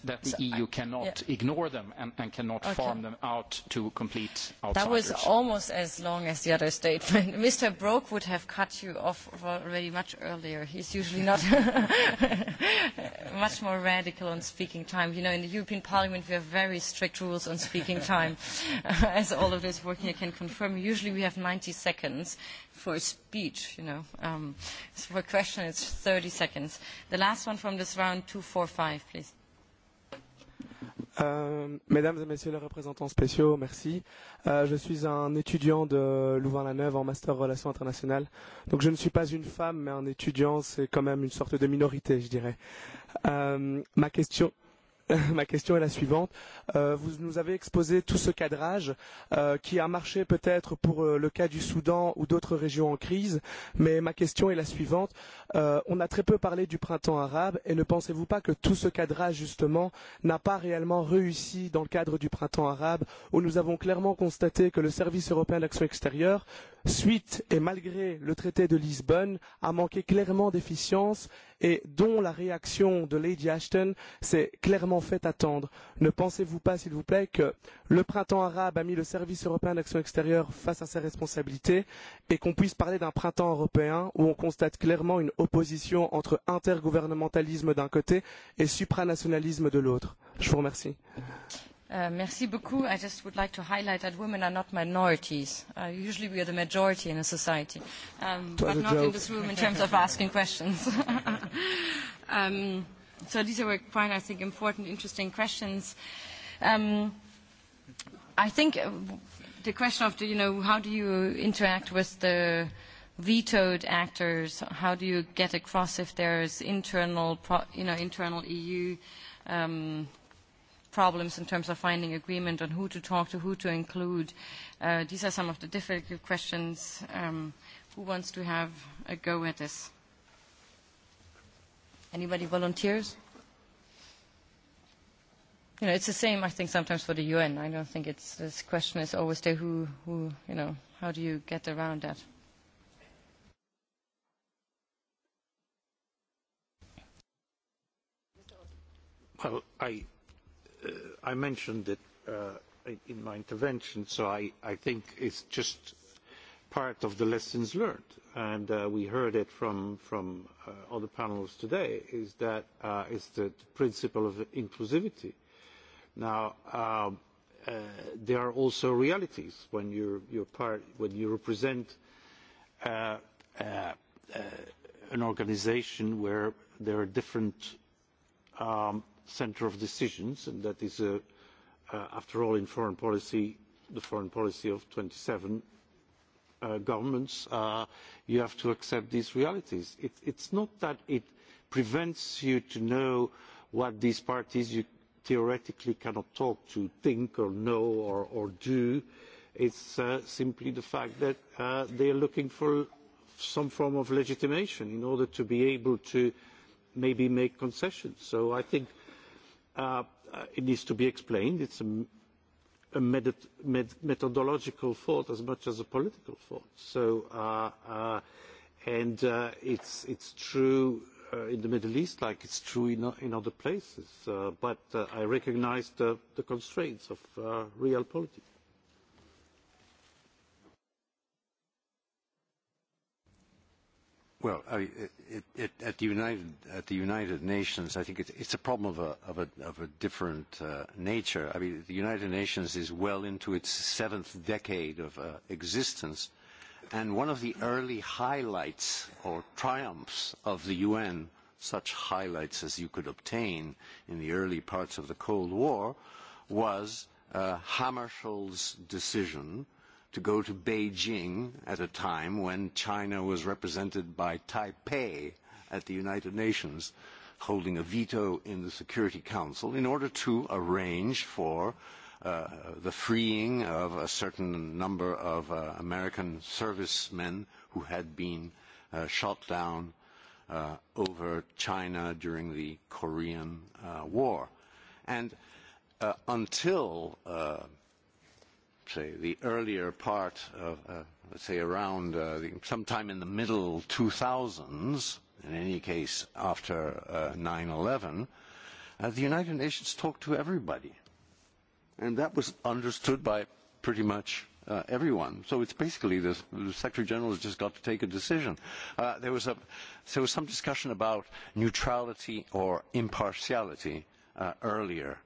that the EU cannot ignore them and cannot farm them out to complete outsiders. That was almost as long as the other statement. Mr. Brok would have cut you off already much earlier. He's usually not much more radical on speaking time. You know, in the European Parliament we have very strict rules on speaking time, as all of those working here can confirm. Usually we have 90 seconds for a speech, you know. Um, for a question, it's 30 seconds. The last one from this round, 245, please. Mesdames et Messieurs les représentants spéciaux, merci. Je suis un étudiant de Louvain-la-Neuve en master relations internationales. Donc je ne suis pas une femme, mais un étudiant, c'est quand même une sorte de minorité, je dirais. Ma question ma question est la suivante vous nous avez exposé tout ce cadrage qui a marché peut-être pour le cas du Soudan ou d'autres régions en crise mais ma question est la suivante on a très peu parlé du printemps arabe et ne pensez-vous pas que tout ce cadrage justement n'a pas réellement réussi dans le cadre du printemps arabe où nous avons clairement constaté que le service européen d'action extérieure suite et malgré le traité de Lisbonne a manqué clairement d'efficience et dont la réaction de Lady Ashton s'est clairement fait attendre. Ne pensez-vous pas, s'il vous plaît, que le printemps arabe a mis le service européen d'action extérieure face à ses responsabilités et qu'on puisse parler d'un printemps européen où on constate clairement une opposition entre intergouvernementalisme d'un côté et supranationalisme de l'autre Je vous remercie. Merci beaucoup. I just would like to highlight that women are not minorities. Usually we are the majority in a society, but not in this room in terms of asking questions. So these are quite, I think, important, interesting questions. I think the question of, you know, how do you interact with the vetoed actors? How do you get across if there is internal, you know, internal EU problems in terms of finding agreement on who to talk to, who to include. These are some of the difficult questions. Who wants to have a go at this? Anybody volunteers? You know, it's the same, I think, sometimes for the UN. I don't think it's this question is always there. Who, who, you know, how do you get around that? Well, I I mentioned it in my intervention, so I think it's just part of the lessons learned, and we heard it from other panels today, is that it's the principle of inclusivity. Now, there are also realities when you represent an organization where there are different Center of decisions, and that is, after all, in foreign policy, the foreign policy of 27 governments, you have to accept these realities. It's not that it prevents you to know what these parties you theoretically cannot talk to, think or know or do. It's simply the fact that they are looking for some form of legitimation in order to be able to maybe make concessions. So I think It needs to be explained. It's a methodological fault as much as a political fault. So, and it's it's true in the Middle East, like it's true in other places. But I recognise the constraints of real politics. Well, at the United Nations, I think it's a problem of a of a different nature. I mean, the United Nations is well into its seventh decade of existence, and one of the early highlights or triumphs of the UN, such highlights as you could obtain in the early parts of the Cold War, was Hammarskjöld's decision to go to Beijing at a time when China was represented by Taipei at the United Nations, holding a veto in the Security Council in order to arrange for the freeing of a certain number of American servicemen who had been shot down over China during the Korean War. And until say, the earlier part, let's say around sometime in the middle 2000s, in any case after 9/11, the United Nations talked to everybody, and that was understood by pretty much everyone. So it's basically the Secretary General has just got to take a decision. There was some discussion about neutrality or impartiality earlier,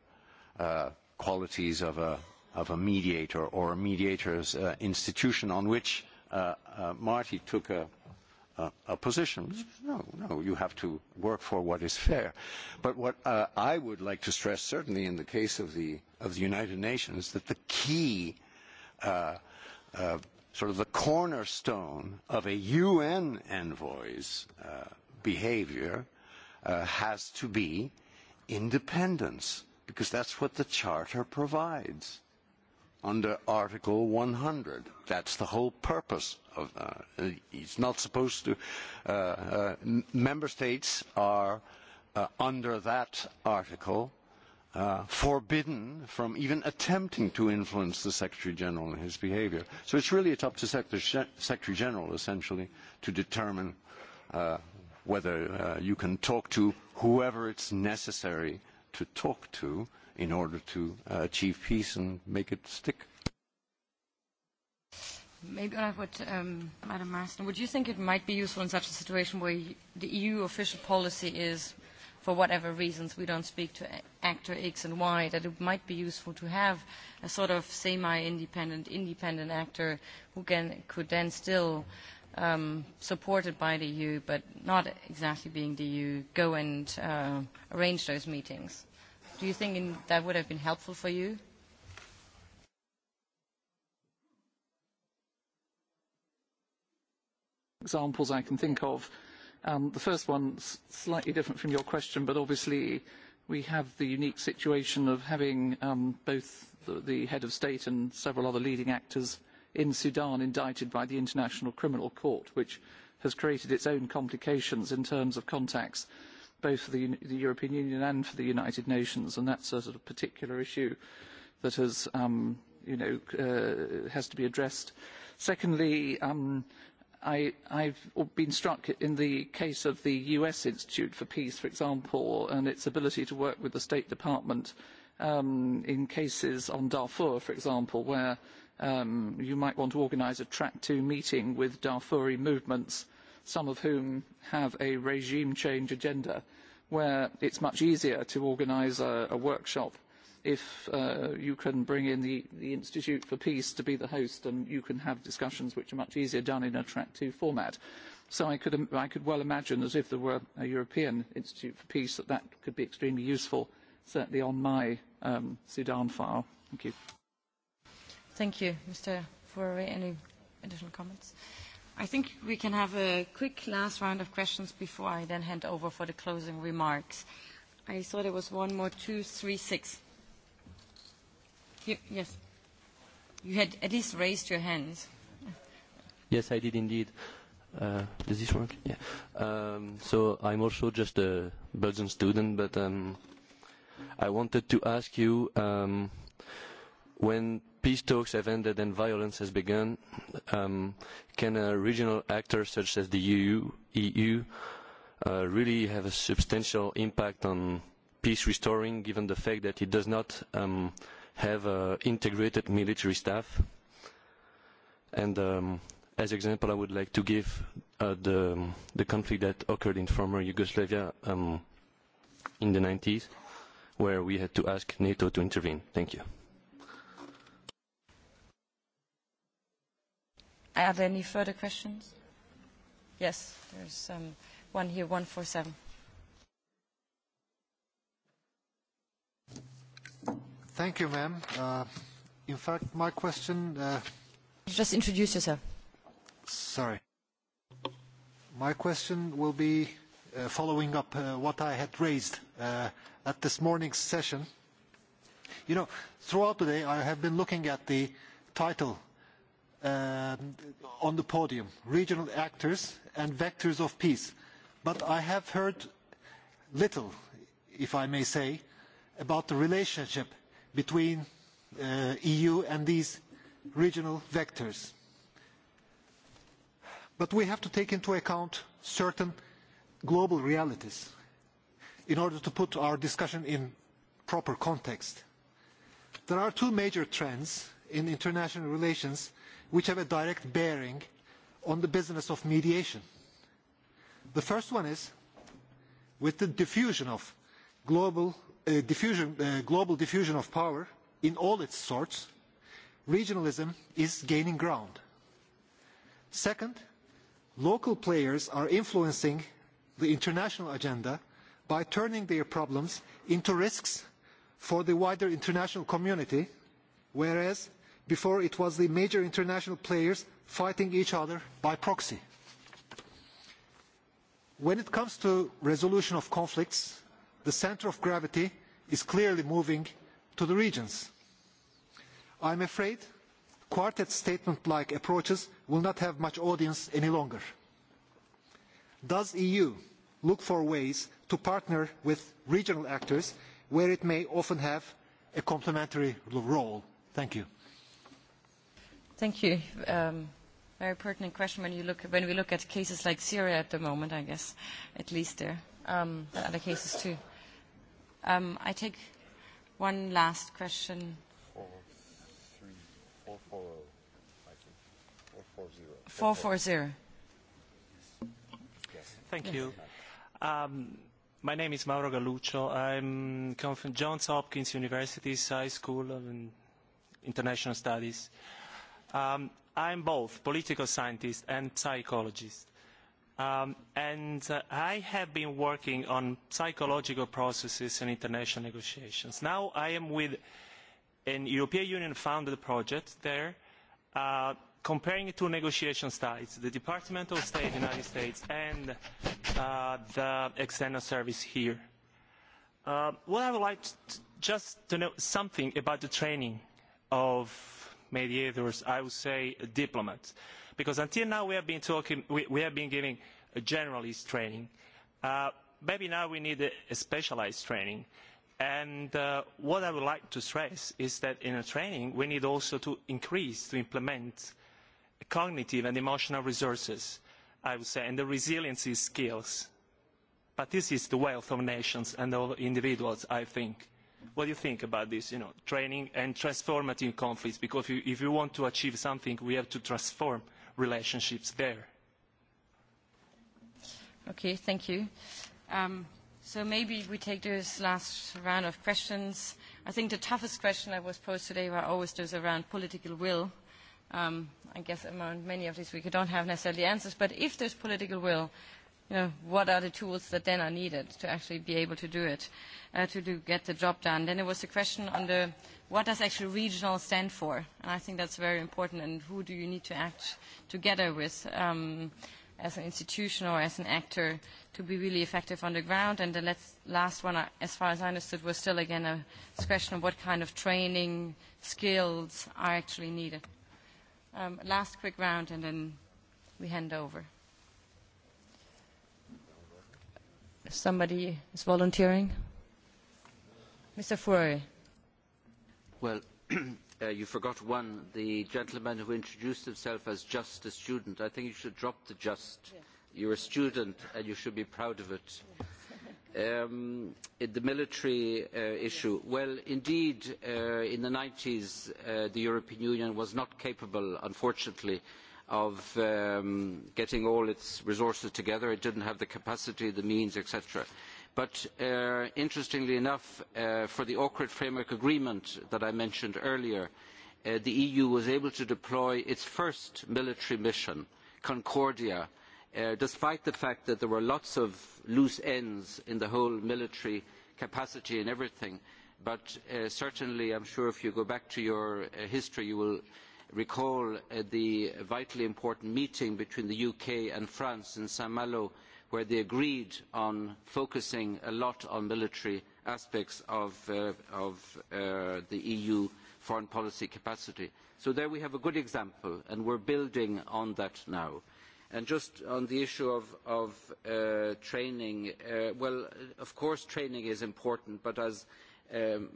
qualities of a of a mediator or a mediator's institution on which Marty took a position. No, no, you have to work for what is fair. But what I would like to stress, certainly in the case of the United Nations, that the key, sort of the cornerstone of a UN envoy's behavior has to be independence, because that's what the Charter provides under Article 100. That's the whole purpose of that. It's not supposed to. Member states are, under that article, forbidden from even attempting to influence the Secretary General in his behaviour. So it's really up to the Secretary General, essentially, to determine whether you can talk to whoever it's necessary to talk to in order to achieve peace and make it stick. Maybe I would, um, Madam Marston, would you think it might be useful in such a situation where the EU official policy is, for whatever reasons, we don't speak to actor X and Y, that it might be useful to have a sort of semi-independent, independent actor who can, could then still, um, supported by the EU, but not exactly being the EU, go and uh, arrange those meetings? Do you think that would have been helpful for you? Examples I can think of. The first one slightly different from your question, but obviously we have the unique situation of having both the head of state and several other leading actors in Sudan indicted by the International Criminal Court, which has created its own complications in terms of contacts both for the European Union and for the United Nations, and that's a sort of particular issue that has, you know, has to be addressed. Secondly, I I've been struck in the case of the U.S. Institute for Peace, for example, and its ability to work with the State Department in cases on Darfur, for example, where you might want to organise a track two meeting with Darfuri movements some of whom have a regime change agenda where it's much easier to organise a workshop if you can bring in the Institute for Peace to be the host and you can have discussions which are much easier done in a track two format. So I could well imagine that if there were a European Institute for Peace that that could be extremely useful, certainly on my Sudan file. Thank you. Thank you, Mr. For Any additional comments? I think we can have a quick last round of questions before I then hand over for the closing remarks. I thought there was one more, two, three, six. Yes. You had at least raised your hands. Yes, I did indeed. Does this work? Yeah. So I'm also just a Belgian student, but I wanted to ask you When peace talks have ended and violence has begun, can a regional actor such as the EU really have a substantial impact on peace restoring, given the fact that it does not have an integrated military staff? And as an example, I would like to give the conflict that occurred in former Yugoslavia in the 90s, where we had to ask NATO to intervene. Thank you. Are there any further questions? Yes, there's one here, 147. Thank you, ma'am. In fact, my question. Just introduce yourself. Sorry. My question will be following up what I had raised at this morning's session. You know, throughout the day I have been looking at the title on the podium, regional actors and vectors of peace. But I have heard little, if I may say, about the relationship between the EU and these regional vectors. But we have to take into account certain global realities in order to put our discussion in proper context. There are two major trends in international relations which have a direct bearing on the business of mediation. The first one is with the diffusion of global diffusion of power in all its sorts, regionalism is gaining ground. Second, local players are influencing the international agenda by turning their problems into risks for the wider international community, whereas Before, it was the major international players fighting each other by proxy. When it comes to resolution of conflicts, the centre of gravity is clearly moving to the regions. I am afraid quartet statement-like approaches will not have much audience any longer. Does the EU look for ways to partner with regional actors where it may often have a complementary role? Thank you. Thank you. Very pertinent question when you look when we look at cases like Syria at the moment, I guess, at least there. Um, other cases too. Um, I take one last question. Four four zero. Thank you. Um, my name is Mauro Galluccio. I come from Johns Hopkins University's High School of International Studies i am both political scientist and psychologist and i have been working on psychological processes in international negotiations. now i am with a european union funded project there comparing two negotiation styles the department of state in the united states and the external service here. what i would like just to know something about the training of mediators, I would say diplomats, because until now we have been talking, we have giving generalist training. Maybe now we need a specialized training. And what I would like to stress is that in a training we need also to increase, to implement cognitive and emotional resources, I would say, and the resiliency skills. But this is the wealth of nations and of individuals, I think. What do you think about this, you know, training and transformative conflicts? Because if you want to achieve something, we have to transform relationships there. Okay, thank you. So maybe we take this last round of questions. I think the toughest question that was posed today were always those around political will. I guess among many of these we don't have necessarily answers, but if there's political will, you what are the tools that then are needed to actually be able to do it, to do, get the job done. Then there was a question on the, what does actually regional stand for? And I think that's very important, and who do you need to act together with um, as an institution or as an actor to be really effective on the ground. And the last one, as far as I understood, was still again a question of what kind of training, skills are actually needed. Um, last quick round, and then we hand over. somebody is volunteering? Mr. Furey. Well, you forgot one, the gentleman who introduced himself as just a student. I think you should drop the just. You're a student and you should be proud of it. The military issue. Well, indeed, in the 90s, the European Union was not capable, unfortunately, of getting all its resources together. It didn't have the capacity, the means, etc. But interestingly enough, for the awkward framework agreement that I mentioned earlier, the EU was able to deploy its first military mission, Concordia, despite the fact that there were lots of loose ends in the whole military capacity and everything. But certainly, I'm sure if you go back to your history, you will recall the vitally important meeting between the uk and france in Saint malo where they agreed on focusing a lot on military aspects of the eu foreign policy capacity. so there we have a good example and we are building on that now. just on the issue of training well of course training is important but as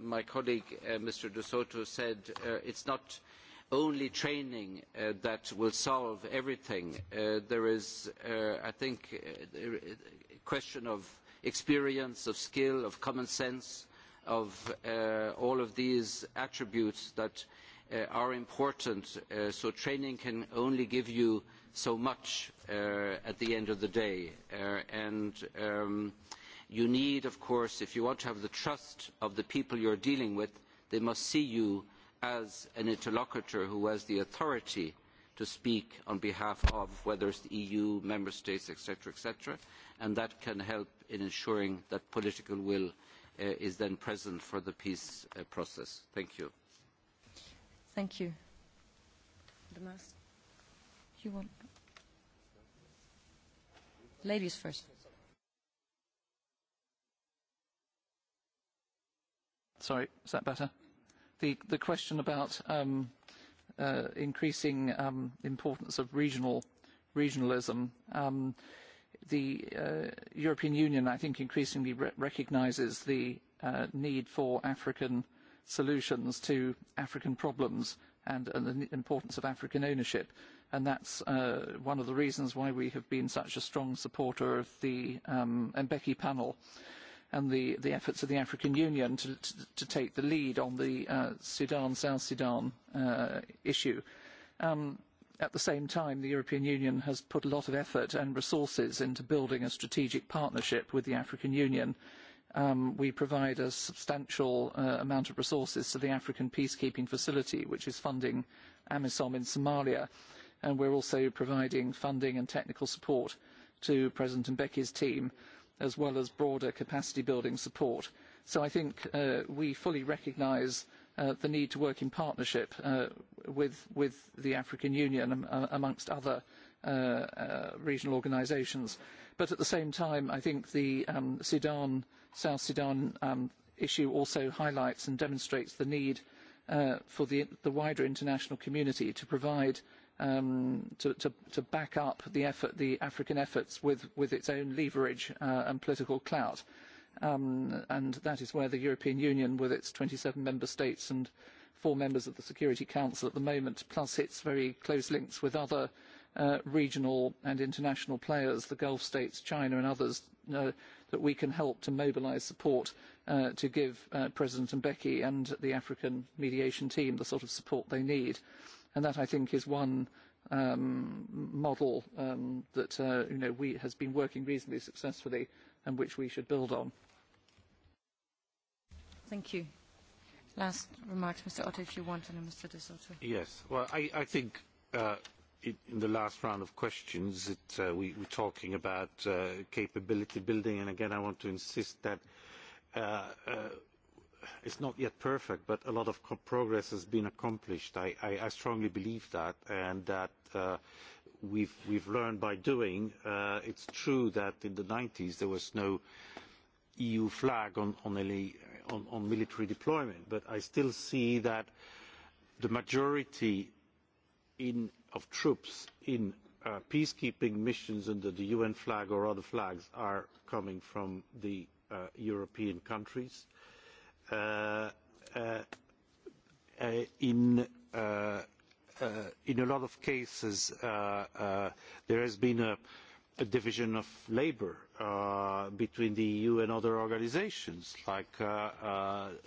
my colleague mr de soto said it is not only training that will solve everything. There is, I think, a question of experience, of skill, of common sense, of all of these attributes that are important. So training can only give you so much at the end of the day. And you need, of course, if you want to have the trust of the people you are dealing with, they must see you as an interlocutor who has the authority to speak on behalf of whether it's the EU, member states, etc., etc., and that can help in ensuring that political will is then present for the peace process. Thank you. Thank you. You want ladies first. Sorry, is that better? the question about increasing importance of regional regionalism. The European Union, I think, increasingly recognises the need for African solutions to African problems and the importance of African ownership. And that's one of the reasons why we have been such a strong supporter of the Mbeki panel and the efforts of the African Union to take the lead on the Sudan, South Sudan issue. At the same time, the European Union has put a lot of effort and resources into building a strategic partnership with the African Union. We provide a substantial amount of resources to the African Peacekeeping Facility, which is funding AMISOM in Somalia, and we're also providing funding and technical support to President Mbeki's team as well as broader capacity building support. So I think we fully recognise the need to work in partnership with the African Union, amongst other regional organisations. But at the same time, I think the South Sudan issue also highlights and demonstrates the need for the wider international community to provide to back up the African efforts with its own leverage and political clout. And that is where the European Union, with its 27 member states and four members of the Security Council at the moment, plus its very close links with other regional and international players, the Gulf states, China and others, that we can help to mobilize support to give President Mbeki and the African mediation team the sort of support they need and that I think is one um model um that you know we has been working reasonably successfully and which we should build on. Thank you. Last remarks, Mr. Otto, if you want, and Mr. De Soto. Yes. Well, I I think in the last round of questions that we were talking about capability building, and again I want to insist that It's not yet perfect, but a lot of progress has been accomplished. I strongly believe that, and that we've learned by doing. It's true that in the 90s there was no EU flag on military deployment, but I still see that the majority of troops in peacekeeping missions under the UN flag or other flags are coming from the European countries in a lot of cases there has been a division of labour between the eu and other organizations like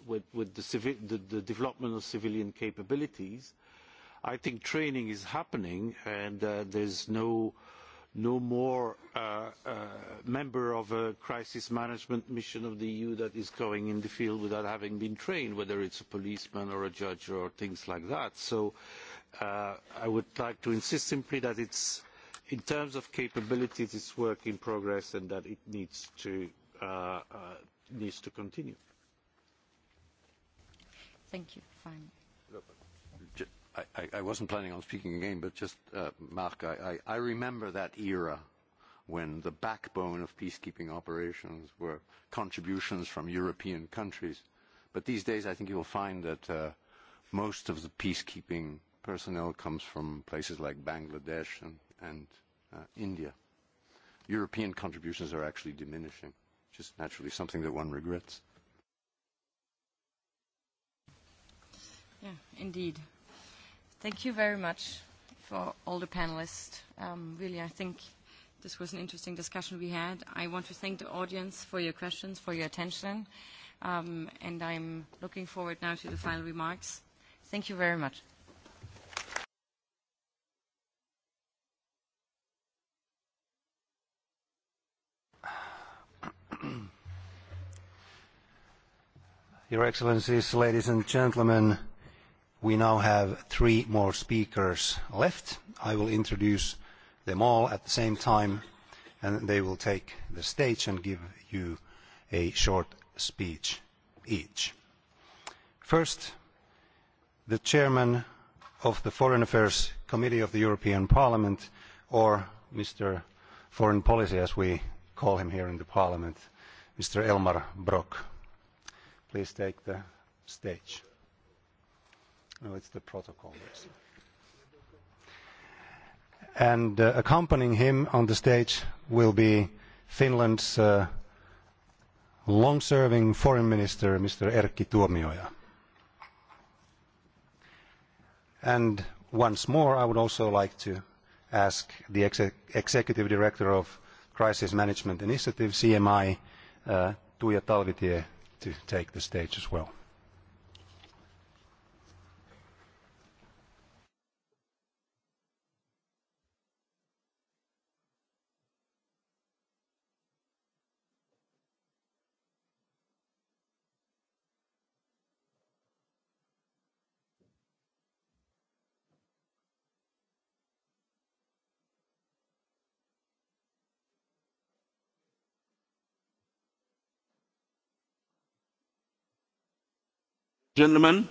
with the development of civilian capabilities i think training is happening and there is no no more member of a crisis management mission of the EU that is going in the field without having been trained, whether it's a policeman or a judge or things like that. So I would like to insist simply that it's, in terms of capabilities, it's work in progress and that it needs to needs to continue. Thank you. I wasn't planning on speaking again, but just, Mark, I remember that era when the backbone of peacekeeping operations were contributions from European countries. But these days, I think you will find that most of the peacekeeping personnel comes from places like Bangladesh and India. European contributions are actually diminishing, which is naturally something that one regrets. Yeah, indeed. Thank you very much for all the panelists. Really, I think this was an interesting discussion we had. I want to thank the audience for your questions, for your attention, and I'm looking forward now to the final remarks. Thank you very much. Your Excellencies, ladies and gentlemen, We now have three more speakers left. I will introduce them all at the same time, and they will take the stage and give you a short speech each. First, the Chairman of the Foreign Affairs Committee of the European Parliament, or Mr. Foreign Policy, as we call him here in the Parliament, Mr. Elmar Brok. Please take the stage. No, it's the protocol. And accompanying him on the stage will be Finland's long-serving foreign minister, Mr. Erkki Tuomioja. And once more, I would also like to ask the Executive Director of Crisis Management Initiative, CMI, Tuija Talvitie, to take the stage as well. Gentlemen,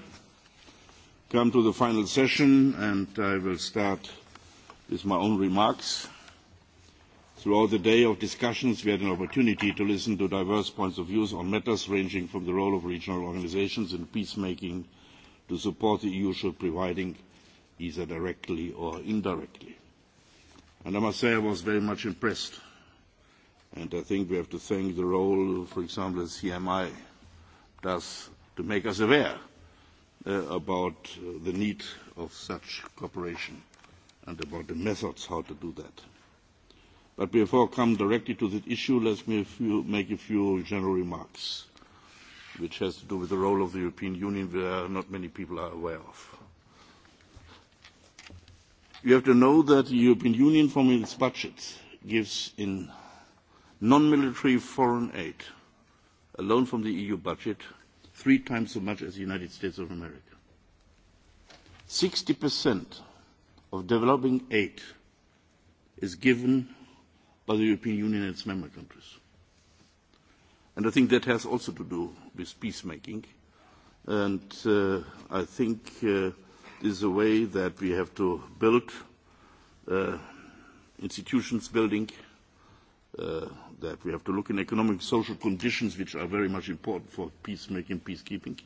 come to the final session, and I will start with my own remarks. Throughout the day of discussions, we had an opportunity to listen to diverse points of views on matters ranging from the role of regional organisations in peacemaking to support the EU should providing either directly or indirectly. And I must say I was very much impressed, and I think we have to thank the role, for example, the CMI does to make us aware about the need of such cooperation and about the methods how to do that. But before I come directly to the issue, let me make a few general remarks, which has to do with the role of the European Union, where not many people are aware of. You have to know that the European Union, from its budget, gives in non-military foreign aid, alone from the EU budget, three times so much as the United States of America. 60% of developing aid is given by the European Union and its member countries. And I think that has also to do with peacemaking. And I think this is a way that we have to build institutions building, that. We have to look in economic social conditions, which are very much important for peacemaking, peacekeeping,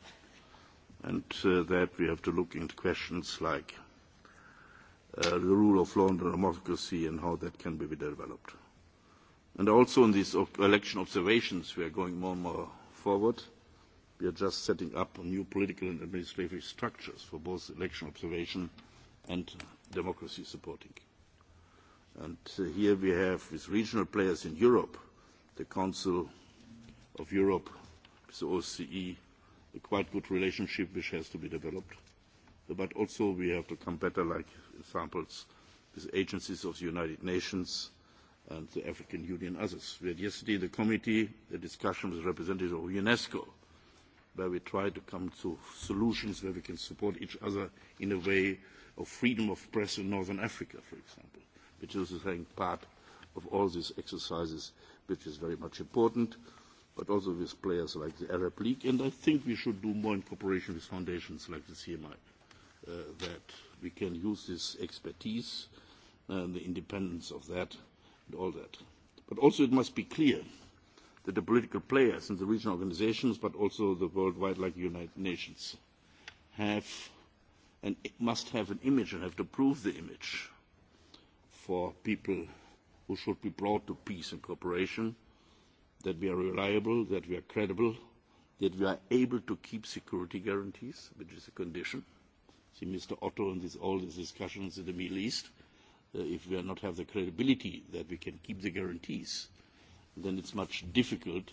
and that we have to look into questions like the rule of law and democracy and how that can be developed. And also in these election observations, we are going more and more forward. We are just setting up new political and administrative structures for both election observation and democracy supporting. And here we have, with regional players in Europe, the Council of Europe, the OCE, a quite good relationship which has to be developed. But also we have to come better, like examples, with agencies of the United Nations and the African Union and others. We had yesterday the committee a discussion with representatives of UNESCO, where we try to come to solutions where we can support each other in a way of freedom of press in Northern Africa, for example which is think, part of all these exercises, which is very much important, but also with players like the Arab League. And I think we should do more in cooperation with foundations like the CMI, that we can use this expertise and the independence of that and all that. But also it must be clear that the political players and the regional organizations, but also the worldwide like the United Nations, have and must have an image and have to prove the image for people who should be brought to peace and cooperation, that we are reliable, that we are credible, that we are able to keep security guarantees, which is a condition. See, Mr. Otto, and all these discussions in the Middle East, if we do not have the credibility that we can keep the guarantees, then it's much difficult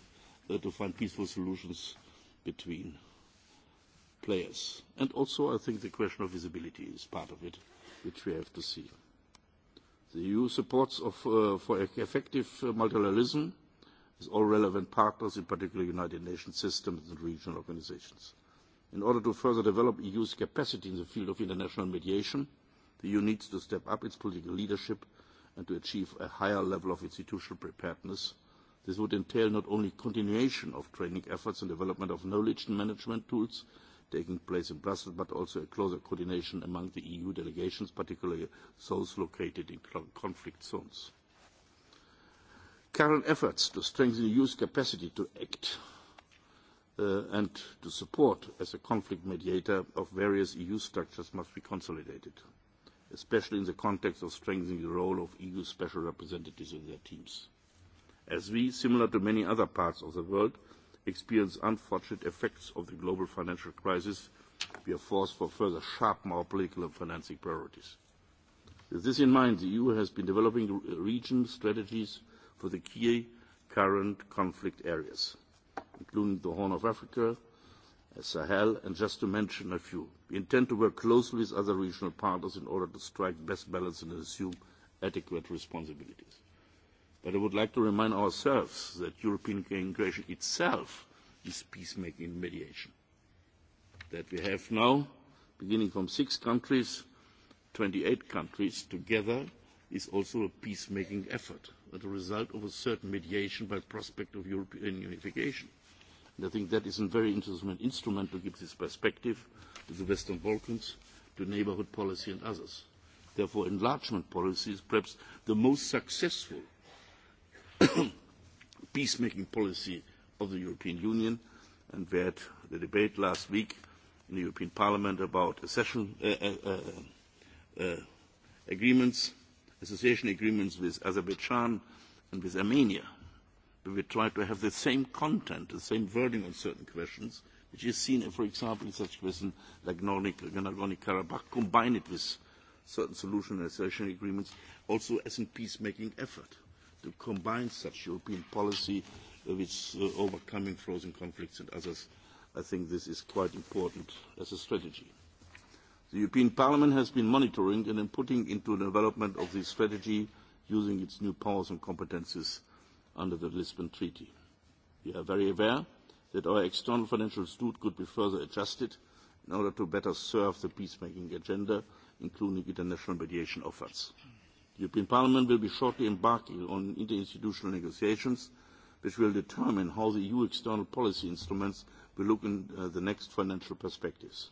to find peaceful solutions between players. And also, I think the question of visibility is part of it, which we have to see. The EU supports for effective multilateralism with all relevant partners, in particular United Nations systems and regional organisations. In order to further develop EU's capacity in the field of international mediation, the EU needs to step up its political leadership and to achieve a higher level of institutional preparedness. This would entail not only continuation of training efforts and development of knowledge and management tools, taking place in Brussels, but also a closer coordination among the EU delegations, particularly those located in conflict zones. Current efforts to strengthen the EU's capacity to act and to support as a conflict mediator of various EU structures must be consolidated, especially in the context of strengthening the role of EU special representatives in their teams. As we, similar to many other parts of the world, experience unfortunate effects of the global financial crisis, we are forced for further sharpen our political and financing priorities. With this in mind, the EU has been developing region strategies for the key current conflict areas, including the Horn of Africa, Sahel, and just to mention a few. We intend to work closely with other regional partners in order to strike best balance and assume adequate responsibilities. But I would like to remind ourselves that European integration itself is peacemaking and mediation. That we have now, beginning from six countries, 28 countries together, is also a peacemaking effort, as a result of a certain mediation by prospect of European unification. And I think that is a very interesting instrument to give this perspective to the Western Balkans, to neighbourhood policy and others. Therefore, enlargement policy is perhaps the most successful peacemaking policy of the European Union, and we had the debate last week in the European Parliament about accession agreements, association agreements with Azerbaijan and with Armenia. We will try to have the same content, the same wording on certain questions, which is seen, for example, in such questions like Nagorno-Karabakh, combine it with certain solutions and association agreements, also as a peacemaking effort to combine such European policy with overcoming frozen conflicts and others. I think this is quite important as a strategy. The European Parliament has been monitoring and putting into the development of this strategy using its new powers and competences under the Lisbon Treaty. We are very aware that our external financial suit could be further adjusted in order to better serve the peacemaking agenda, including international mediation efforts. The European Parliament will be shortly embarking on interinstitutional negotiations, which will determine how the EU external policy instruments will look in the next financial perspectives.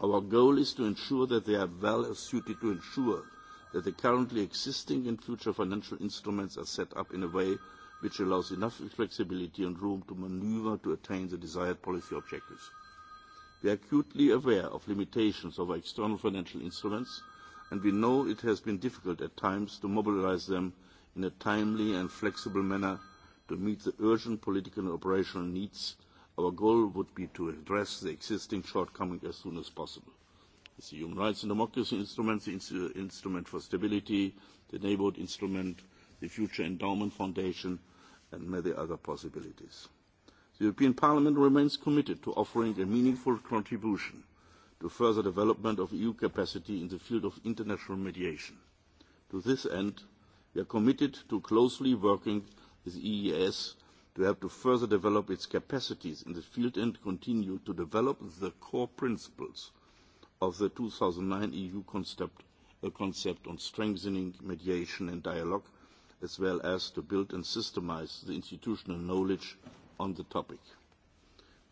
Our goal is to ensure that they are well suited to ensure that the currently existing and future financial instruments are set up in a way which allows enough flexibility and room to maneuver to attain the desired policy objectives. We are acutely aware of limitations of our external financial instruments and we know it has been difficult at times to mobilise them in a timely and flexible manner to meet the urgent political and operational needs. Our goal would be to address the existing shortcomings as soon as possible. the Human Rights and Democracy Instrument, the Instrument for Stability, the Neighbourhood Instrument, the Future Endowment Foundation, and many other possibilities. The European Parliament remains committed to offering a meaningful contribution to further development of EU capacity in the field of international mediation. To this end, we are committed to closely working with EES to help to further develop its capacities in the field and continue to develop the core principles of the 2009 EU concept concept on strengthening mediation and dialogue, as well as to build and systemize the institutional knowledge on the topic.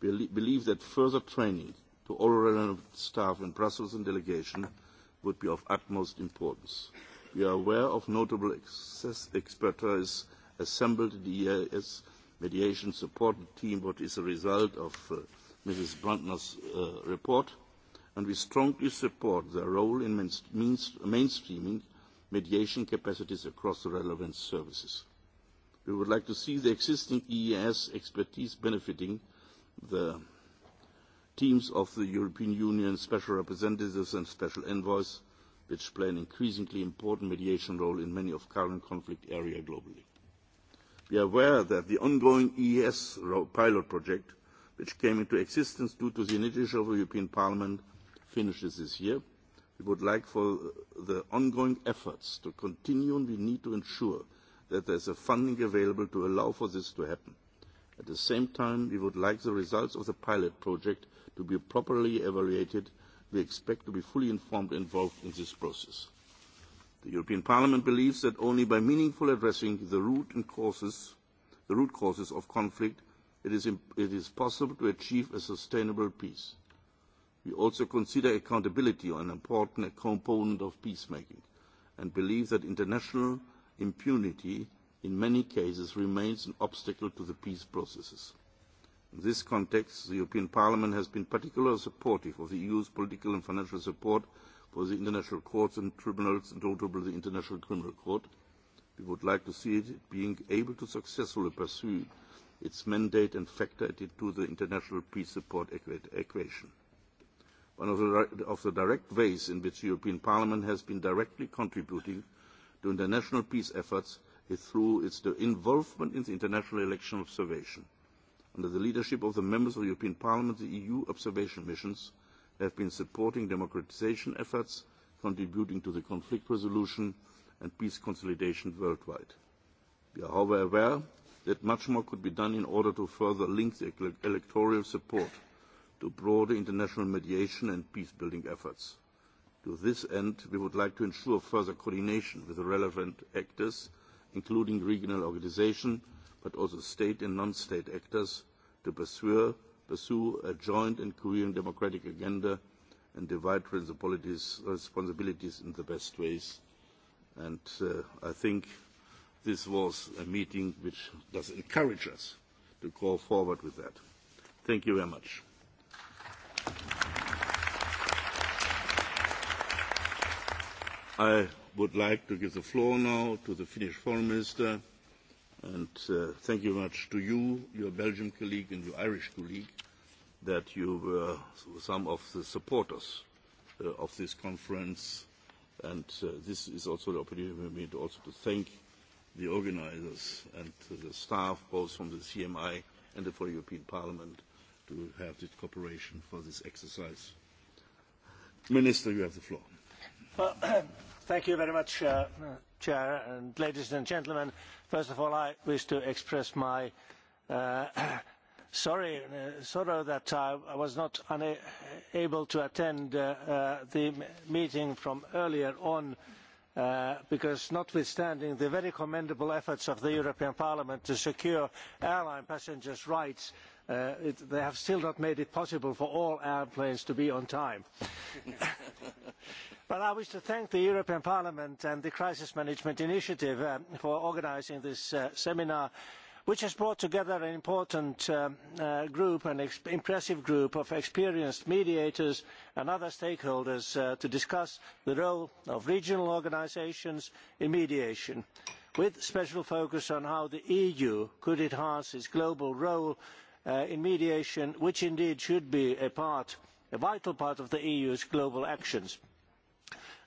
We believe that further training to all relevant staff in Brussels and delegation would be of utmost importance. We are aware of notable expertise assembled in the EAS mediation support team, what is a result of Mrs. Brantner's report, and we strongly support their role in mainstreaming mediation capacities across the relevant services. We would like to see the existing EES expertise benefiting the teams of the European Union special representatives and special envoys, which play an increasingly important mediation role in many of current conflict areas globally. We are aware that the ongoing EES pilot project, which came into existence due to the initiative of the European Parliament, finishes this year. We would like for the ongoing efforts to continue, and we need to ensure that there is funding available to allow for this to happen. At the same time, we would like the results of the pilot project to be properly evaluated, we expect to be fully informed and involved in this process. The European Parliament believes that only by meaningfully addressing the root causes of conflict it is possible to achieve a sustainable peace. We also consider accountability an important component of peacemaking and believe that international impunity in many cases remains an obstacle to the peace processes. In this context, the European Parliament has been particularly supportive of the EU's political and financial support for the international courts and tribunals, notably the International Criminal Court. We would like to see it being able to successfully pursue its mandate and factor it into the international peace support equation. One of the direct ways in which the European Parliament has been directly contributing to international peace efforts is through its involvement in the international election observation under the leadership of the members of the European Parliament, the EU observation missions have been supporting democratisation efforts, contributing to the conflict resolution and peace consolidation worldwide. We are, however, aware that much more could be done in order to further link the electoral support to broader international mediation and peace-building efforts. To this end, we would like to ensure further coordination with the relevant actors, including regional organisations, but also state and non-state actors to pursue a joint and coherent democratic agenda and divide responsibilities in the best ways. And I think this was a meeting which does encourage us to go forward with that. Thank you very much. I would like to give the floor now to the Finnish Foreign Minister. And thank you much to you, your Belgian colleague and your Irish colleague, that you were some of the supporters of this conference. And this is also the opportunity for me to also to thank the organizers and the staff, both from the CMI and the for European Parliament, to have this cooperation for this exercise. Minister, you have the floor. Thank you very much. Chair and ladies and gentlemen, first of all I wish to express my sorrow that I was not able to attend the meeting from earlier on because notwithstanding the very commendable efforts of the European Parliament to secure airline passengers' rights They have still not made it possible for all airplanes to be on time. But I wish to thank the European Parliament and the Crisis Management Initiative for organising this seminar, which has brought together an important group, an impressive group of experienced mediators and other stakeholders to discuss the role of regional organisations in mediation, with special focus on how the EU could enhance its global role in mediation which indeed should be a vital part of the eu's global actions.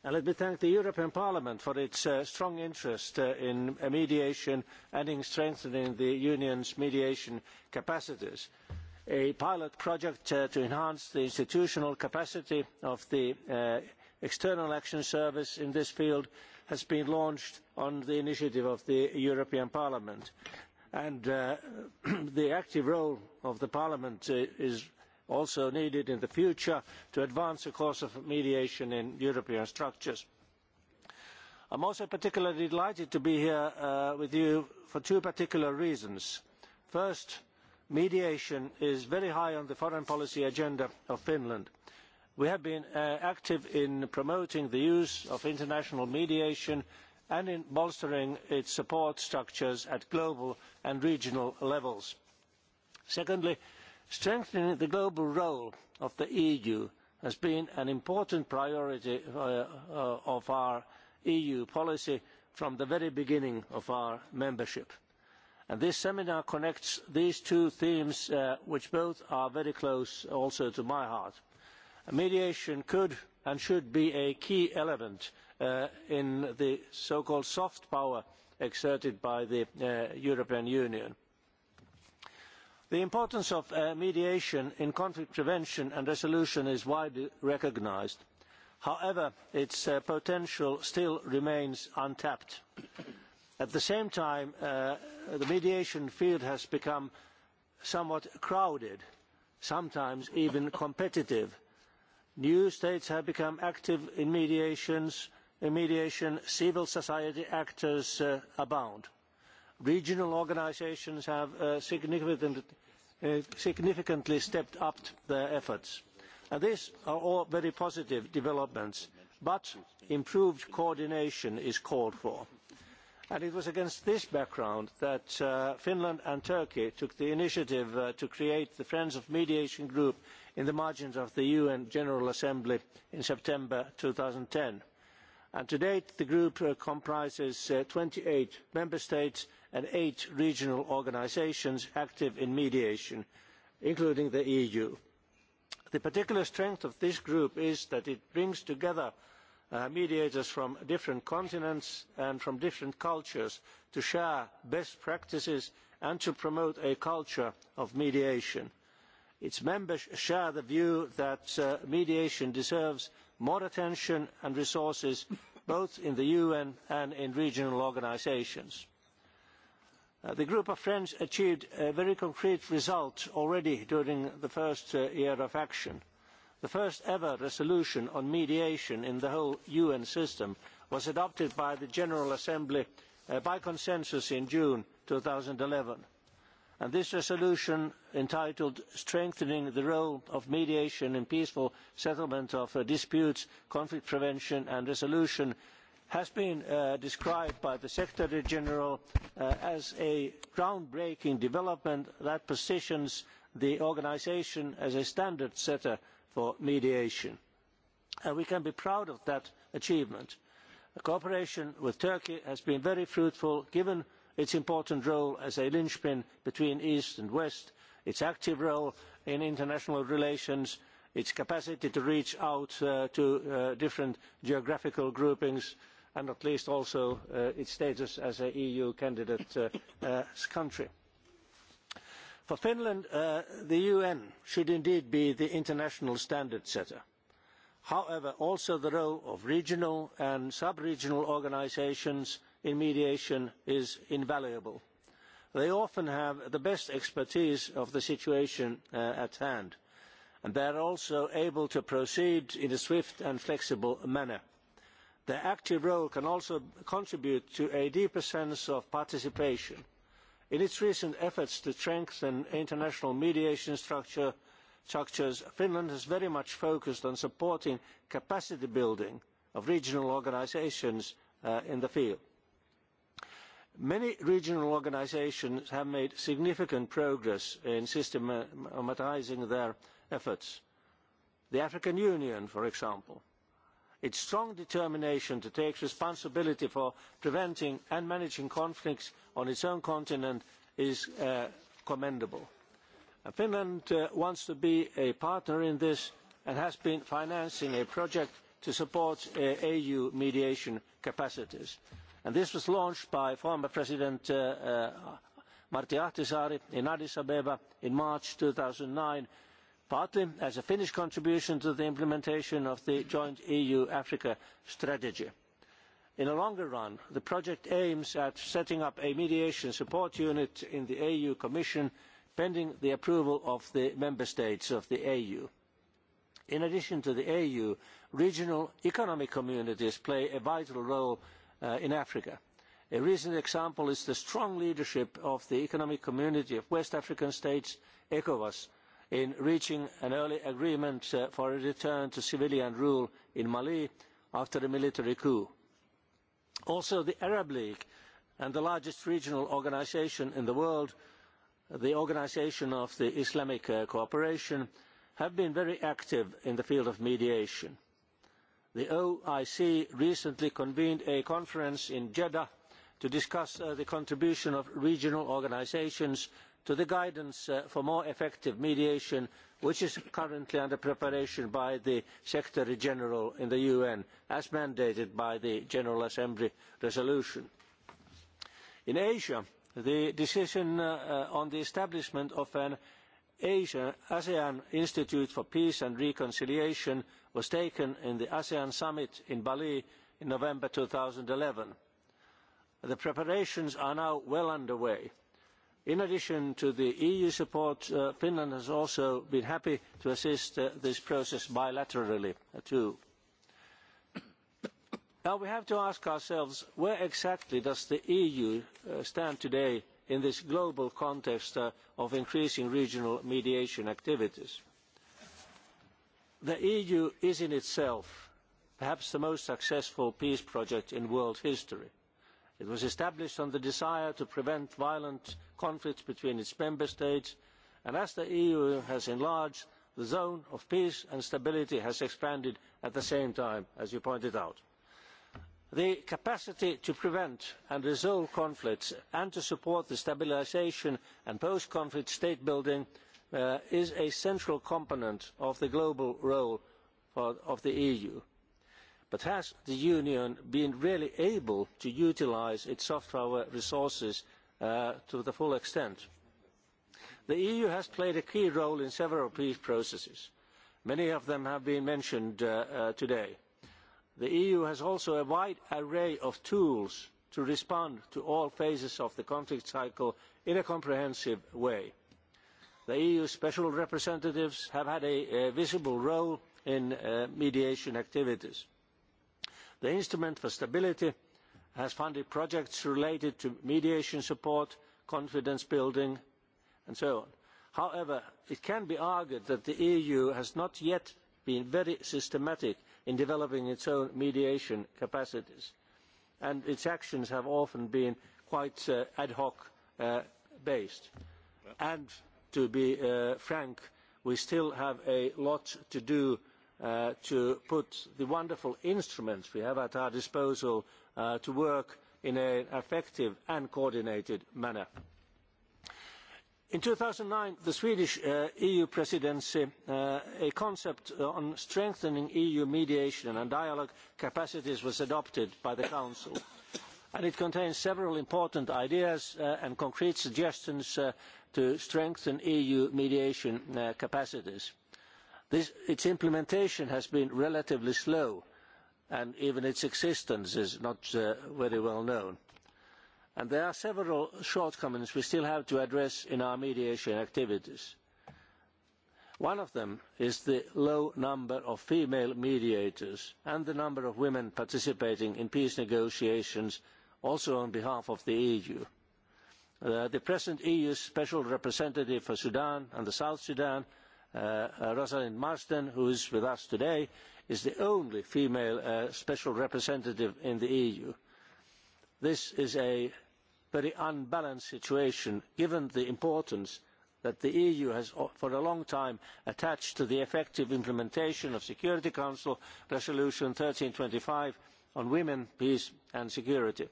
let me thank the european parliament for its strong interest in mediation and in strengthening the union's mediation capacities. a pilot project to enhance the institutional capacity of the external action service in this field has been launched on the initiative of the european parliament and the active role of parliament is also needed in the future to advance the course of mediation in european structures. i am also particularly delighted to be here with you for two particular reasons. first mediation is very high on the foreign policy agenda of finland. we have been active in promoting the use of international mediation and in bolstering its support structures at global and regional levels. Secondly, strengthening the global role of the EU has been an important priority of our EU policy from the very beginning of our membership. And this seminar connects these two themes, which both are very close also to my heart. Mediation could and should be a key element in the so called soft power exerted by the European Union. The importance of mediation in conflict prevention and resolution is widely recognised. However, its potential still remains untapped. At the same time, the mediation field has become somewhat crowded, sometimes even competitive. New states have become active in mediations mediation civil society actors abound. regional organisations have significantly stepped up their efforts. these are all very positive developments but improved coordination is called for. it was against this background that finland and turkey took the initiative to create the friends of mediation group in the margins of the un general assembly in september 2010 to date the group comprises twenty eight member states and eight regional organisations active in mediation including the eu. the particular strength of this group is that it brings together mediators from different continents and from different cultures to share best practices and to promote a culture of mediation. its members share the view that mediation deserves more attention and resources both in the UN and in regional organisations. The Group of Friends achieved a very concrete result already during the first year of action. The first ever resolution on mediation in the whole UN system was adopted by the General Assembly by consensus in June 2011 this resolution entitled strengthening the role of mediation in peaceful settlement of disputes conflict prevention and resolution' has been described by the secretary general as a groundbreaking development that positions the organisation as a standard setter for mediation. we can be proud of that achievement. cooperation with turkey has been very fruitful given its important role as a linchpin between East and West, its active role in international relations, its capacity to reach out to different geographical groupings, and at least also its status as an EU candidate country. For Finland, the UN should indeed be the international standard setter. However, also the role of regional and sub-regional organisations in mediation is invaluable. They often have the best expertise of the situation at hand, and they are also able to proceed in a swift and flexible manner. Their active role can also contribute to a deeper sense of participation. In its recent efforts to strengthen international mediation structures, Finland has very much focused on supporting capacity building of regional organisations in the field. Many regional organisations have made significant progress in systematising their efforts. The African Union, for example, its strong determination to take responsibility for preventing and managing conflicts on its own continent is commendable. Finland wants to be a partner in this and has been financing a project to support AU mediation capacities this was launched by former president martti ahtisaari in addis ababa in march 2009 partly as a finnish contribution to the implementation of the joint eu africa strategy. in the longer run the project aims at setting up a mediation support unit in the EU commission pending the approval of the member states of the EU. in addition to the EU, regional economic communities play a vital role in Africa. A recent example is the strong leadership of the Economic Community of West African States, ECOWAS, in reaching an early agreement for a return to civilian rule in Mali after a military coup. Also, the Arab League and the largest regional organisation in the world, the Organisation of the Islamic Cooperation, have been very active in the field of mediation. The OIC recently convened a conference in Jeddah to discuss the contribution of regional organisations to the guidance for more effective mediation, which is currently under preparation by the Secretary General in the UN, as mandated by the General Assembly resolution. In Asia, the decision on the establishment of an ASEAN Institute for Peace and Reconciliation was taken in the ASEAN summit in Bali in November 2011. The preparations are now well underway. In addition to the EU support, Finland has also been happy to assist this process bilaterally too. Now we have to ask ourselves where exactly does the EU stand today in this global context of increasing regional mediation activities. The EU is in itself perhaps the most successful peace project in world history. It was established on the desire to prevent violent conflicts between its member states, and as the EU has enlarged, the zone of peace and stability has expanded at the same time, as you pointed out. The capacity to prevent and resolve conflicts and to support the stabilisation and post-conflict state building is a central component of the global role of the EU. But has the Union been really able to utilise its soft power resources to the full extent? The EU has played a key role in several peace processes. Many of them have been mentioned today. The EU has also a wide array of tools to respond to all phases of the conflict cycle in a comprehensive way the eu special representatives have had a visible role in mediation activities. the instrument for stability has funded projects related to mediation support confidence building and so on. however it can be argued that the eu has not yet been very systematic in developing its own mediation capacities and its actions have often been quite ad hoc based and to be frank we still have a lot to do to put the wonderful instruments we have at our disposal to work in an effective and coordinated manner. In 2009, the Swedish EU presidency, a concept on strengthening EU mediation and dialogue capacities was adopted by the Council and it contains several important ideas and concrete suggestions to strengthen eu mediation capacities. its implementation has been relatively slow and even its existence is not very well known. there are several shortcomings we still have to address in our mediation activities. One of them is the low number of female mediators and the number of women participating in peace negotiations also on behalf of the EU. The present EU Special Representative for Sudan and the South Sudan, Rosalind Marsden, who is with us today, is the only female Special Representative in the EU. This is a very unbalanced situation, given the importance that the EU has for a long time attached to the effective implementation of Security Council Resolution twenty five on women, peace and security.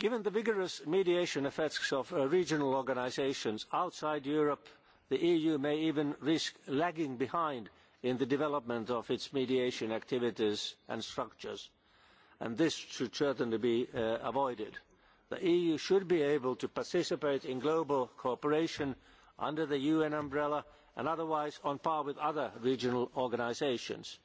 Given the vigorous mediation effects of regional organisations outside Europe, the EU may even risk lagging behind in the development of its mediation activities and structures, and this should certainly be avoided. The EU should be able to participate in global cooperation under the UN umbrella and otherwise on par with other regional organisations.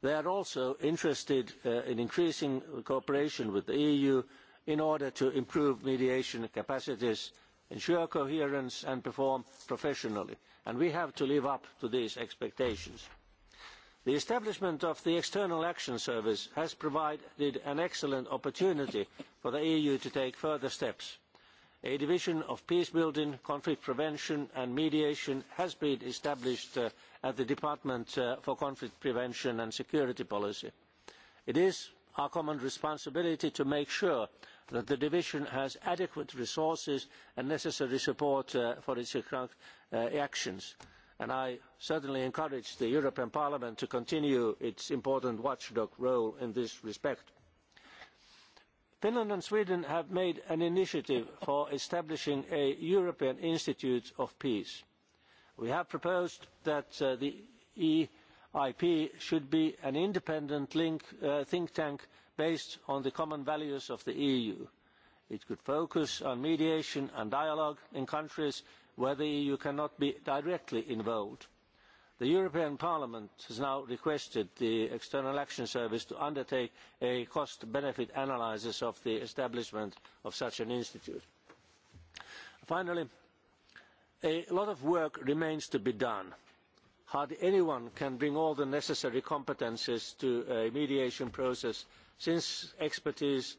They are also interested in increasing cooperation with the EU in order to improve mediation capacities, ensure coherence and perform professionally, and we have to live up to these expectations. The establishment of the External Action Service has provided an excellent opportunity for the EU to take further steps. A division of peace building, conflict prevention and mediation has been established at the Department for Conflict Prevention and Security Policy. It is our common responsibility to make sure that the division has adequate resources and necessary support for its actions. And I certainly encourage the European Parliament to continue its important watchdog role in this respect. Finland and Sweden have made an initiative for establishing a European Institute of Peace. We have proposed that the EIP should be an independent think tank based on the common values of the EU. It could focus on mediation and dialogue in countries where the EU cannot be directly involved. The European Parliament has now requested the External Action Service to undertake a cost-benefit analysis of the establishment of such an institute. Finally, a lot of work remains to be done. Hardly anyone can bring all the necessary competences to a mediation process since expertise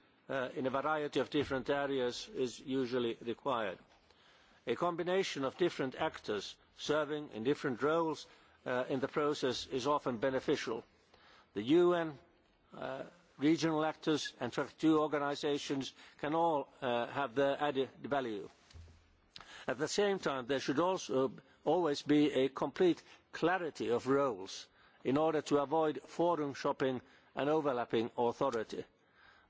in a variety of different areas is usually required. A combination of different actors serving in different roles in the process is often beneficial. The UN, regional actors and track two organisations can all have their added value. At the same time, there should also always be a complete clarity of roles in order to avoid forum shopping and overlapping authority.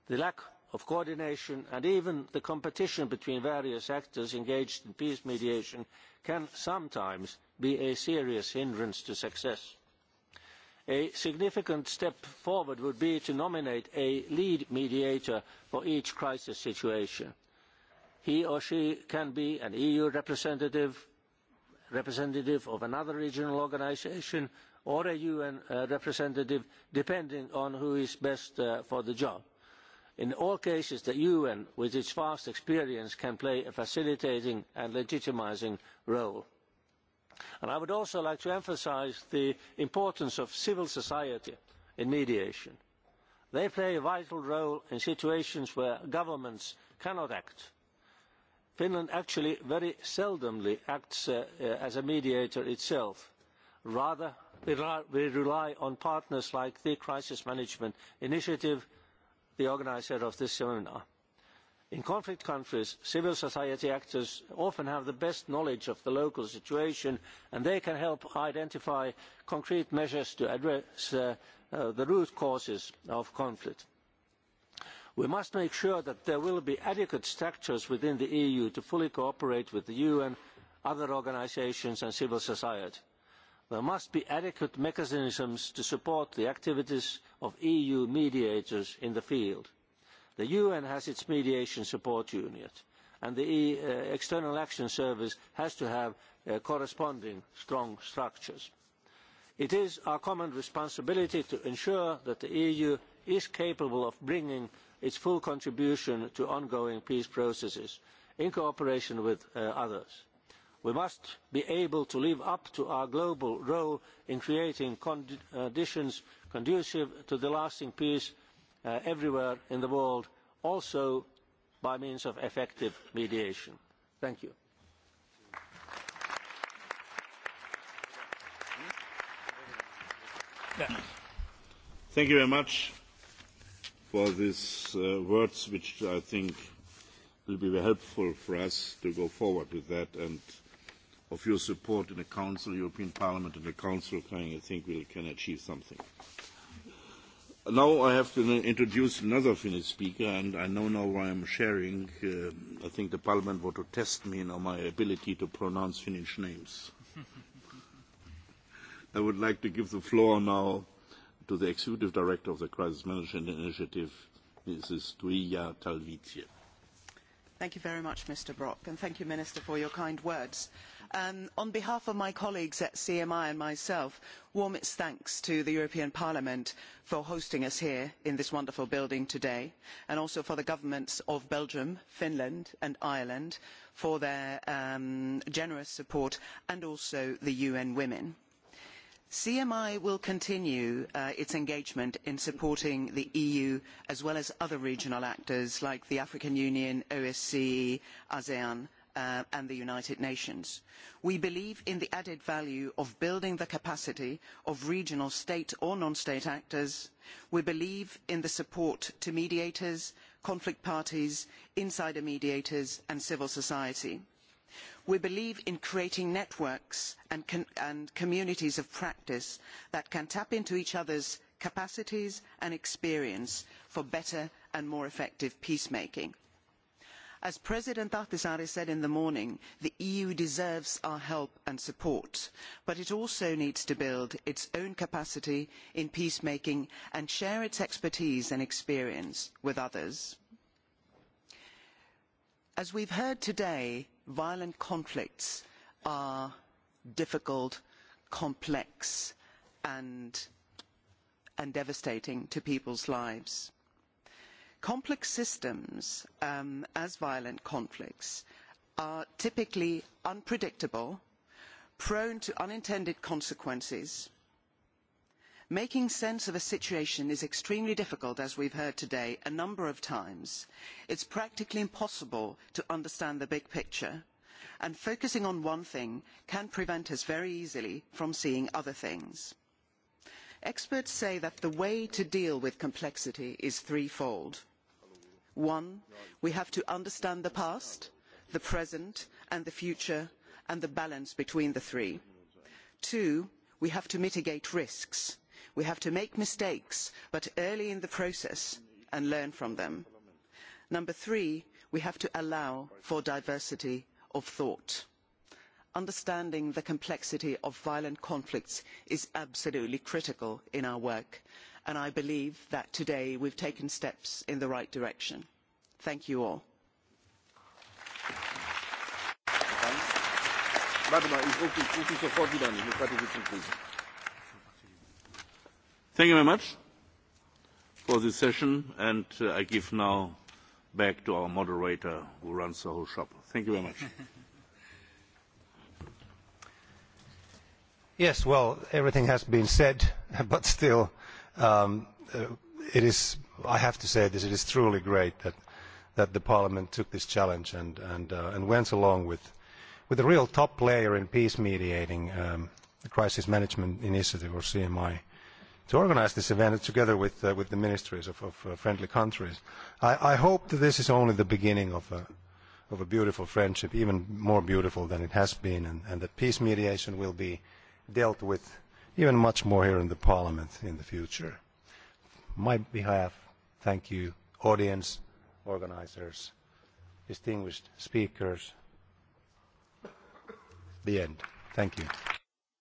The lack of coordination and even the competition between various actors engaged in peace mediation can sometimes be a serious hindrance to success. A significant step forward would be to nominate a lead mediator for each crisis situation. He or she can be an EU representative, representative of another regional organisation or a UN representative, depending on who is best for the job. In all cases, the UN, with its vast experience, can play a facilitating and legitimising role. I would also like to emphasise the importance of civil society in mediation. They play a vital role in situations where governments cannot act. Finland actually very seldom acts as a mediator itself. Rather, We rely on partners like the Crisis Management Initiative, the organiser of this seminar. In conflict countries, civil society actors often have the best knowledge of the local situation and they can help identify concrete measures to address the root causes of conflict. We must make sure that there will be adequate structures within the EU to fully cooperate with the UN, other organisations and civil society. There must be adequate mechanisms to support the activities of EU mediators in the field. The UN has its mediation support unit and the External Action Service has to have corresponding strong structures. It is our common responsibility to ensure that the EU is capable of bringing its full contribution to ongoing peace processes in cooperation with others. We must be able to live up to our global role in creating conditions conducive to the lasting peace everywhere in the world, also by means of effective mediation. Thank you. Thank you very much for these words, which I think will be very helpful for us to go forward with that and of your support in the Council, European Parliament and the Council, I think we can achieve something. Now I have to introduce another Finnish speaker, and I know now why I'm sharing. I think the Parliament want to test me on my ability to pronounce Finnish names. I would like to give the floor now to the Executive Director of the Crisis Management Initiative, Mrs. Tuija Talvitie. Thank you very much, Mr. Brok, and thank you, Minister, for your kind words on behalf of my colleagues at cmi and myself warmest thanks to the european parliament for hosting us here in this wonderful building today and also for the governments of belgium finland and ireland for their generous support and also the un women. cmi will continue its engagement in supporting the eu as well as other regional actors like the african union osce asean and the United Nations. We believe in the added value of building the capacity of regional state or non-state actors. We believe in the support to mediators, conflict parties, insider mediators and civil society. We believe in creating networks and communities of practice that can tap into each other's capacities and experience for better and more effective peacemaking as president ahtisaari said in the morning the eu deserves our help and support but it also needs to build its own capacity in peacemaking and share its expertise and experience with others. as we've heard today violent conflicts are difficult complex and devastating to people's lives complex systems as violent conflicts are typically unpredictable prone to unintended consequences making sense of a situation is extremely difficult as we've heard today a number of times it's practically impossible to understand the big picture and focusing on one thing can prevent us very easily from seeing other things experts say that the way to deal with complexity is threefold one we have to understand the past the present and the future and the balance between the three. two we have to mitigate risks. we have to make mistakes but early in the process and learn from them. number three we have to allow for diversity of thought. understanding the complexity of violent conflicts is absolutely critical in our work and I believe that today we've taken steps in the right direction. Thank you all. Thank you very much for this session, and I give now back to our moderator who runs the whole shop. Thank you very much. Yes, well, everything has been said, but still I have to say this, it is truly great that the Parliament took this challenge and went along with with a real top player in peace mediating, the Crisis Management Initiative or CMI, to organize this event together with the ministries of friendly countries. I hope that this is only the beginning of a beautiful friendship, even more beautiful than it has been, and that peace mediation will be dealt with even much more here in the Parliament in the future. my behalf, thank you, audience, organisers, distinguished speakers. The end. Thank you.